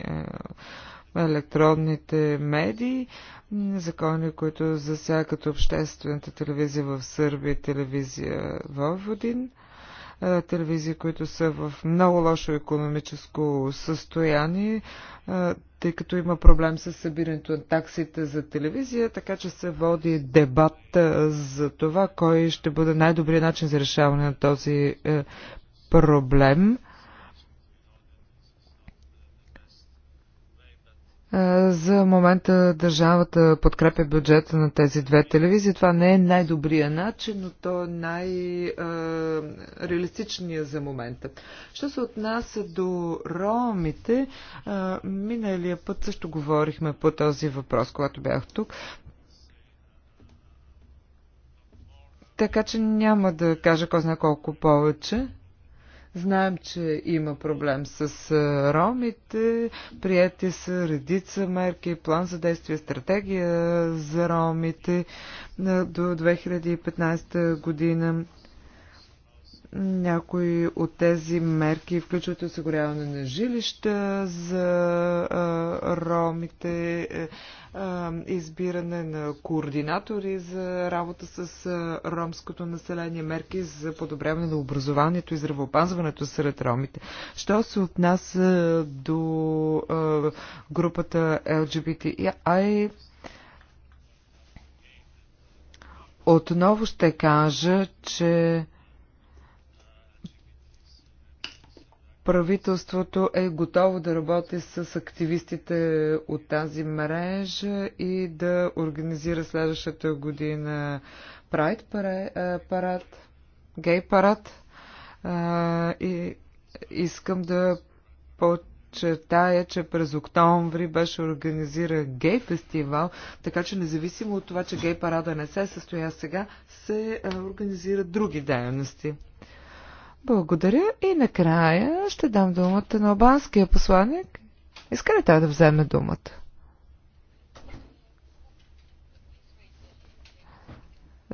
електронните медии, закони, които засягат обществената телевизия в Сърбия и телевизия Водин. Е, телевизии, които са в много лошо економическо състояние, е, тъй като има проблем с събирането на таксите за телевизия, така че се води дебат е, за това, кой ще бъде най-добрият начин за решаване на този проблем. За момента държавата подкрепя бюджета на тези две телевизии. Това не е най-добрия начин, но то е най-реалистичният за момента. Що се отнася до ромите, миналия път също говорихме по този въпрос, когато бях тук. Така че няма да кажа кой знае колко повече. Знаем, че има проблем с ромите. Прияти са редица мерки, план за действие, стратегия за ромите до 2015 година. Някои от тези мерки включват осигуряване на жилища за ромите, е, избиране на координатори за работа с ромското население, мерки за подобряване на образованието и здравеопазването сред ромите. Що се отнася до групата LGBTI, отново ще кажа, че правителството е готово да работи с активистите от тази мрежа и да организира следващата година Прайд парад, гей парад. И искам да подчертая, че през октомври беше организиран гей фестивал, така че независимо от това, че гей парада не се състоя сега, се организират други дейности. Благодаря и накрая ще дам думата на албанския посланник. Иска ли той да вземе думата?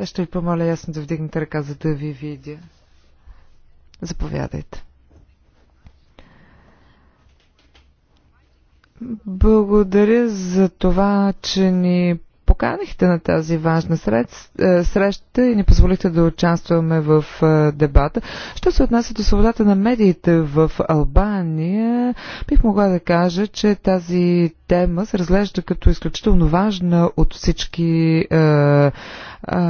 Ще ви помоля ясно да вдигнете ръка, за да ви видя. Заповядайте. Благодаря за това, че ни поканихте на тази важна е, среща и ни позволихте да участваме в е, дебата. Що се отнася до свободата на медиите в Албания, бих могла да кажа, че тази тема се разглежда като изключително важна от всички е, е, е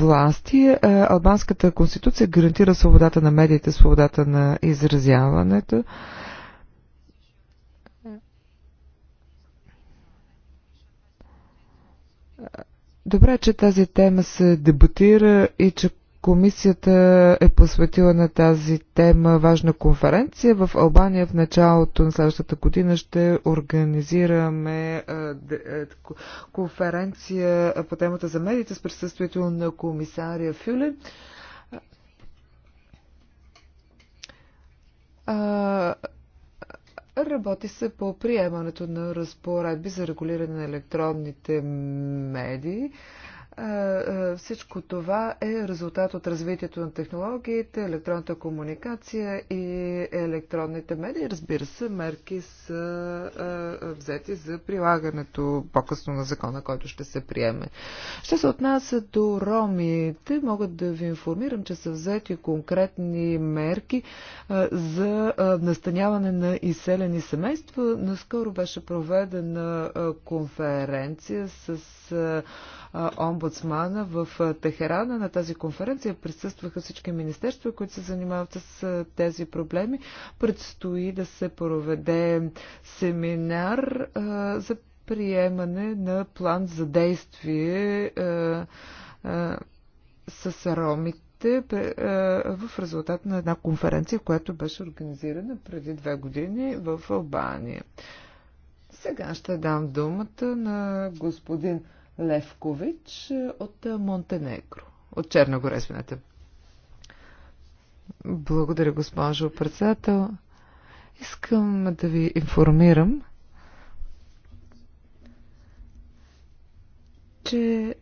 власти. Албанската конституция гарантира свободата на медиите, свободата на изразяването. Добре, че тази тема се дебатира и че комисията е посветила на тази тема важна конференция. В Албания в началото на следващата година ще организираме конференция по темата за медиите с присъствието на комисария Фюле. А, Работи се по приемането на разпоредби за регулиране на електронните медии. Е, е, всичко това е резултат от развитието на технологиите, електронната комуникация и електронните медии. Разбира се, мерки са е, взети за прилагането по-късно на закона, който ще се приеме. Ще се отнася до ромите, могат да ви информирам, че са взети конкретни мерки за настаняване на изселени семейства. Наскоро беше проведена конференция с омбудсмана в Техерана. На тази конференция присъстваха всички министерства, които се занимават с тези проблеми. Предстои да се проведе семинар за приемане на план за действие с ромите в резултат на една конференция, която беше организирана преди две години в Албания. Сега ще дам думата на господин Левкович е, от е, Монтенегро. От Черногора, извинете. Благодаря, госпожо председател. Искам да ви информирам, че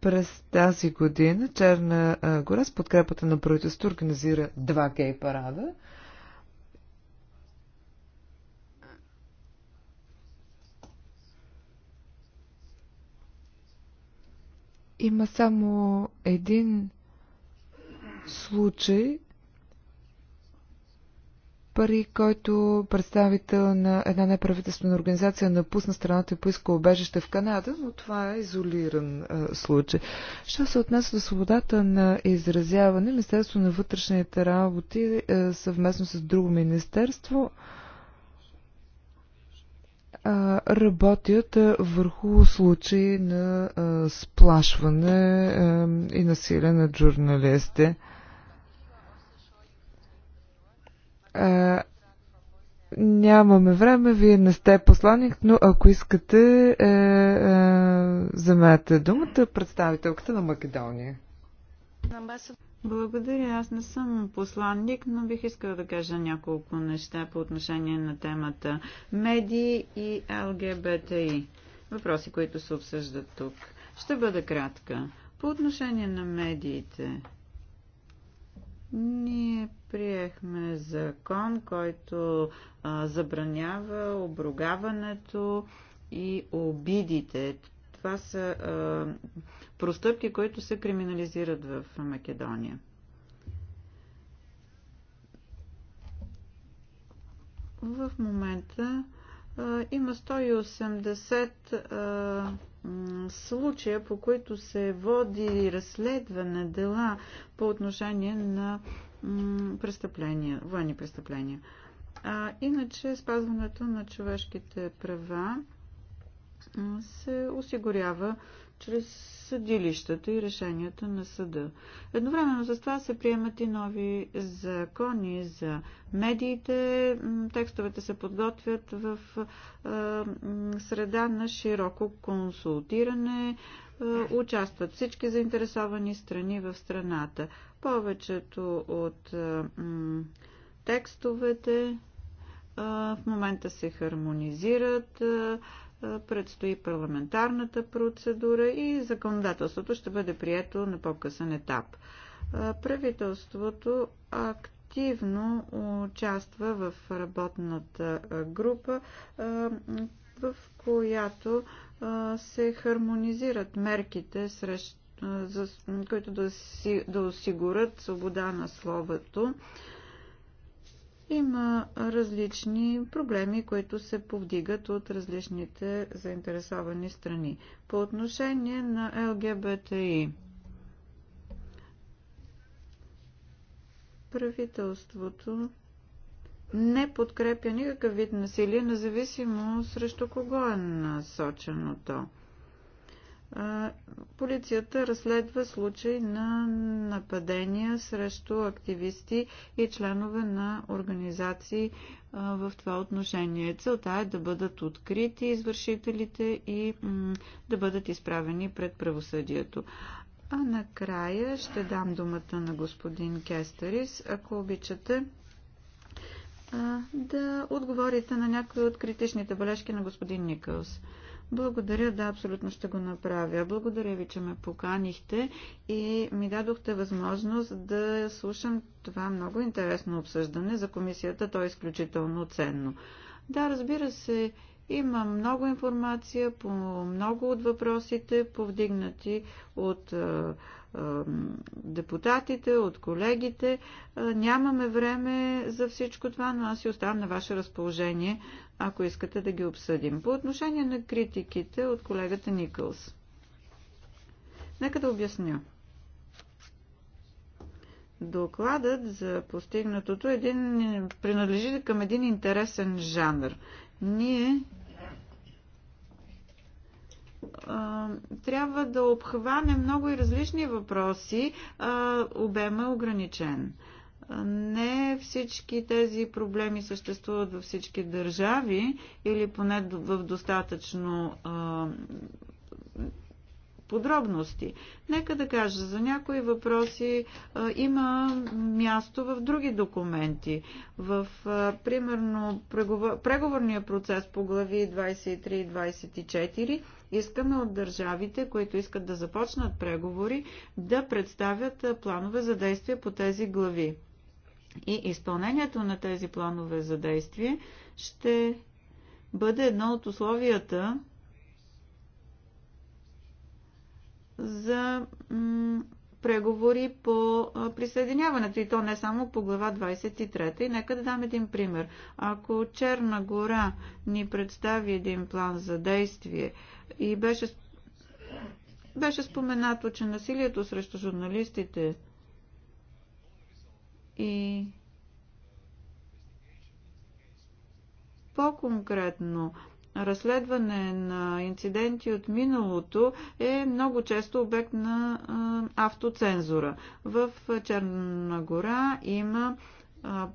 през тази година Черна е, гора с подкрепата на правителството организира два гей парада – Има само един случай, при който представител на една неправителствена организация напусна страната и поиска обежище в Канада, но това е изолиран а, случай. Що се отнася до свободата на изразяване, Министерство на вътрешните работи а, съвместно с друго министерство а, работят върху случаи на сплашване и насилие на журналисти. Нямаме време, вие не сте посланник, но ако искате, е, е, замете думата представителката на Македония. Благодаря. Аз не съм посланник, но бих искала да кажа няколко неща по отношение на темата медии и ЛГБТИ. Въпроси, които се обсъждат тук. Ще бъда кратка. По отношение на медиите, ние приехме закон, който а, забранява обругаването и обидите. Това са а, простъпки, които се криминализират в Македония. В момента има 180 а, случая, по които се води разследване дела по отношение на престъпления, военни престъпления. А, иначе спазването на човешките права се осигурява чрез съдилищата и решенията на съда. Едновременно с това се приемат и нови закони за медиите. Текстовете се подготвят в среда на широко консултиране. Участват всички заинтересовани страни в страната. Повечето от текстовете в момента се хармонизират е, предстои парламентарната процедура и законодателството ще бъде прието на по-късен етап. Е, правителството активно участва в работната е, група, в която се хармонизират мерките срещу които да, си, да осигурят свобода на словото, има различни проблеми, които се повдигат от различните заинтересовани страни. По отношение на ЛГБТИ, правителството не подкрепя никакъв вид насилие, независимо срещу кого е насочено то. Полицията разследва случай на нападения срещу активисти и членове на организации в това отношение. Целта е да бъдат открити извършителите и да бъдат изправени пред правосъдието. А накрая ще дам думата на господин Кестерис, ако обичате да отговорите на някои от критичните бележки на господин Никълс. Благодаря, да, абсолютно ще го направя. Благодаря ви, че ме поканихте и ми дадохте възможност да слушам това много интересно обсъждане за комисията. То е изключително ценно. Да, разбира се, има много информация по много от въпросите, повдигнати от депутатите, от колегите. Нямаме време за всичко това, но аз си оставам на ваше разположение, ако искате да ги обсъдим. По отношение на критиките от колегата Никълс. Нека да обясня. Докладът за постигнатото е един, принадлежи към един интересен жанр. Ние трябва да обхване много и различни въпроси, а, обема е ограничен. Не всички тези проблеми съществуват във всички държави или поне в достатъчно а, подробности. Нека да кажа, за някои въпроси а, има място в други документи. В, а, примерно, преговор, преговорния процес по глави 23 и 24 искаме от държавите, които искат да започнат преговори, да представят планове за действие по тези глави. И изпълнението на тези планове за действие ще бъде едно от условията за преговори по присъединяването и то не само по глава 23. И нека да дам един пример. Ако Черна гора ни представи един план за действие и беше, беше споменато, че насилието срещу журналистите и по-конкретно разследване на инциденти от миналото е много често обект на автоцензура. В Черна гора има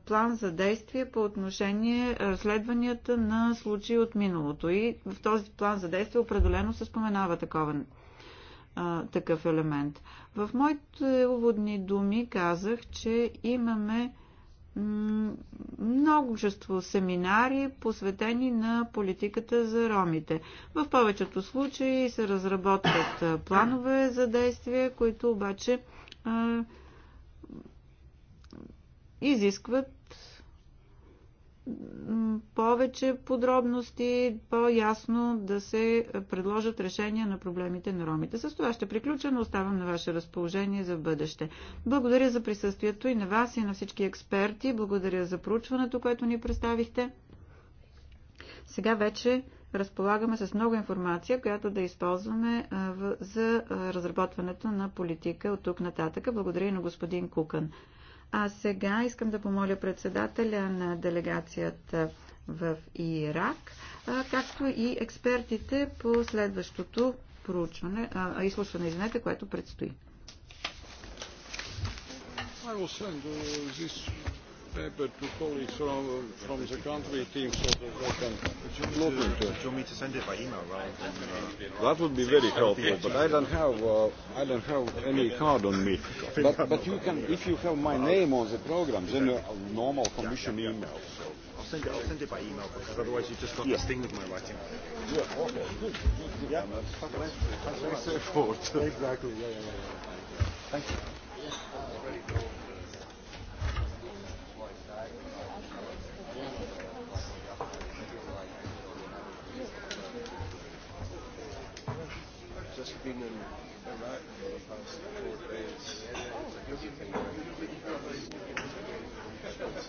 план за действие по отношение разследванията на случаи от миналото. И в този план за действие определено се споменава такова, такъв елемент. В моите уводни думи казах, че имаме множество семинари, посветени на политиката за ромите. В повечето случаи се разработват планове за действия, които обаче изискват повече подробности, по-ясно да се предложат решения на проблемите на ромите. С това ще приключа, но оставам на ваше разположение за бъдеще. Благодаря за присъствието и на вас и на всички експерти. Благодаря за проучването, което ни представихте. Сега вече разполагаме с много информация, която да използваме за разработването на политика от тук нататък. Благодаря и на господин Кукан. А сега искам да помоля председателя на делегацията в Ирак, както и експертите по следващото проучване, а, изслушване, извинете, което предстои. I will send uh, this paper to colleagues from, from the country team so that they can look into it. Do you want me to send it by email rather than... Uh, that would be very helpful, but I don't have, uh, I don't have any card on me. But, but you can, if you have my name on the program, then a normal commission email. I'll send it, I'll send it by email because otherwise you've just got yeah. this thing with my writing. Yeah, okay, good. Yeah, that's very straightforward. Exactly, yeah, yeah, yeah. Thank you.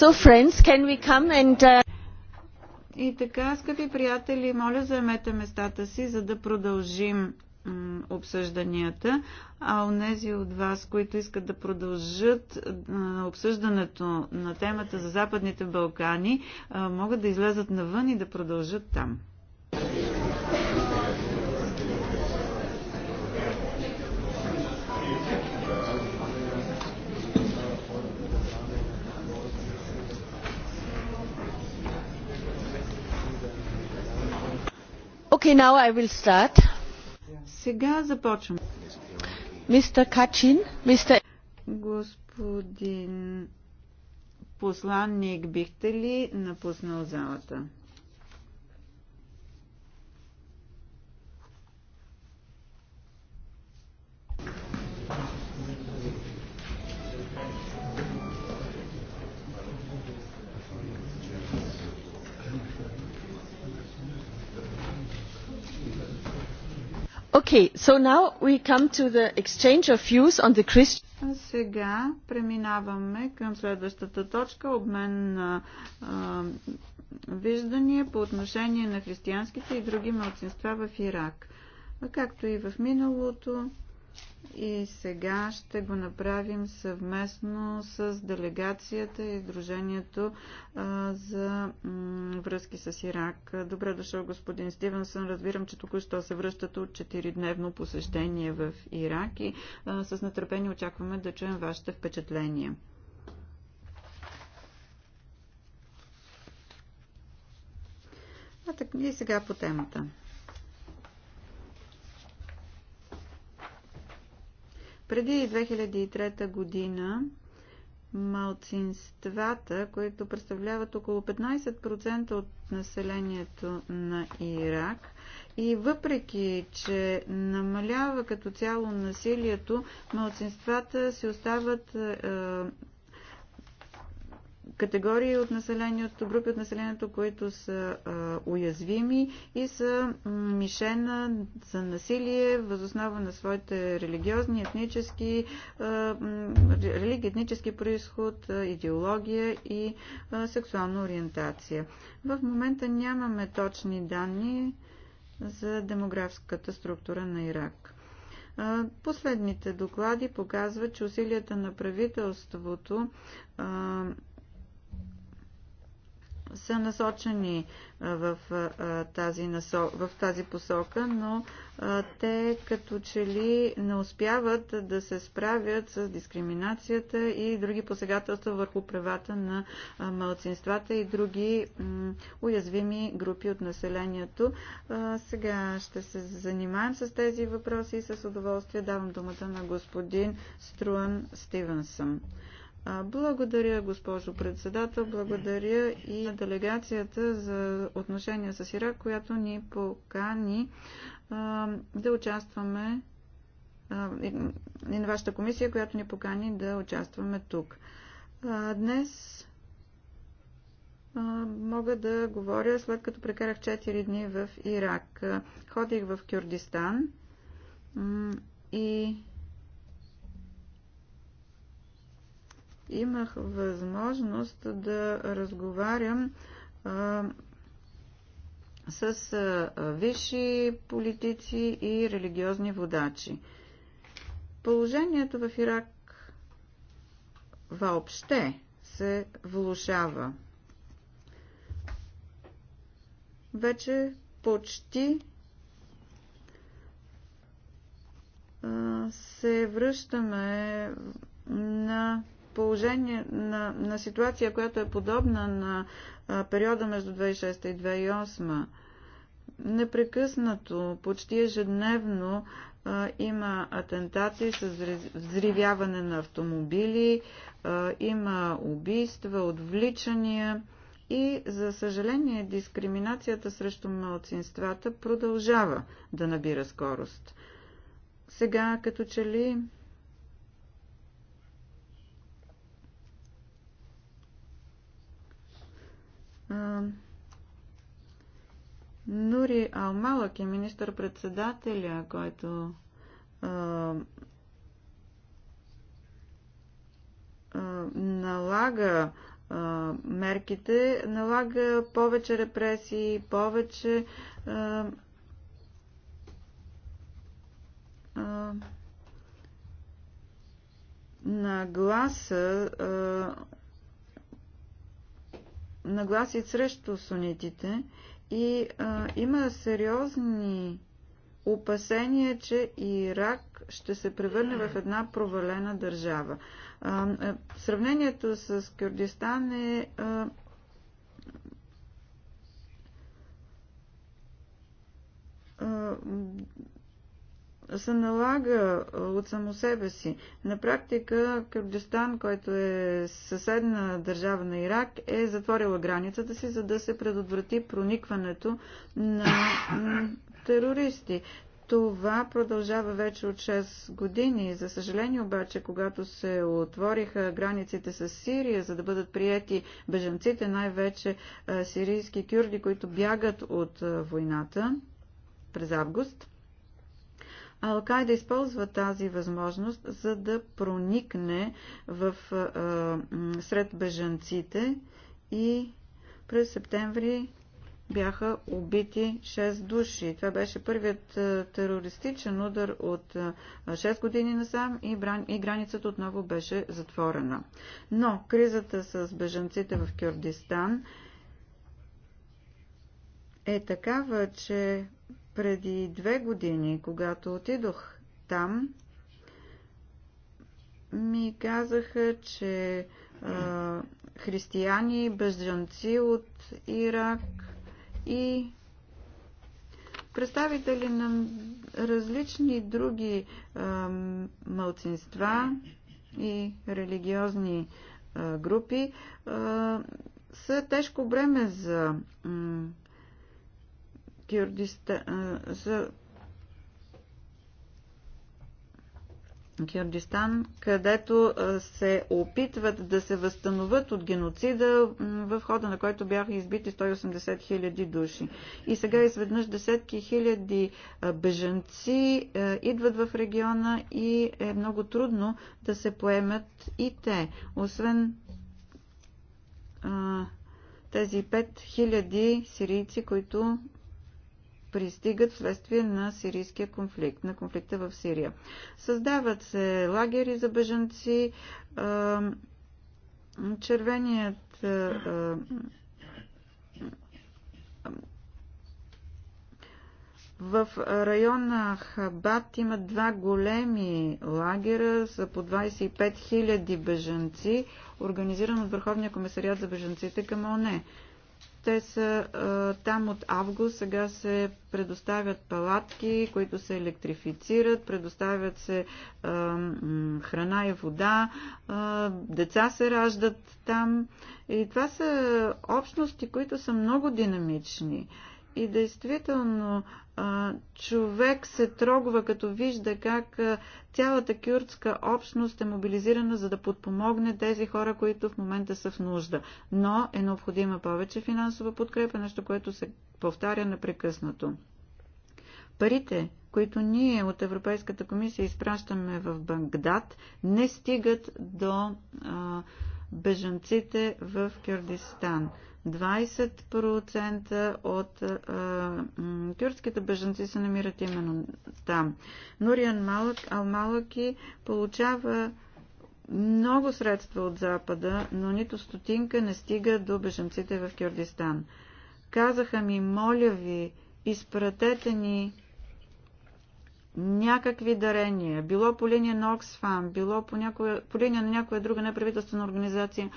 So friends, can we come and... Uh... И така, скъпи приятели, моля заемете местата си, за да продължим обсъжданията, а онези от вас, които искат да продължат обсъждането на темата за Западните Балкани, могат да излезат навън и да продължат там. Okay, now I will start. Сега започвам. Мистер Качин, мистер... Господин посланник, бихте ли напуснал залата? Сега преминаваме към следващата точка, обмен на виждания по отношение на християнските и други младсинства в Ирак. както и в миналото, и сега ще го направим съвместно с делегацията и а, за връзки с Ирак. Добре дошъл, господин Стивенсън. Разбирам, че току-що се връщат от 4-дневно посещение в Ирак и с нетърпение очакваме да чуем вашите впечатления. А так, и сега по темата. Преди 2003 година малцинствата, които представляват около 15% от населението на Ирак. И въпреки, че намалява като цяло насилието, малцинствата си остават е, категории от населението, групи от населението, които са а, уязвими и са мишена за насилие възоснова на своите религиозни, етнически, а, религи, етнически происход, а, идеология и а, сексуална ориентация. В момента нямаме точни данни за демографската структура на Ирак. Последните доклади показват, че усилията на правителството са насочени в тази, насо... в тази посока, но те като че ли не успяват да се справят с дискриминацията и други посегателства върху правата на малцинствата и други уязвими групи от населението. Сега ще се занимаем с тези въпроси и с удоволствие давам думата на господин Струан Стивенсън. Благодаря, госпожо председател. Благодаря и на делегацията за отношения с Ирак, която ни покани да участваме и на вашата комисия, която ни покани да участваме тук. Днес мога да говоря след като прекарах 4 дни в Ирак. Ходих в Кюрдистан и имах възможност да разговарям а, с а, висши политици и религиозни водачи. Положението в Ирак въобще се влушава. Вече почти а, се връщаме на положение на, на ситуация, която е подобна на а, периода между 2006 и 2008. Непрекъснато, почти ежедневно а, има атентати с взривяване на автомобили, а, има убийства, отвличания и, за съжаление, дискриминацията срещу малцинствата продължава да набира скорост. Сега, като че ли Нури Алмалък е министър-председателя, който налага мерките, налага повече репресии, повече На гласа. нагласа Нагласи срещу сунитите и а, има сериозни опасения, че Ирак ще се превърне в една провалена държава. А, сравнението с Кюрдистан е а, а, се налага от само себе си. На практика Кърдистан, който е съседна държава на Ирак, е затворила границата си, за да се предотврати проникването на терористи. Това продължава вече от 6 години. За съжаление обаче, когато се отвориха границите с Сирия, за да бъдат прияти бежанците, най-вече сирийски кюрди, които бягат от войната през август, Алкайда използва тази възможност, за да проникне в, а, сред бежанците и през септември бяха убити 6 души. Това беше първият терористичен удар от 6 години насам и, бран... и границата отново беше затворена. Но кризата с бежанците в Кюрдистан е такава, че преди две години, когато отидох там, ми казаха, че а, християни, бежанци от Ирак и представители на различни други а, мълцинства и религиозни а, групи а, са тежко бреме за Кюрдистан, където се опитват да се възстановят от геноцида, в хода на който бяха избити 180 хиляди души. И сега изведнъж десетки хиляди бежанци идват в региона и е много трудно да се поемат и те. Освен тези 5 хиляди сирийци, които пристигат вследствие на сирийския конфликт, на конфликта в Сирия. Създават се лагери за бежанци. Червеният в района Хабат има два големи лагера за по 25 000 бежанци, организиран от Върховния комисариат за бежанците към ОНЕ. Те са а, там от август. Сега се предоставят палатки, които се електрифицират, предоставят се а, храна и вода, а, деца се раждат там. И това са общности, които са много динамични. А, и действително човек се трогва, като вижда как цялата кюртска общност е мобилизирана, за да подпомогне тези хора, които в момента са в нужда. Но е необходима повече финансова подкрепа, нещо, което се повтаря непрекъснато. Парите, които ние от Европейската комисия изпращаме в Багдад, не стигат до а, бежанците в Кюрдистан. 20% от а, тюркските бежанци се намират именно там. Нуриан Малък, Алмалаки получава много средства от Запада, но нито стотинка не стига до бежанците в Кюрдистан. Казаха ми, моля ви, изпратете ни някакви дарения, било по линия на Оксфам, било по, някоя, по линия на някоя друга неправителствена организация,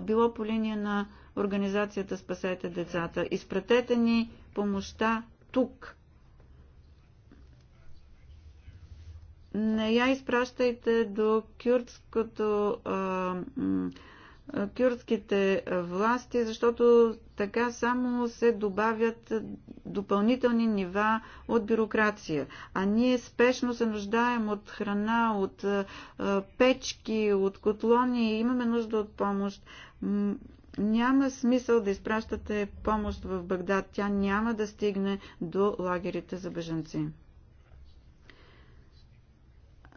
било по линия на организацията Спасете децата. Изпратете ни помощта тук. Не я изпращайте до кюртското а, кюрдските власти, защото така само се добавят допълнителни нива от бюрокрация. А ние спешно се нуждаем от храна, от печки, от котлони, имаме нужда от помощ. Няма смисъл да изпращате помощ в Багдад. Тя няма да стигне до лагерите за бежанци.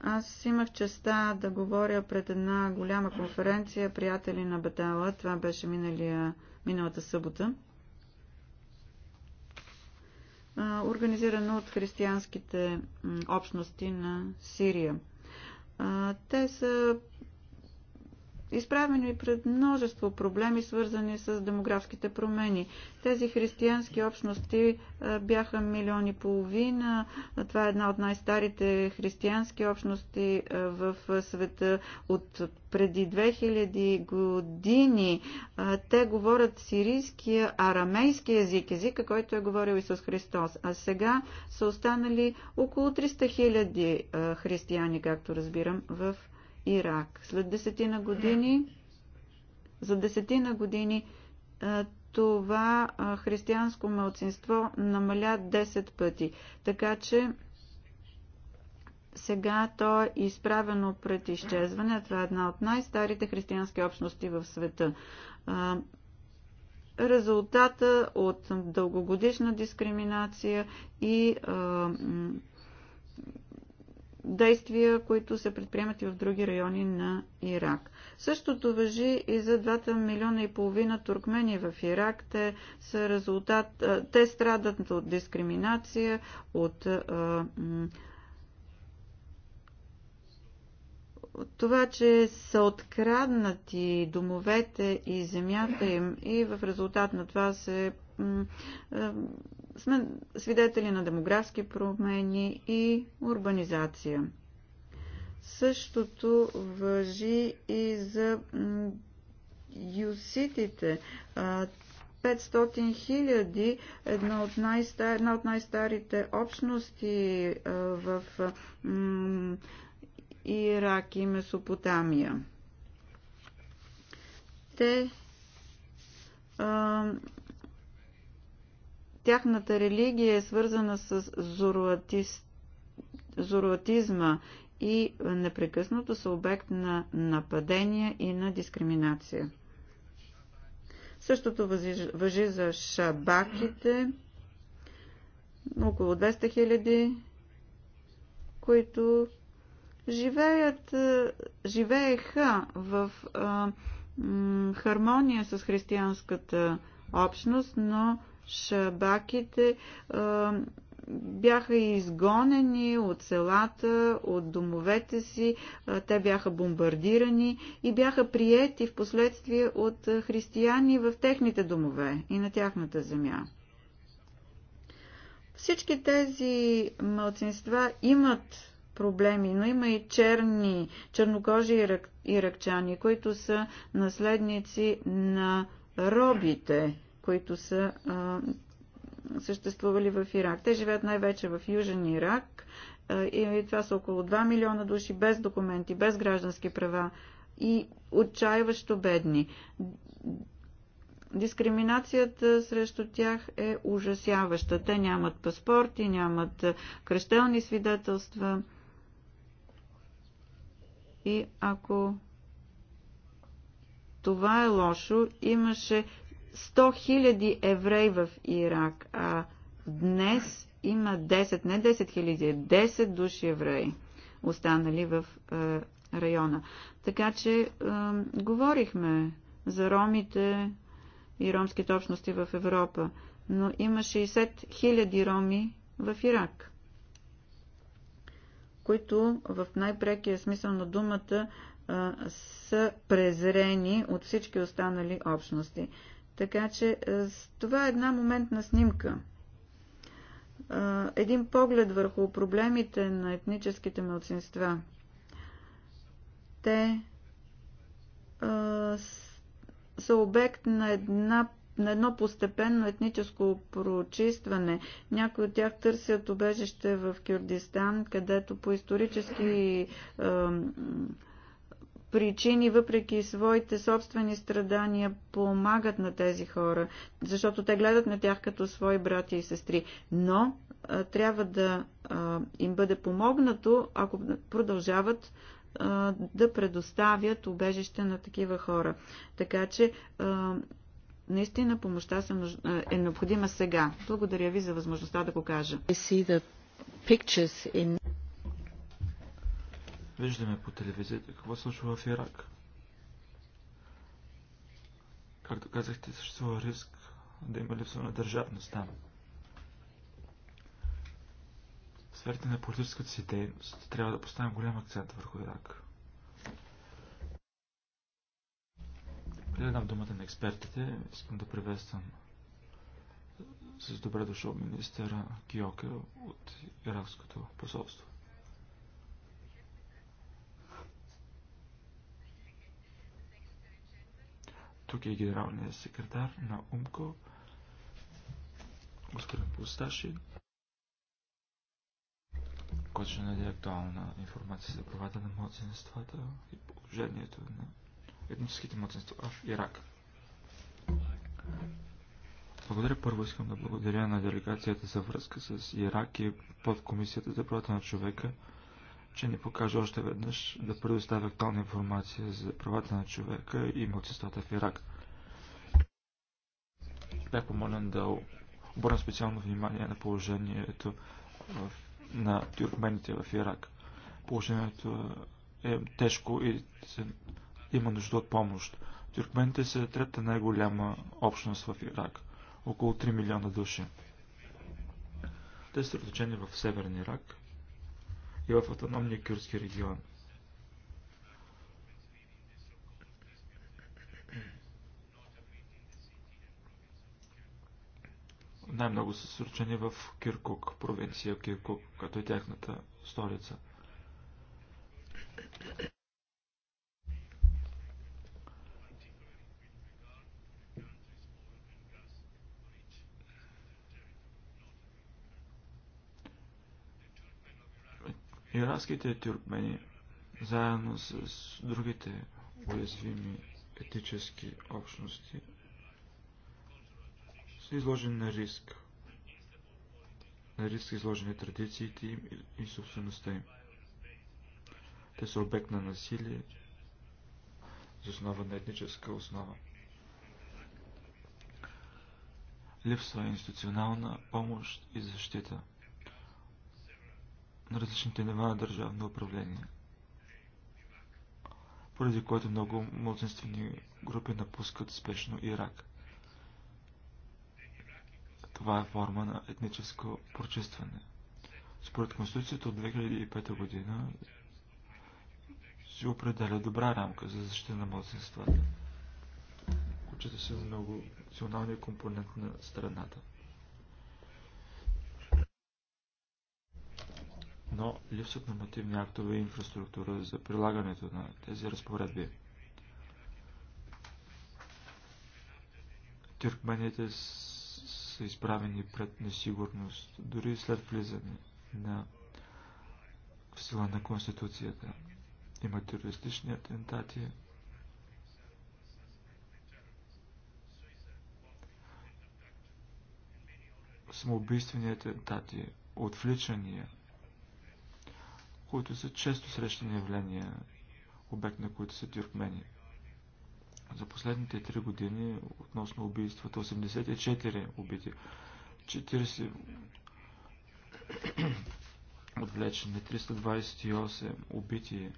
Аз имах честа да говоря пред една голяма конференция Приятели на Бетала. Това беше миналия, миналата събота. Организирано от християнските общности на Сирия. Те са изправени пред множество проблеми, свързани с демографските промени. Тези християнски общности бяха милиони и половина. Това е една от най-старите християнски общности в света от преди 2000 години. Те говорят сирийския, арамейски език, езика, който е говорил Исус Христос. А сега са останали около 300 000 християни, както разбирам, в Ирак. След десетина години, за десетина години това християнско мълцинство намаля 10 пъти. Така че сега то е изправено пред изчезване. Това е една от най-старите християнски общности в света. Резултата от дългогодишна дискриминация и действия, които се предприемат и в други райони на Ирак. Същото въжи и за 2 милиона и половина туркмени в Ирак. Те, са резултат, те страдат от дискриминация, от това, че са откраднати домовете и земята им и в резултат на това се сме свидетели на демографски промени и урбанизация. Същото въжи и за юситите. 500 хиляди, една от, най-стар, една от най-старите общности в Ирак и Месопотамия. Те Тяхната религия е свързана с зороатист, зороатизма и непрекъснато са обект на нападения и на дискриминация. Същото въжи за шабаките, около 200 хиляди, които живеят, живееха в а, м, хармония с християнската общност, но шабаките бяха изгонени от селата, от домовете си, те бяха бомбардирани и бяха приети в последствие от християни в техните домове и на тяхната земя. Всички тези мълцинства имат проблеми, но има и черни, чернокожи иракчани, които са наследници на робите – които са а, съществували в Ирак. Те живеят най-вече в Южен Ирак а, и това са около 2 милиона души без документи, без граждански права и отчаиващо бедни. Дискриминацията срещу тях е ужасяваща. Те нямат паспорти, нямат кръщелни свидетелства. И ако това е лошо, имаше 100 000 евреи в Ирак, а днес има 10, не 10 000, 10 души евреи, останали в е, района. Така че е, говорихме за ромите и ромските общности в Европа, но има 60 000 роми в Ирак, които в най-прекия смисъл на думата е, са презрени от всички останали общности. Така че е, това е една моментна снимка. Е, един поглед върху проблемите на етническите мълцинства. Те е, са обект на една на едно постепенно етническо прочистване. Някои от тях търсят убежище в Кюрдистан, където по исторически е, причини, въпреки своите собствени страдания, помагат на тези хора, защото те гледат на тях като свои брати и сестри. Но а, трябва да а, им бъде помогнато, ако продължават а, да предоставят убежище на такива хора. Така че а, наистина помощта е необходима сега. Благодаря ви за възможността да го кажа. In... Виждаме по телевизията какво случва в Ирак. Както казахте, съществува риск да има липса на държавност там. В сферите на политическата си дейност трябва да поставим голям акцент върху Ирак. Предам думата на експертите. Искам да приветствам с добре дошъл министъра Киоке от Иракското посолство. Тук е генералният секретар на УМКО, господин Пусташи, който ще наде актуална информация за правата на младсенствата и положението на етническите младсенства в Ирак. Благодаря. Първо искам да благодаря на делегацията за връзка с Ирак и подкомисията за правата на човека че ни покаже още веднъж да предоставя актуална информация за правата на човека и младсинствата в Ирак. Бях помолен да обърна специално внимание на положението на тюркмените в Ирак. Положението е тежко и се, има нужда от помощ. Тюркмените са трета най-голяма общност в Ирак. Около 3 милиона души. Те са различени в Северен Ирак, и в автономния кюрски регион. Най-много са сручени в Киркук, провинция Киркук, като е тяхната столица. Иракските тюркмени, заедно с другите уязвими етически общности, са изложени на риск. На риск са изложени традициите им и собствеността им. Те са обект на насилие, за основа на етническа основа. Липсва институционална помощ и защита на различните нива на държавно управление, поради което много младсинствени групи напускат спешно Ирак. Това е форма на етническо прочистване. Според Конституцията от 2005 година се определя добра рамка за защита на младсинствата. Включително се много националния компонент на страната. но липсват нормативни актове и инфраструктура за прилагането на тези разпоредби. Тюркмените са изправени пред несигурност, дори след влизане на в сила на Конституцията. Има терористични атентати, самоубийствени атентати, отвличания – които са често срещани явления, обект на които са тюркмени. За последните три години относно убийствата 84 убити, 40 отвлечени, 328 убити,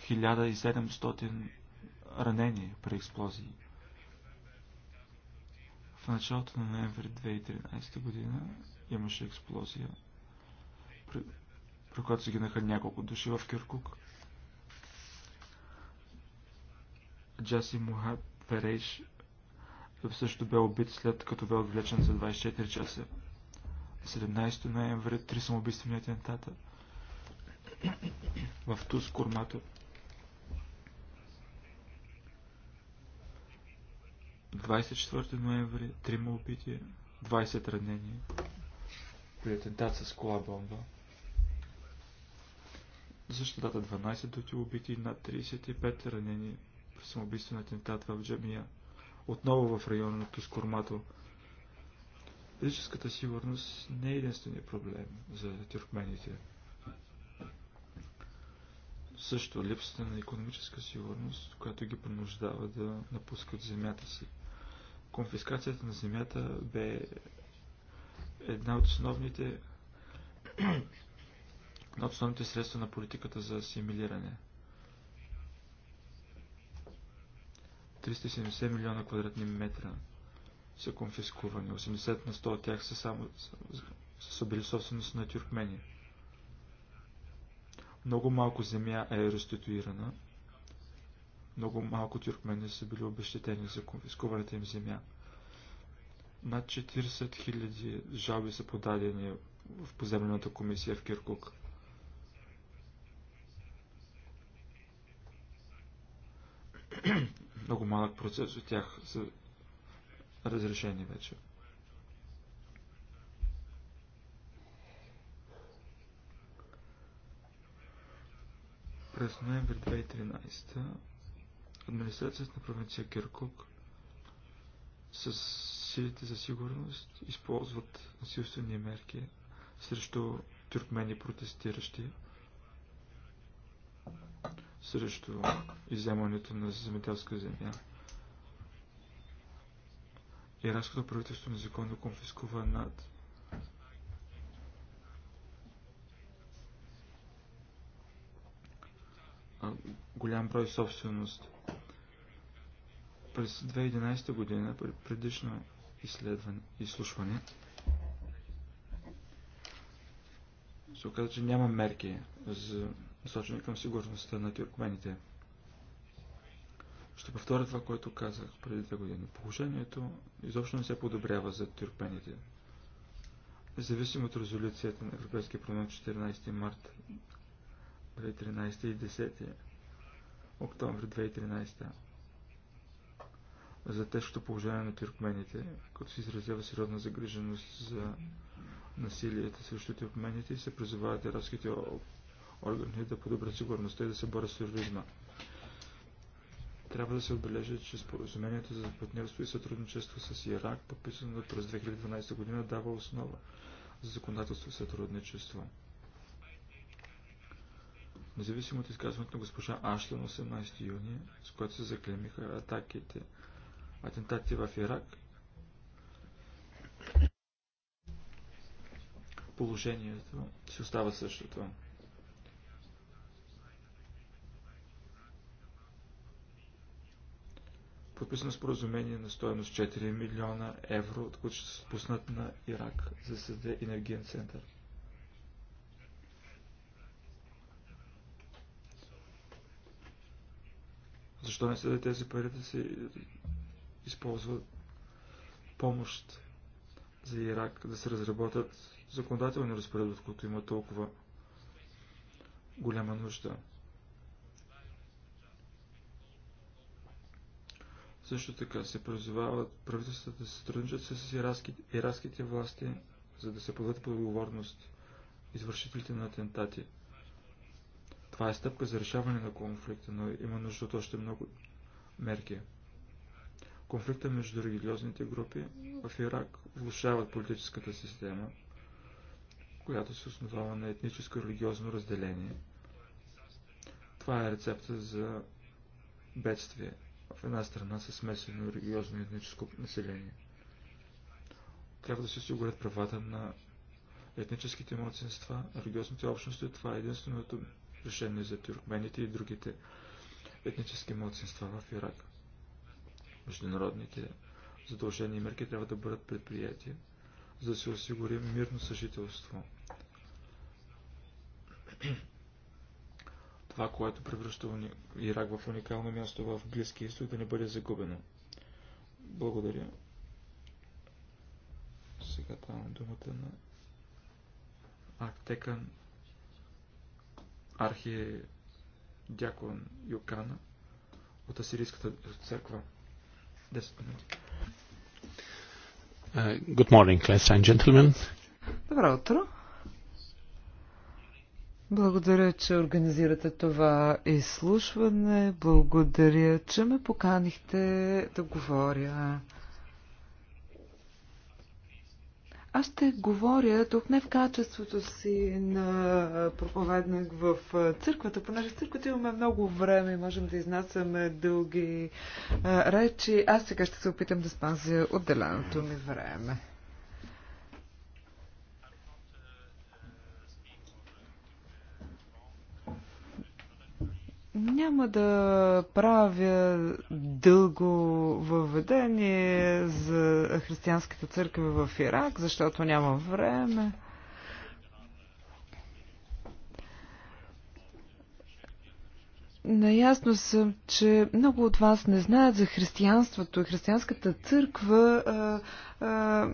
1700 ранени при експлозии. В началото на ноември 2013 година имаше експлозия при, при която загинаха няколко души в Киркук. Джаси Мухат Ферейш също бе убит след като бе отвлечен за 24 часа. 17 ноември три самоубийствени атентата в Туз Курмато. 24 ноември трима убити, 20 ранени при атентат с кола бомба. Защитата 12 души убити и над 35 ранени при самоубийствен атентат в Джамия. Отново в района на Тускормато. Физическата сигурност не е единствения проблем за тюркмените. Също липсата на економическа сигурност, която ги принуждава да напускат земята си. Конфискацията на земята бе една от основните на основните средства на политиката за асимилиране. 370 милиона квадратни метра са конфискувани. 80 на 100 от тях са само са били собственост на тюркмени. Много малко земя е реституирана. Много малко тюркмени са били обещетени за конфискуваната им земя. Над 40 000 жалби са подадени в поземлената комисия в Киркук. Много малък процес от тях са разрешени вече. През ноември 2013 администрацията на провинция Киркук с силите за сигурност използват насилствени мерки срещу тюркмени протестиращи срещу иземането на земеделска земя. Иранското правителство незаконно конфискува над 000. голям брой собственост. През 2011 година, при предишно изследване, изслушване, се оказа, че няма мерки за насочени към сигурността на тюркмените. Ще повторя това, което казах преди две години. Положението изобщо не се подобрява за тюркмените. Независимо от резолюцията на Европейския парламент 14 март 2013 и 10 октомври 2013 за тежкото положение на тюркмените, като се изразява сериозна загриженост за насилието срещу тюркмените и се призовават арабските органи да подобрят сигурността и да се борят с тероризма. Трябва да се отбележи, че споразумението за партньорство и сътрудничество с Ирак, подписано през 2012 година, дава основа за законодателство и сътрудничество. Независимо от изказването на госпожа Ашлен 18 юни, с което се заклемиха атаките, атентати в Ирак, положението си остава същото. подписано споразумение на стоеност 4 милиона евро, от които ще се спуснат на Ирак, за да създаде енергиен център. Защо не се тези пари да се използват помощ за Ирак, да се разработят законодателни разпоредби, от които има толкова голяма нужда? Също така се призовават правителствата да се сътрудничат с иракските, власти, за да се подадат под отговорност извършителите на атентати. Това е стъпка за решаване на конфликта, но има нужда от още много мерки. Конфликта между религиозните групи в Ирак влушават политическата система, която се основава на етническо и религиозно разделение. Това е рецепта за бедствие – в една страна със смесено религиозно и етническо население. Трябва да се осигурят правата на етническите младсинства, религиозните общности. Това е единственото решение за тюркмените и другите етнически младсинства в Ирак. Международните задължения и мерки трябва да бъдат предприяти, за да се осигури мирно съжителство. Това, което превръща Ирак в уникално място в Близкия изток, да не бъде загубено. Благодаря. Сега давам думата на Актекан Архи Дякон Юкана от Асирийската църква. 10 минути. Uh, good morning, and gentlemen. Добро утро. Благодаря, че организирате това изслушване. Благодаря, че ме поканихте да говоря. Аз ще говоря тук не в качеството си на проповедник в църквата, понеже в църквата имаме много време и можем да изнасяме дълги речи. Аз сега ще се опитам да спазя отделеното ми време. Няма да правя дълго въведение за християнската църква в Ирак, защото няма време. Наясно съм, че много от вас не знаят за християнството и християнската църква. А, а,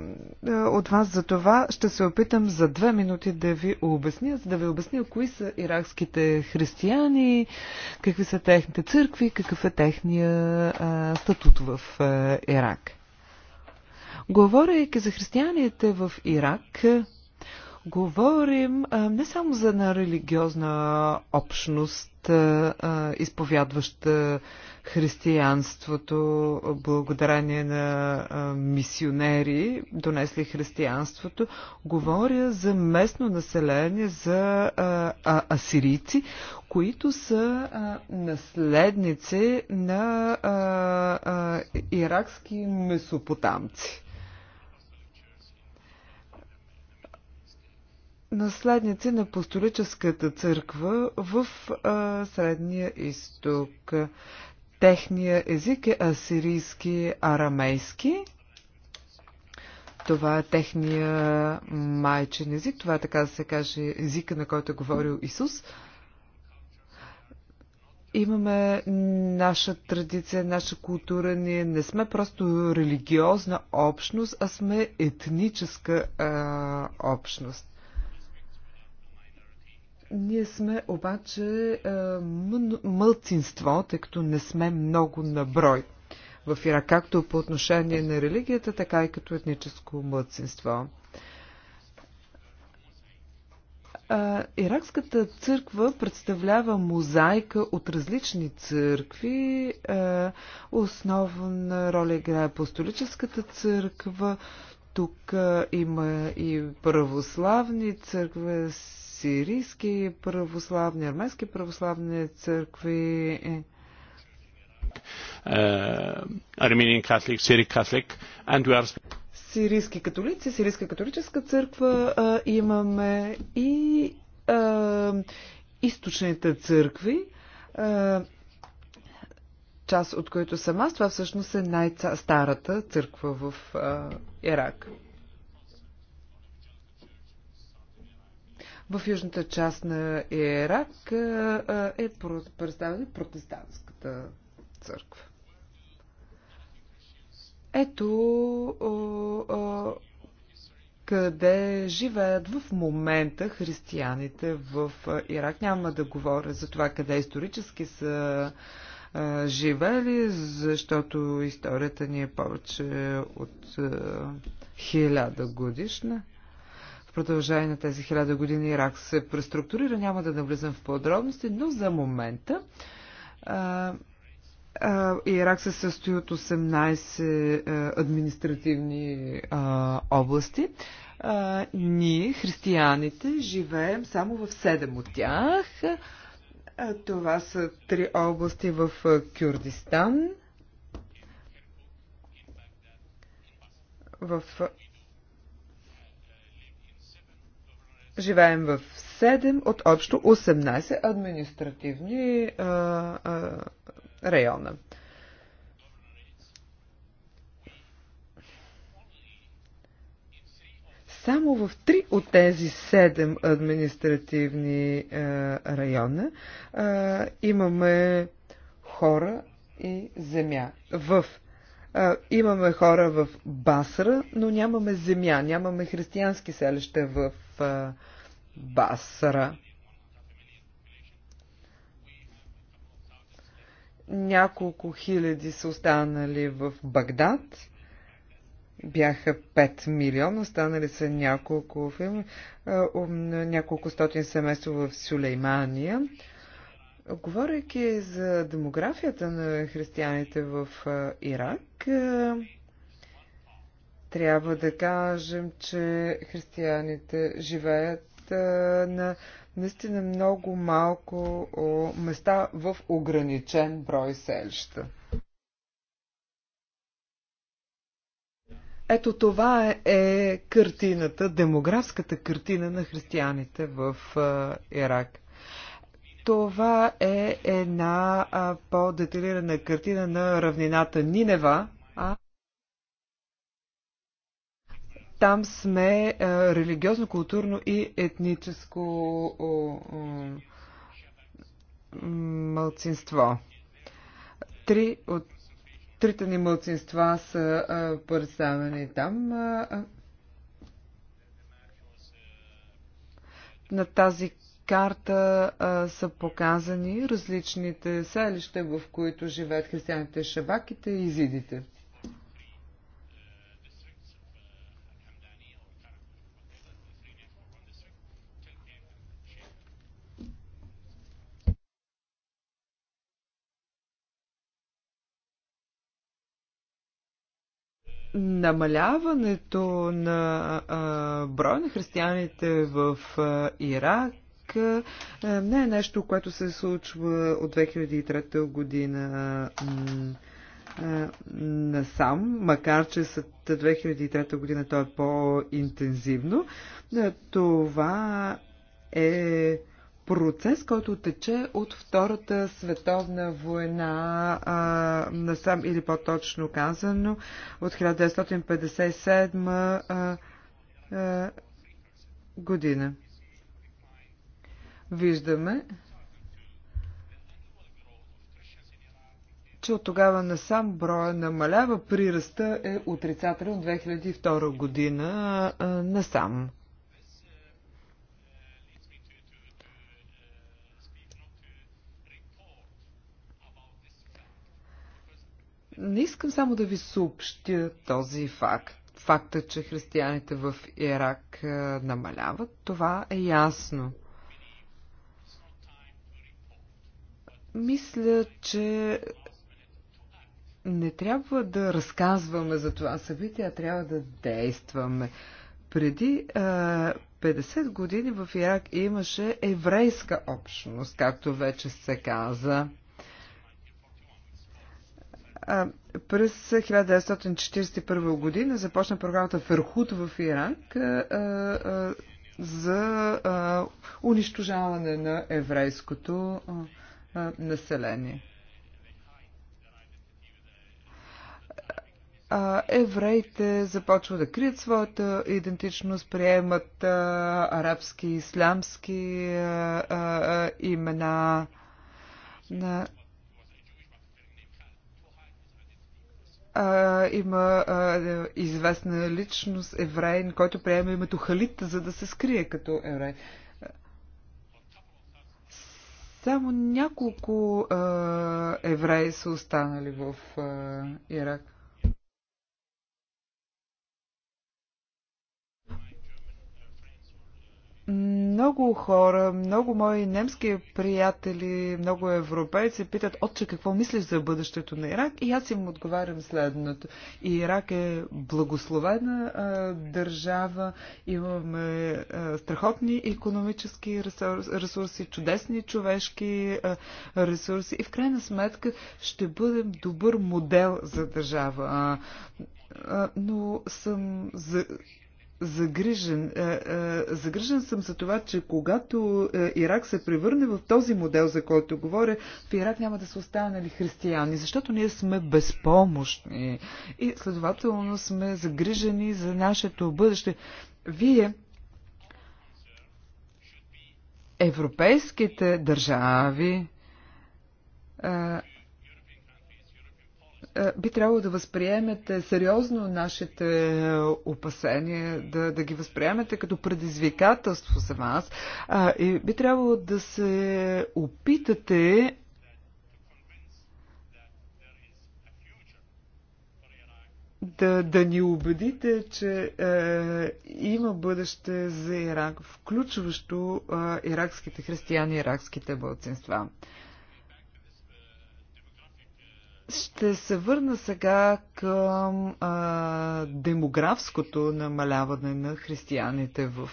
от вас за това ще се опитам за две минути да ви обясня, за да ви обясня кои са иракските християни, какви са техните църкви, какъв е техния а, статут в а, Ирак. Говорейки за християните в Ирак, Говорим не само за една религиозна общност, изповядваща християнството, благодарение на мисионери, донесли християнството. Говоря за местно население, за асирийци, които са наследници на иракски месопотамци. наследници на апостолическата църква в а, Средния изток. Техния език е асирийски, арамейски. Това е техния майчен език. Това е така да се каже езика, на който е говорил Исус. Имаме наша традиция, наша култура. Ние не сме просто религиозна общност, а сме етническа а, общност. Ние сме обаче е, мълцинство, тъй като не сме много на брой в Ирак, както по отношение на религията, така и като етническо мълцинство. Е, иракската църква представлява мозайка от различни църкви. Е, основна роля играе апостолическата църква. Тук има и православни църкви, сирийски православни, армейски православни църкви. Uh, е, Armenian Сирийски католици, Сирийска католическа църква имаме и източните църкви. част от които съм аз, това всъщност е най-старата църква в Ирак. В южната част на Ирак е представена протестантската църква. Ето къде живеят в момента християните в Ирак. Няма да говоря за това къде исторически са живели, защото историята ни е повече от хиляда годишна. В продължение на тези хиляда години Ирак се преструктурира, няма да навлизам в подробности, но за момента а, а, Ирак се състои от 18 а, административни а, области. А, ние, християните, живеем само в 7 от тях. А, това са три области в Кюрдистан, в живеем в 7 от общо 18 административни а, а, района. Само в три от тези седем административни е, района е, имаме хора и земя. В имаме хора в Басра, но нямаме земя, нямаме християнски селища в Басра. Няколко хиляди са останали в Багдад. Бяха 5 милиона, станали са няколко, няколко стотин семейства в Сюлеймания. Говорейки за демографията на християните в Ирак, трябва да кажем, че християните живеят на наистина много малко места в ограничен брой селища. Ето това е, е картината, демографската картина на християните в Ирак. Това е една по-деталирана картина на равнината Нинева. А... Там сме а, религиозно, културно и етническо о, о, мълцинство. Три от трите ни мълцинства са а, представени там. А, на тази карта а, са показани различните селища, в които живеят християните, шабаките и изидите. намаляването на а, броя на християните в а, Ирак е, не е нещо, което се случва от 2003 година е, насам, макар че след 2003 година то е по-интензивно. Е, това е процес, който тече от Втората световна война а, насам, или по-точно казано, от 1957 а, а, година виждаме, че от тогава насам броя намалява, приръста е отрицателен от 2002 година насам. Не искам само да ви съобщя този факт. Факта, че християните в Ирак намаляват, това е ясно. Мисля, че не трябва да разказваме за това събитие, а трябва да действаме. Преди а, 50 години в Ирак имаше еврейска общност, както вече се каза. А, през 1941 година започна програмата Ферхут в Ирак а, а, за а, унищожаване на еврейското а, население. евреите започват да крият своята идентичност, приемат арабски и ислямски имена. има известна личност, евреин, който приема името Халит, за да се скрие като еврей. Само няколко а, евреи са останали в а, Ирак. Много хора, много мои немски приятели, много европейци питат, отче, какво мислиш за бъдещето на Ирак? И аз им отговарям следното. Ирак е благословена а, държава, имаме а, страхотни економически ресурси, чудесни човешки а, ресурси и в крайна сметка ще бъдем добър модел за държава. А, но съм за, загрижен. Е, е, загрижен съм за това, че когато е, Ирак се превърне в този модел, за който говоря, в Ирак няма да са останали християни, защото ние сме безпомощни и следователно сме загрижени за нашето бъдеще. Вие европейските държави е, би трябвало да възприемете сериозно нашите е, опасения, да, да ги възприемете като предизвикателство за вас а, и би трябвало да се опитате да, да ни убедите, че е, има бъдеще за Ирак, включващо е, иракските християни, и иракските бълцинства. Ще се върна сега към а, демографското намаляване на християните в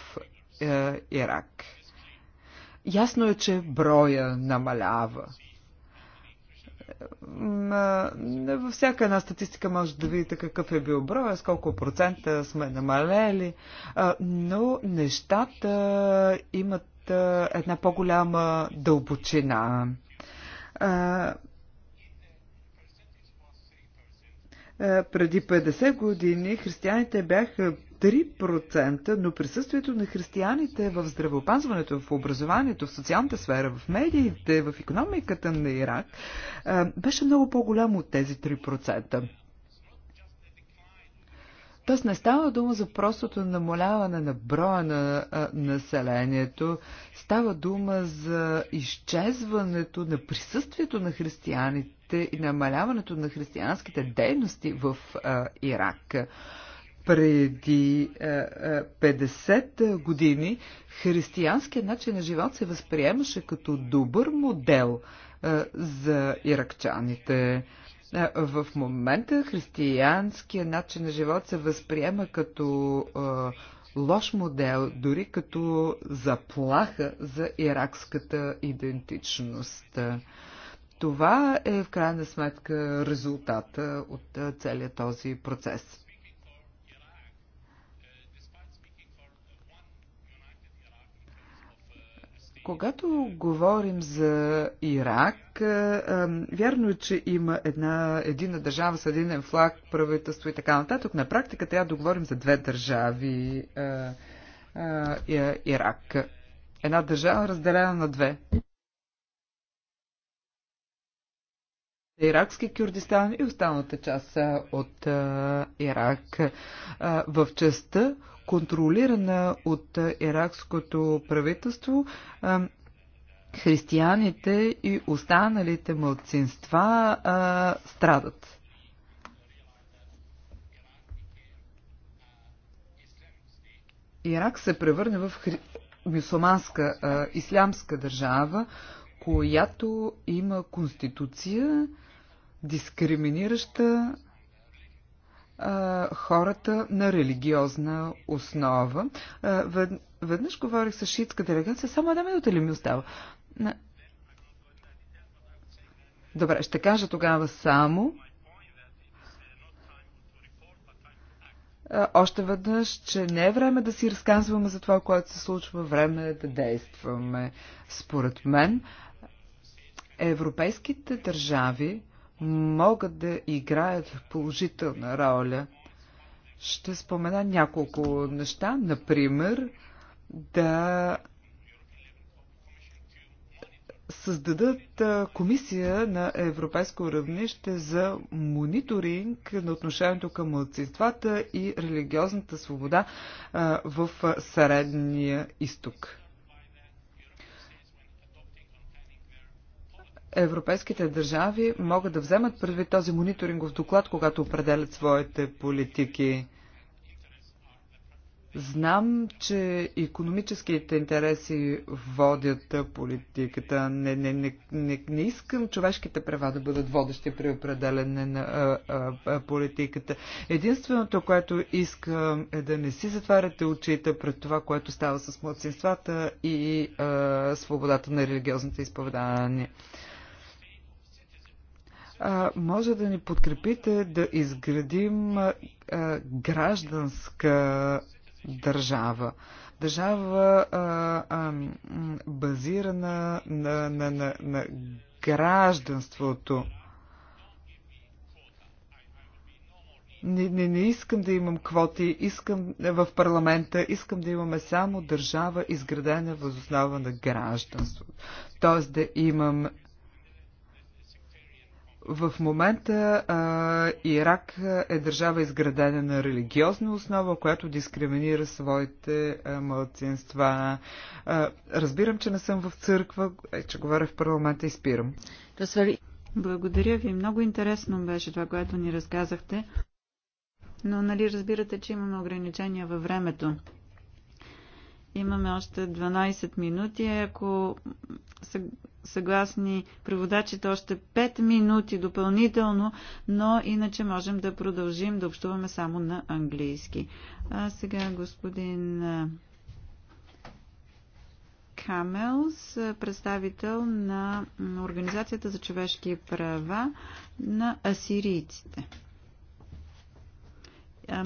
а, е, Ирак. Ясно е, че броя намалява. Във всяка една статистика може да видите какъв е бил броя, с колко процента сме намалели, но нещата имат една по-голяма дълбочина Е, преди 50 години християните бяха 3%, но присъствието на християните в здравеопазването, в образованието, в социалната сфера, в медиите, в економиката на Ирак е, беше много по-голямо от тези 3%. Тоест не става дума за простото намаляване на броя на а, населението, става дума за изчезването на присъствието на християните и намаляването на християнските дейности в а, Ирак. Преди а, 50 години християнският начин на живот се възприемаше като добър модел за иракчаните. В момента християнския начин на живот се възприема като лош модел, дори като заплаха за иракската идентичност. Това е в крайна сметка резултата от целият този процес. Когато говорим за Ирак, е, е, вярно е, че има една едина държава с един флаг, правителство и така нататък. На практика трябва да говорим за две държави е, Ирак. Една държава разделена на две. Иракски Кюрдистан и останалата част от Ирак. В частта, контролирана от иракското правителство, християните и останалите мълцинства страдат. Ирак се превърне в хри... мюсулманска, ислямска държава, която има конституция, дискриминираща хората на религиозна основа. Веднъж говорих с шиитска делегация, само една минута ли ми остава? Добре, ще кажа тогава само. Още веднъж, че не е време да си разказваме за това, което се случва, време е да действаме. Според мен, европейските държави могат да играят положителна роля. Ще спомена няколко неща, например, да създадат комисия на европейско равнище за мониторинг на отношението към младсинствата и религиозната свобода в Средния изток. европейските държави могат да вземат предвид този мониторингов доклад, когато определят своите политики. Знам, че економическите интереси водят политиката. Не, не, не, не, не искам човешките права да бъдат водещи при определене на а, а, политиката. Единственото, което искам е да не си затваряте очите пред това, което става с младсинствата и а, свободата на религиозните изповедания може да ни подкрепите да изградим гражданска държава. Държава базирана на, на, на, на гражданството. Не, не, не искам да имам квоти, искам в парламента, искам да имаме само държава, изградена възоснова на гражданство. Тоест да имам в момента а, Ирак е държава изградена на религиозна основа, която дискриминира своите а, младсинства. А, разбирам, че не съм в църква, е, че говоря в парламента и спирам. Благодаря ви. Много интересно беше това, което ни разказахте. Но нали разбирате, че имаме ограничения във времето. Имаме още 12 минути. Ако съгласни преводачите още 5 минути допълнително, но иначе можем да продължим да общуваме само на английски. А сега господин Камелс, представител на Организацията за човешки права на асирийците.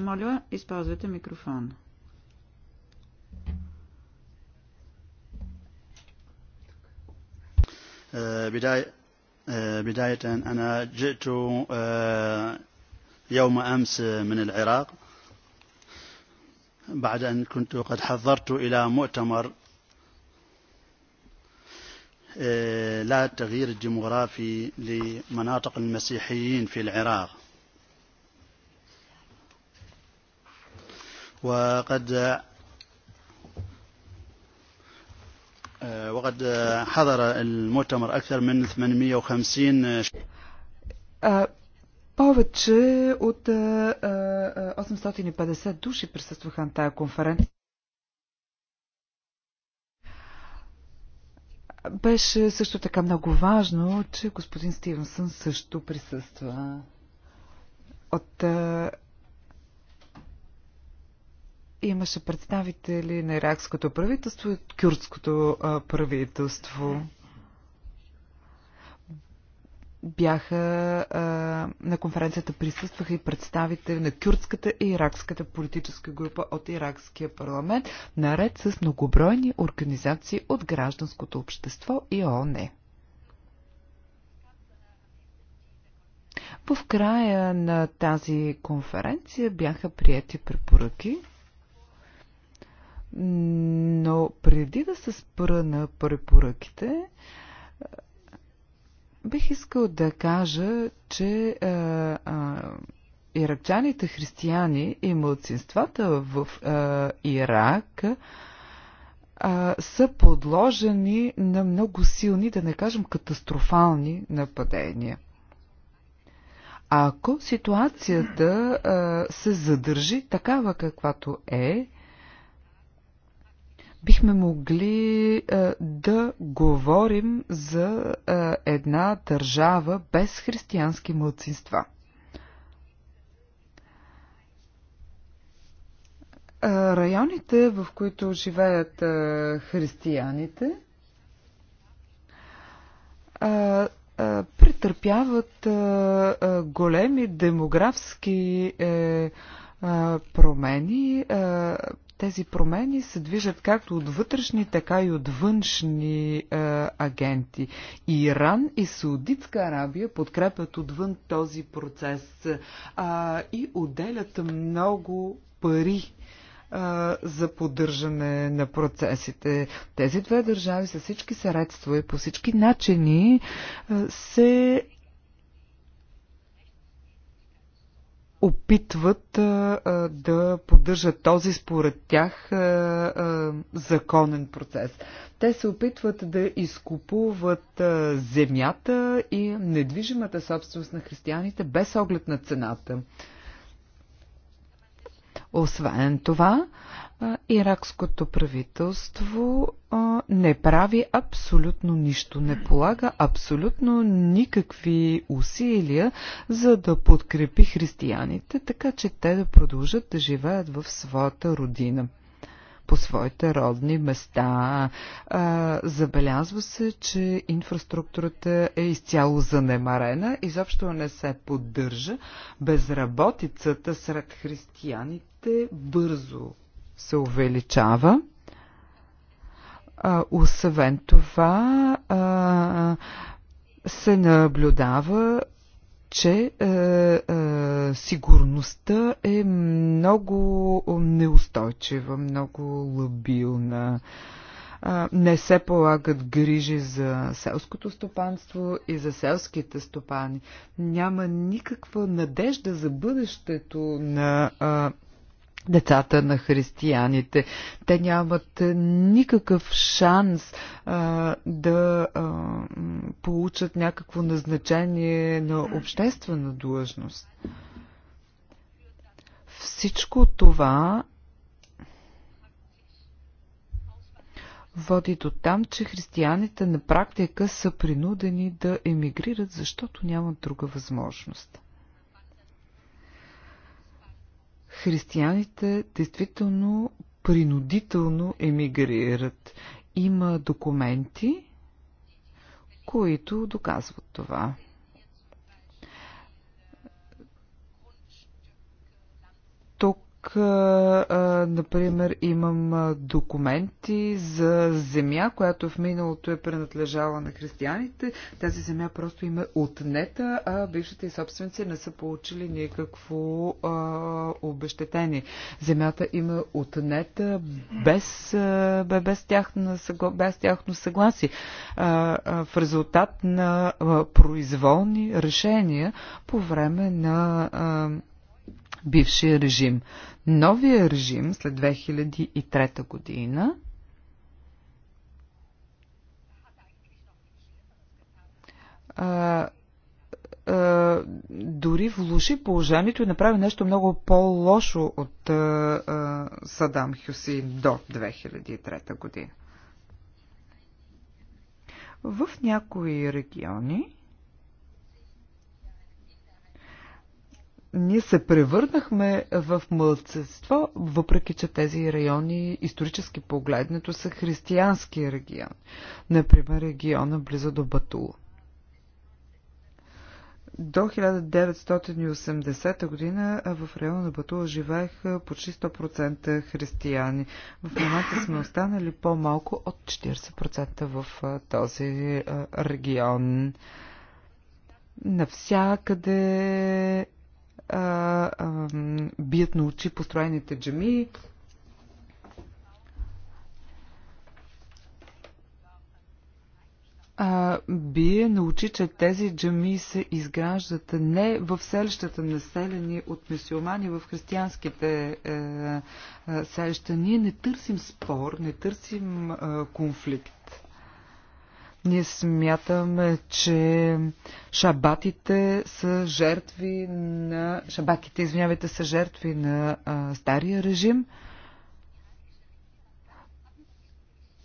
Моля, използвайте микрофона. بداية بداية أنا جئت يوم أمس من العراق بعد أن كنت قد حضرت إلى مؤتمر لا التغيير الديمغرافي لمناطق المسيحيين في العراق وقد وقد حضر المؤتمر أكثر من 850 повече от 850 души присъстваха на тая конференция. Беше също така много важно, че господин Стивенсън също присъства от Имаше представители на иракското правителство и от кюрдското правителство. Бяха на конференцията присъстваха и представители на кюрдската и иракската политическа група от иракския парламент, наред с многобройни организации от гражданското общество и ООН. В края на тази конференция бяха прияти препоръки но преди да се спра на препоръките, бих искал да кажа, че а, а, иракчаните християни и младсинствата в а, Ирак а, са подложени на много силни, да не кажем катастрофални нападения. Ако ситуацията а, се задържи такава каквато е, бихме могли а, е, да говорим за а, е, една държава без християнски мълцинства. Е, районите, в които живеят а, християните, претърпяват големи демографски промени, тези промени се движат както от вътрешни, така и от външни е, агенти. Иран и Саудитска Арабия подкрепят отвън този процес е, и отделят много пари е, за поддържане на процесите. Тези две държави с всички средства и по всички начини е, се опитват а, да поддържат този според тях а, а, законен процес. Те се опитват да изкупуват а, земята и недвижимата собственост на християните без оглед на цената. Освен това, иракското правителство не прави абсолютно нищо, не полага абсолютно никакви усилия, за да подкрепи християните, така че те да продължат да живеят в своята родина по своите родни места. А, забелязва се, че инфраструктурата е изцяло занемарена, изобщо не се поддържа. Безработицата сред християните твърде бързо се увеличава. А, освен това, а, се наблюдава, че а, е, а, е, сигурността е много неустойчива, много лабилна. не се полагат грижи за селското стопанство и за селските стопани. Няма никаква надежда за бъдещето на а, децата на християните. Те нямат никакъв шанс а, да а, получат някакво назначение на обществена длъжност. Всичко това води до там, че християните на практика са принудени да емигрират, защото нямат друга възможност. християните действително принудително емигрират. Има документи, които доказват това. например, имам документи за земя, която в миналото е принадлежала на християните. Тази земя просто им е отнета, а бившите собственици не са получили никакво а, обещетение. Земята им е отнета без, а, без, тяхно, без тяхно съгласие. А, а, в резултат на а, произволни решения по време на. А, бившия режим. Новия режим след 2003 година а, а, дори влуши положението и направи нещо много по-лошо от а, а, Садам Хюсин до 2003 година. В някои региони ние се превърнахме в мълцество, въпреки че тези райони, исторически погледнато, са християнски регион. Например, региона близо до Батула. До 1980 година в района на Батула живееха почти 100% християни. В момента сме останали по-малко от 40% в този регион. Навсякъде а, а, бият на очи построените джами. А, бие научи, че тези джами се изграждат не в селищата населени от мусулмани, в християнските е, е, селища. Ние не търсим спор, не търсим е, конфликт. Ние смятаме, че шабатите са жертви на... Шабаките, извинявайте, са жертви на а, стария режим.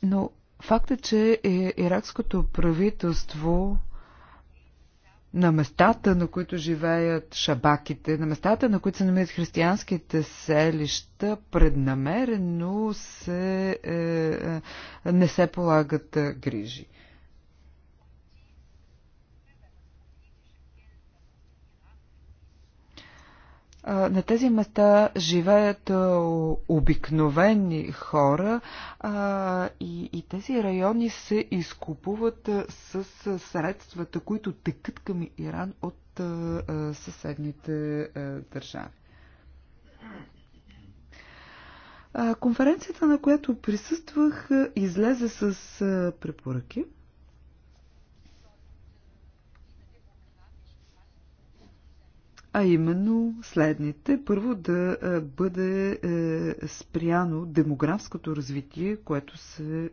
Но факта, е, че иракското правителство на местата, на които живеят шабаките, на местата, на които се намират християнските селища, преднамерено се, е, е не се полагат грижи. На тези места живеят обикновени хора а, и, и тези райони се изкупуват с средствата, които текат към Иран от а, съседните а, държави. Конференцията, на която присъствах, излезе с препоръки – а именно следните. Първо да е, бъде е, спряно демографското развитие, което се е,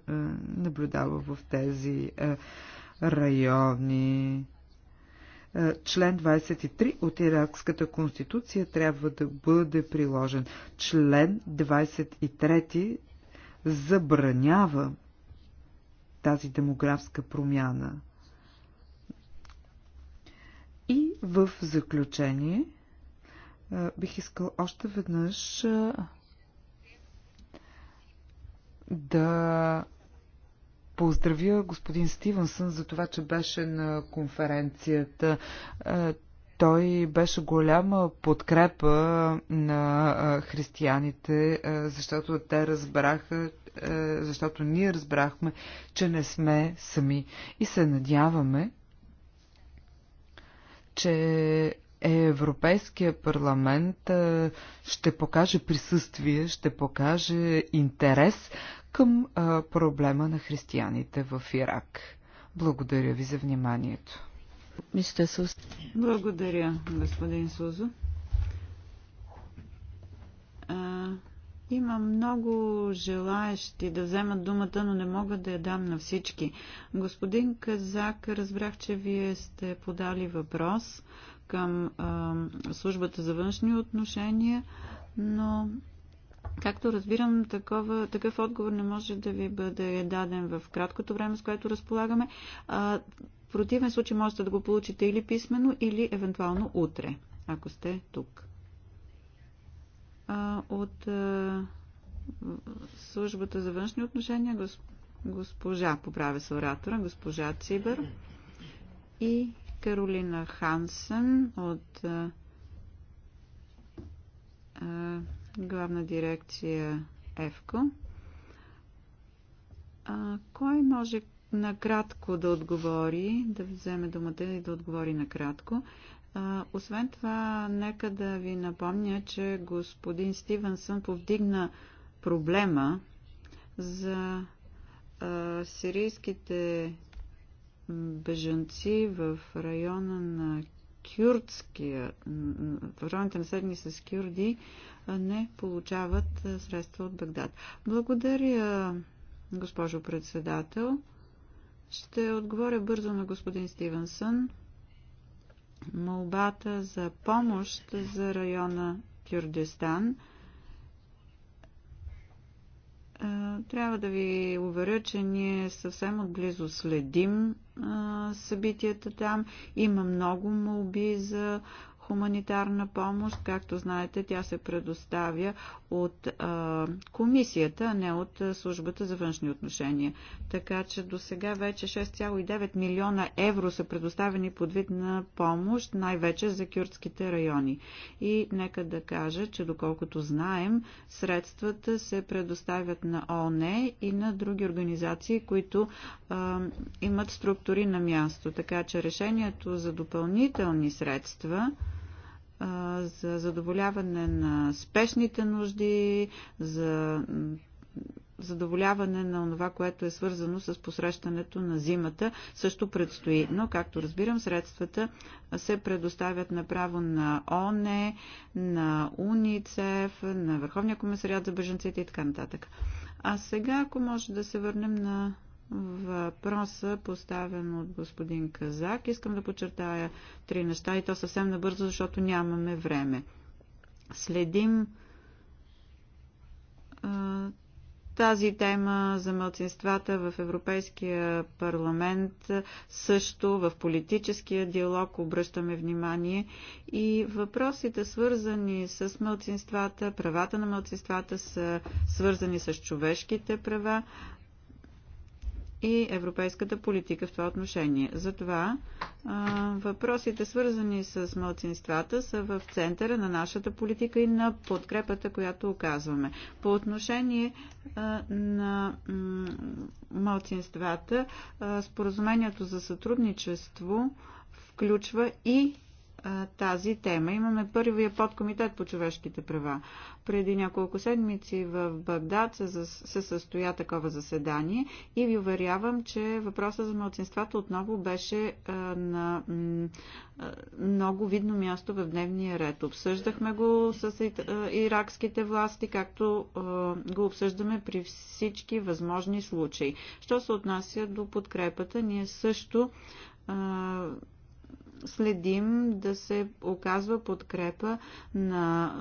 наблюдава в тези райони. Член 23 от Иракската конституция трябва да бъде приложен. Член 23 забранява тази демографска промяна. В заключение, бих искал още веднъж да поздравя господин Стивенсън за това, че беше на конференцията. Той беше голяма подкрепа на християните, защото те разбраха, защото ние разбрахме, че не сме сами. И се надяваме, че Европейския парламент ще покаже присъствие, ще покаже интерес към проблема на християните в Ирак. Благодаря ви за вниманието. Благодаря, господин Сузо. Има много желаящи да вземат думата, но не мога да я дам на всички. Господин Казак, разбрах, че вие сте подали въпрос към а, службата за външни отношения, но Както разбирам, такова, такъв отговор не може да ви бъде даден в краткото време, с което разполагаме. А, в противен случай можете да го получите или писменно, или евентуално утре, ако сте тук а, от а, службата за външни отношения, госп, госпожа, поправя се оратора, госпожа Цибър и Каролина Хансен от а, а, главна дирекция ЕФКО. А, кой може накратко да отговори, да вземе думата и да отговори накратко? Освен това, нека да ви напомня, че господин Стивенсън повдигна проблема за сирийските бежанци в района на кюрдския, в районите населени с кюрди, не получават средства от Багдад. Благодаря, госпожо председател. Ще отговоря бързо на господин Стивенсън молбата за помощ за района Кюрдистан. Е, трябва да ви уверя, че ние съвсем отблизо следим е, събитията там. Има много молби за хуманитарна помощ. Както знаете, тя се предоставя от а, комисията, а не от службата за външни отношения. Така че до сега вече 6,9 милиона евро са предоставени под вид на помощ, най-вече за кюртските райони. И нека да кажа, че доколкото знаем, средствата се предоставят на ООН и на други организации, които а, имат структури на място. Така че решението за допълнителни средства за задоволяване на спешните нужди, за задоволяване на това, което е свързано с посрещането на зимата, също предстои. Но, както разбирам, средствата се предоставят направо на ОНЕ, на УНИЦЕФ, на Върховния комисариат за беженците и така нататък. А сега, ако може да се върнем на въпроса, поставен от господин Казак. Искам да подчертая три неща и то съвсем набързо, защото нямаме време. Следим тази тема за мълцинствата в Европейския парламент също в политическия диалог обръщаме внимание и въпросите свързани с мълцинствата, правата на мълцинствата са свързани с човешките права и европейската политика в това отношение. Затова а, въпросите, свързани с младсинствата, са в центъра на нашата политика и на подкрепата, която оказваме. По отношение а, на младсинствата, споразумението за сътрудничество включва и тази тема. Имаме първия подкомитет по човешките права. Преди няколко седмици в Багдад се, се състоя такова заседание и ви уверявам, че въпроса за младсинствата отново беше на много видно място в дневния ред. Обсъждахме го с иракските власти, както го обсъждаме при всички възможни случаи. Що се отнася до подкрепата, ние също следим да се оказва подкрепа на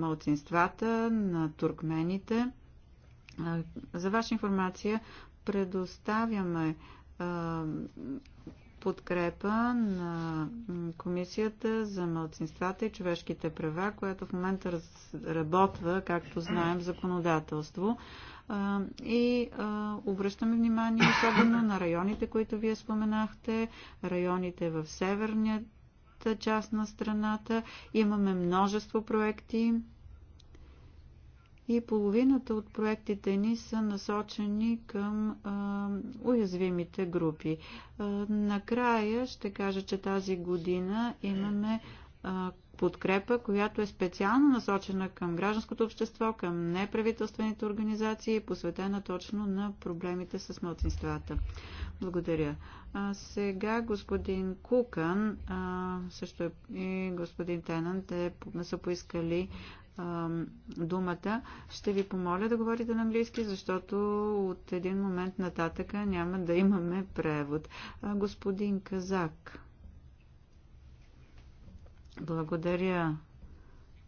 мълцинствата, на туркмените. За ваша информация предоставяме подкрепа на Комисията за младсинствата и човешките права, която в момента разработва, както знаем, законодателство. И обръщаме внимание особено на районите, които вие споменахте, районите в северния част на страната. Имаме множество проекти, и половината от проектите ни са насочени към а, уязвимите групи. А, накрая ще кажа, че тази година имаме а, подкрепа, която е специално насочена към гражданското общество, към неправителствените организации и посветена точно на проблемите с младсинствата. Благодаря. А, сега господин Кукан а, също е, и господин Тенант е, са поискали думата, ще ви помоля да говорите на английски, защото от един момент нататъка няма да имаме превод. Господин Казак. Благодаря,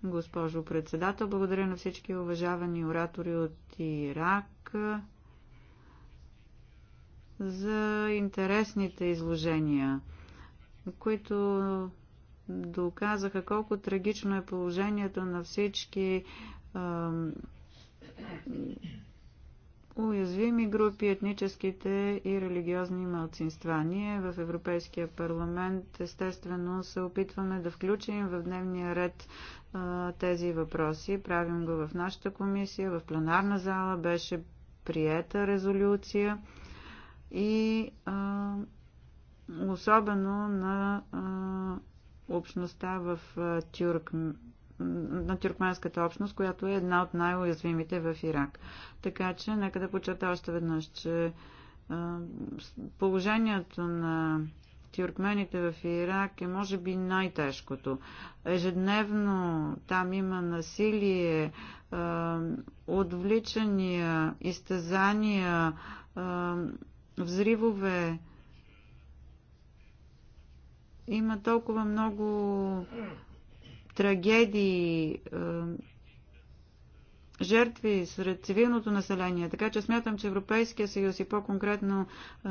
госпожо председател. Благодаря на всички уважавани оратори от Ирак за интересните изложения, които доказаха колко трагично е положението на всички а, уязвими групи, етническите и религиозни малцинства. Ние в Европейския парламент естествено се опитваме да включим в дневния ред а, тези въпроси. Правим го в нашата комисия, в пленарна зала беше приета резолюция и а, особено на а, общността в Тюрк, на тюркменската общност, която е една от най-уязвимите в Ирак. Така че, нека да почета още веднъж, че положението на тюркмените в Ирак е може би най-тежкото. Ежедневно там има насилие, отвличания, изтезания, взривове, има толкова много трагедии, е, жертви сред цивилното население. Така че смятам, че Европейския съюз и по-конкретно е,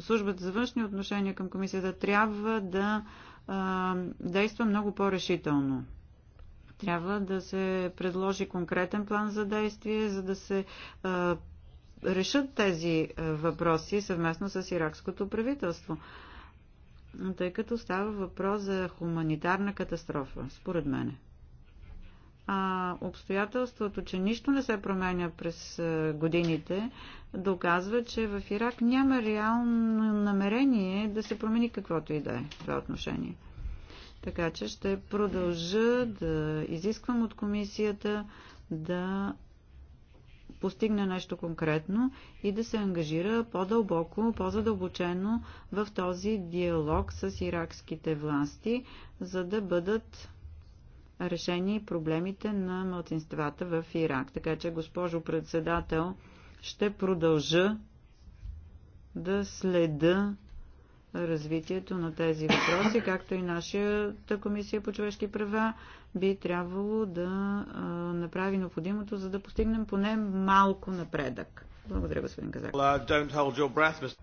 службата за външни отношения към комисията трябва да е, действа много по-решително. Трябва да се предложи конкретен план за действие, за да се решат тези въпроси съвместно с иракското правителство тъй като става въпрос за хуманитарна катастрофа, според мене. А обстоятелството, че нищо не се променя през годините, доказва, че в Ирак няма реално намерение да се промени каквото и да е това отношение. Така че ще продължа да изисквам от комисията да постигне нещо конкретно и да се ангажира по-дълбоко, по-задълбочено в този диалог с иракските власти, за да бъдат решени проблемите на младсинствата в Ирак. Така че, госпожо председател, ще продължа да следа развитието на тези въпроси, както и нашата комисия по човешки права би трябвало да направи необходимото, за да постигнем поне малко напредък. Благодаря, господин Казак. Uh,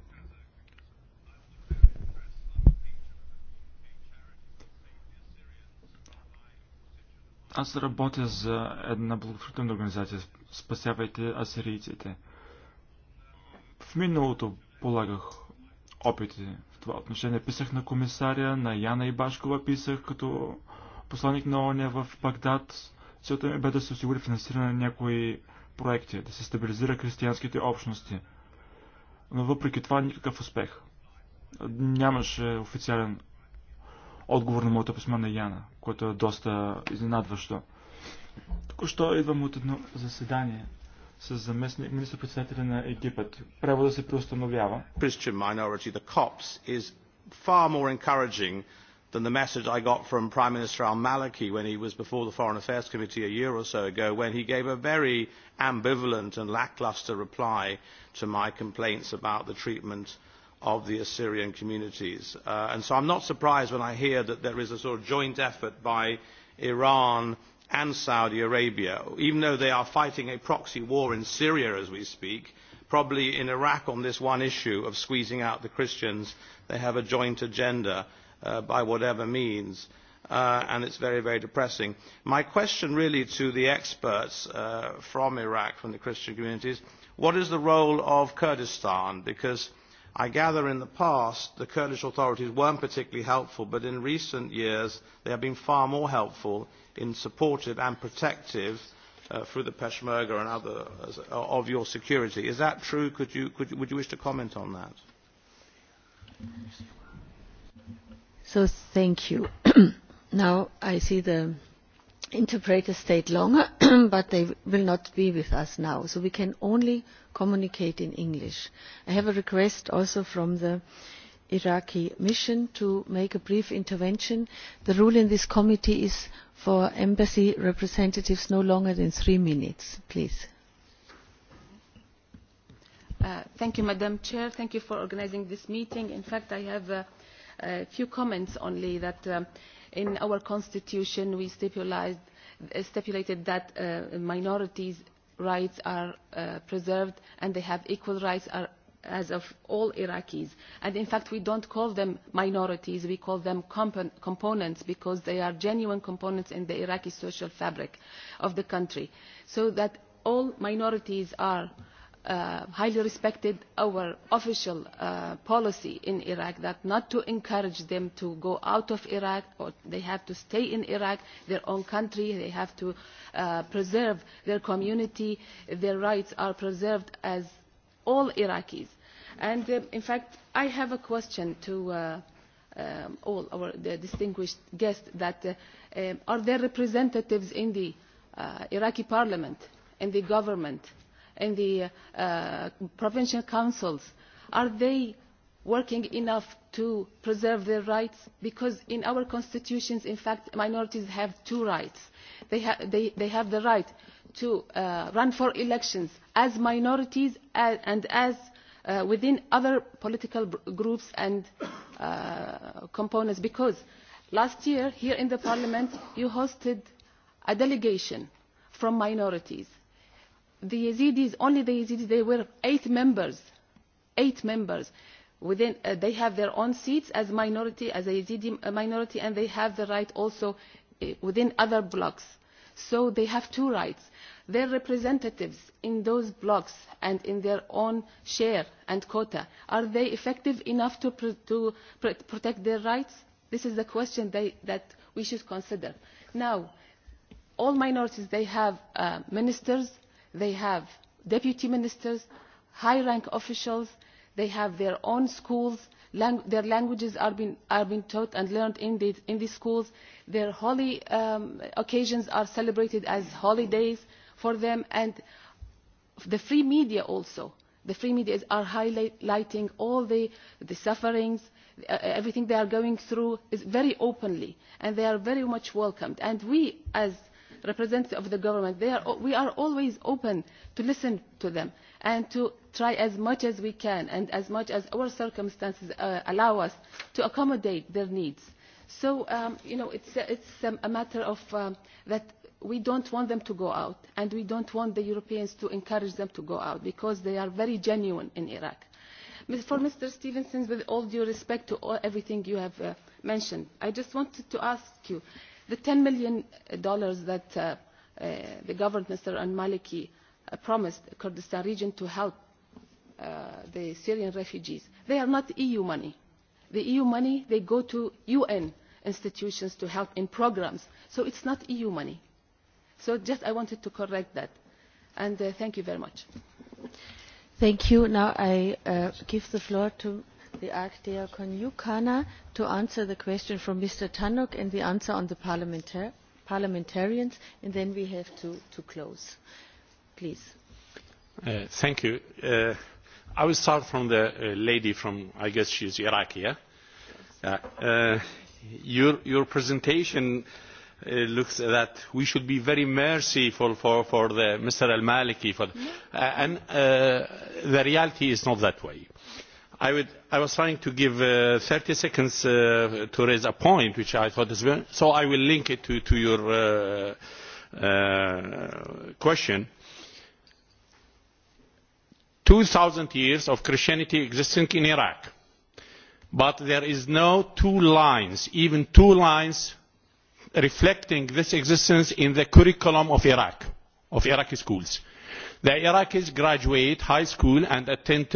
Аз работя за една благотворителна организация Спасявайте асирийците. В миналото полагах опити това отношение писах на комисаря, на Яна Ибашкова писах като посланник на ОНЕ в Багдад. Целта ми бе да се осигури финансиране на някои проекти, да се стабилизира християнските общности. Но въпреки това никакъв успех. Нямаше официален отговор на моята писма на Яна, което е доста изненадващо. Току-що идвам от едно заседание с заместник министър председателя на Египет. Право се преустановява. Christian minority, the Copts, is far more encouraging than the message I got from Prime Minister al-Maliki when he was before the Foreign Affairs Committee a year or so ago, when he gave a very ambivalent and lackluster reply to my complaints about the treatment of the Assyrian communities. Uh, and so I'm not surprised when I hear that there is a sort of joint effort by Iran, and Saudi Arabia, even though they are fighting a proxy war in Syria as we speak, probably in Iraq on this one issue of squeezing out the Christians, they have a joint agenda by whatever means. and it is very, very depressing. My question really to the experts from Iraq, from the Christian communities, what is the role of Kurdistan? Because I gather in the past the Kurdish authorities weren't particularly helpful, but in recent years they have been far more helpful in supportive and protective uh, through the Peshmerga and other uh, of your security. Is that true? Could you, could, would you wish to comment on that? So thank you. now I see the interpreters stayed longer but they will not be with us now so we can only communicate in english. i have a request also from the iraqi mission to make a brief intervention. the rule in this committee is for embassy representatives no longer than three minutes please. thank you madam chair thank you for organising this meeting. in fact i have a few comments only that in our constitution we stipulated that minorities' rights are preserved and they have equal rights as of all Iraqis. And in fact, we do not call them minorities, we call them components because they are genuine components in the Iraqi social fabric of the country. So that all minorities are highly respected our official policy in Iraq that not to encourage them to go out of Iraq or they have to stay in Iraq, their own country, they have to uh, preserve their community, their rights are preserved as all Iraqis. And uh, in fact, I have a question to uh, um, all our the distinguished guests that uh, um, are there representatives in the uh, Iraqi parliament and the government and the uh, provincial councils, are they working enough to preserve their rights? Because in our constitutions, in fact, minorities have two rights. They, ha they, they have the right to uh, run for elections as minorities as, and as uh, within other political groups and uh, components. Because last year, here in the parliament, you hosted a delegation from minorities the Yazidis, only the Yazidis, they were eight members, eight members. Within, uh, they have their own seats as a minority, as a Yazidi minority, and they have the right also uh, within other blocks. So they have two rights. Their representatives in those blocks and in their own share and quota, are they effective enough to, pr to pr protect their rights? This is the question they, that we should consider. Now, all minorities, they have uh, ministers, they have deputy ministers high rank officials they have their own schools their languages are being, taught and learned in, these in schools their holy occasions are celebrated as holidays for them and the free media also the free media are highlighting all the, the sufferings uh, everything they are going through is very openly and they are very much welcomed and we as representatives of the government. we are always open to listen to them and to try as much as we can and as much as our circumstances allow us to accommodate their needs. So, it you know, a matter of that we do not want them to go out and we do not want the Europeans to encourage them to go out because they are very genuine in Iraq. For Mr. Stevenson, with all due respect to all, everything you have mentioned, I just wanted to ask you, The ten million dollars that the government, Mr. al-Maliki, promised the Kurdistan region to help the Syrian refugees, they are not EU money. The EU money, they go to UN institutions to help in programmes, So it's not EU money. So just I wanted to correct that. And thank you very much. Thank you. Now I give the floor the Actea Konyukana to answer the question from Mr. Tannock and the answer on the parliamentar parliamentarians, and then we have to, to close. Please. Uh, thank you. Uh, I will start from the uh, lady from, I guess is Iraqi, yeah? Uh, your, your presentation uh, looks that we should be very merciful for, for the Mr. Al-Maliki. For, uh, and uh, the reality is not that way i was trying to give thirty seconds to raise a point which i thought was so i will link it to your question. two thousand years of christianity existing in iraq but there is no two lines even two lines reflecting this existence in the curriculum of iraq of iraqi schools. the iraqis graduate high school and attend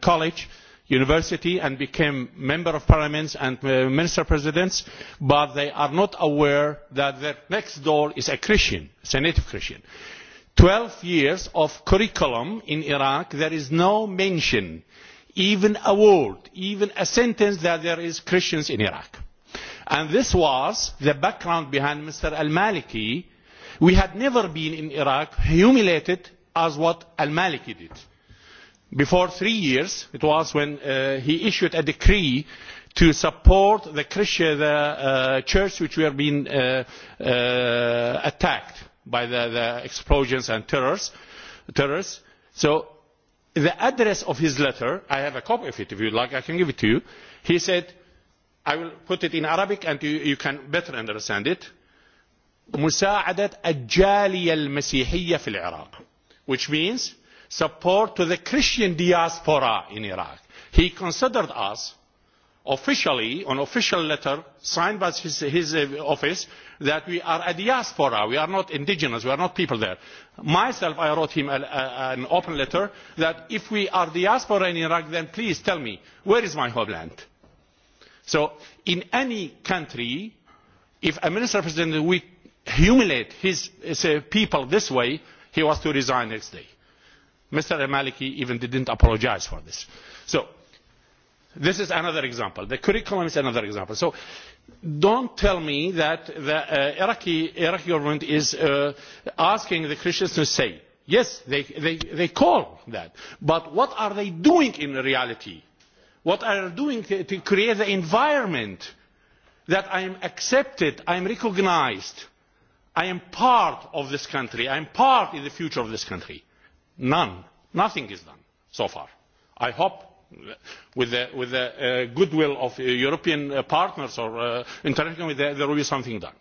college university and became member of parliament and minister presidents but they are not aware that their next door is a christian a native christian. twelve years of curriculum in iraq there is no mention even a word even a sentence that there are christians in iraq. and this was the background behind mr al maliki. we had never been in iraq humiliated as what al maliki did before three years it was when he issued a decree to support the Christian church which were being attacked by the explosions and terrorists. So the address of his letter, I have a copy of it if you would like, I can give it to you. He said, I will put it in Arabic and you, you can better understand it. مساعدة الجالية المسيحية في العراق which means support to the Christian diaspora in Iraq. He considered us officially, an official letter signed by his, his office, that we are a diaspora, we are not indigenous, we are not people there. Myself, I wrote him a, a, an open letter that if we are diaspora in Iraq, then please tell me, where is my homeland? So in any country, if a minister president would humiliate his, his people this way, he was to resign next day mr al maliki even did not apologise for this. so this is another example. the curriculum is another example. so don't tell me that the iraqi, iraqi government is asking the christians to say yes they, they, they call that but what are they doing in reality? what are they doing to, create the environment that i am accepted, i am recognised, i am part of this country, i am part in the future of this country? none nothing is done so far. i hope with the goodwill of european partners or internationally there will be something done.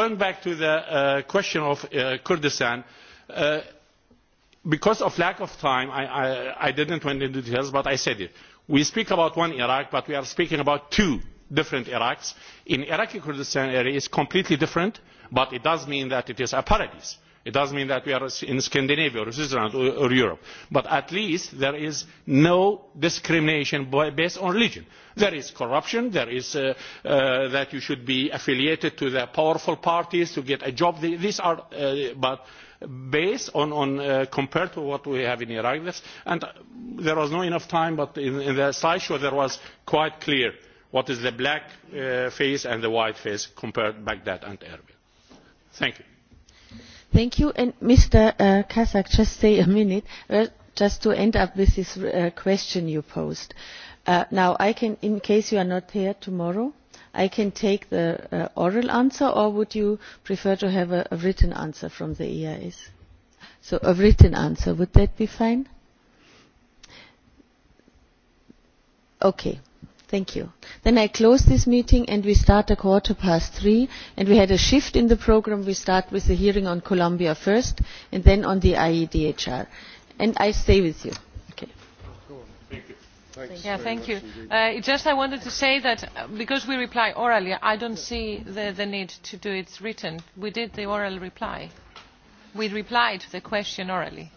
going back to the question of kurdistan because of lack of time i did not go into details but i said it we speak about one iraq but we are speaking about two different iraqs. in iraqi kurdistan area it is completely different but it does mean that it is a paradise It does not mean that we are in Scandinavia or Switzerland or, Europe. But at least there is no discrimination based on religion. There is corruption. There is that you should be affiliated to the powerful parties to get a job. These are, but based on, compared to what we have in Iraq. And there was not enough time, but in, the the slideshow there was quite clear what is the black face and the white face compared to Baghdad and Erbil. Thank you Thank you. And Mr. Uh, Kazak, just stay a minute, uh, just to end up with this uh, question you posed. Uh, now, I can, in case you are not here tomorrow, I can take the uh, oral answer, or would you prefer to have a, a written answer from the EIS? So a written answer, would that be fine? Okay Thank you. Then I close this meeting and we start at quarter past three. And we had a shift in the program. We start with the hearing on Colombia first and then on the IEDHR. And I stay with you. Okay. Yeah, thank you. Uh, just I wanted to say that because we reply orally, I don't see the, the need to do it written. We did the oral reply. We replied to the question orally.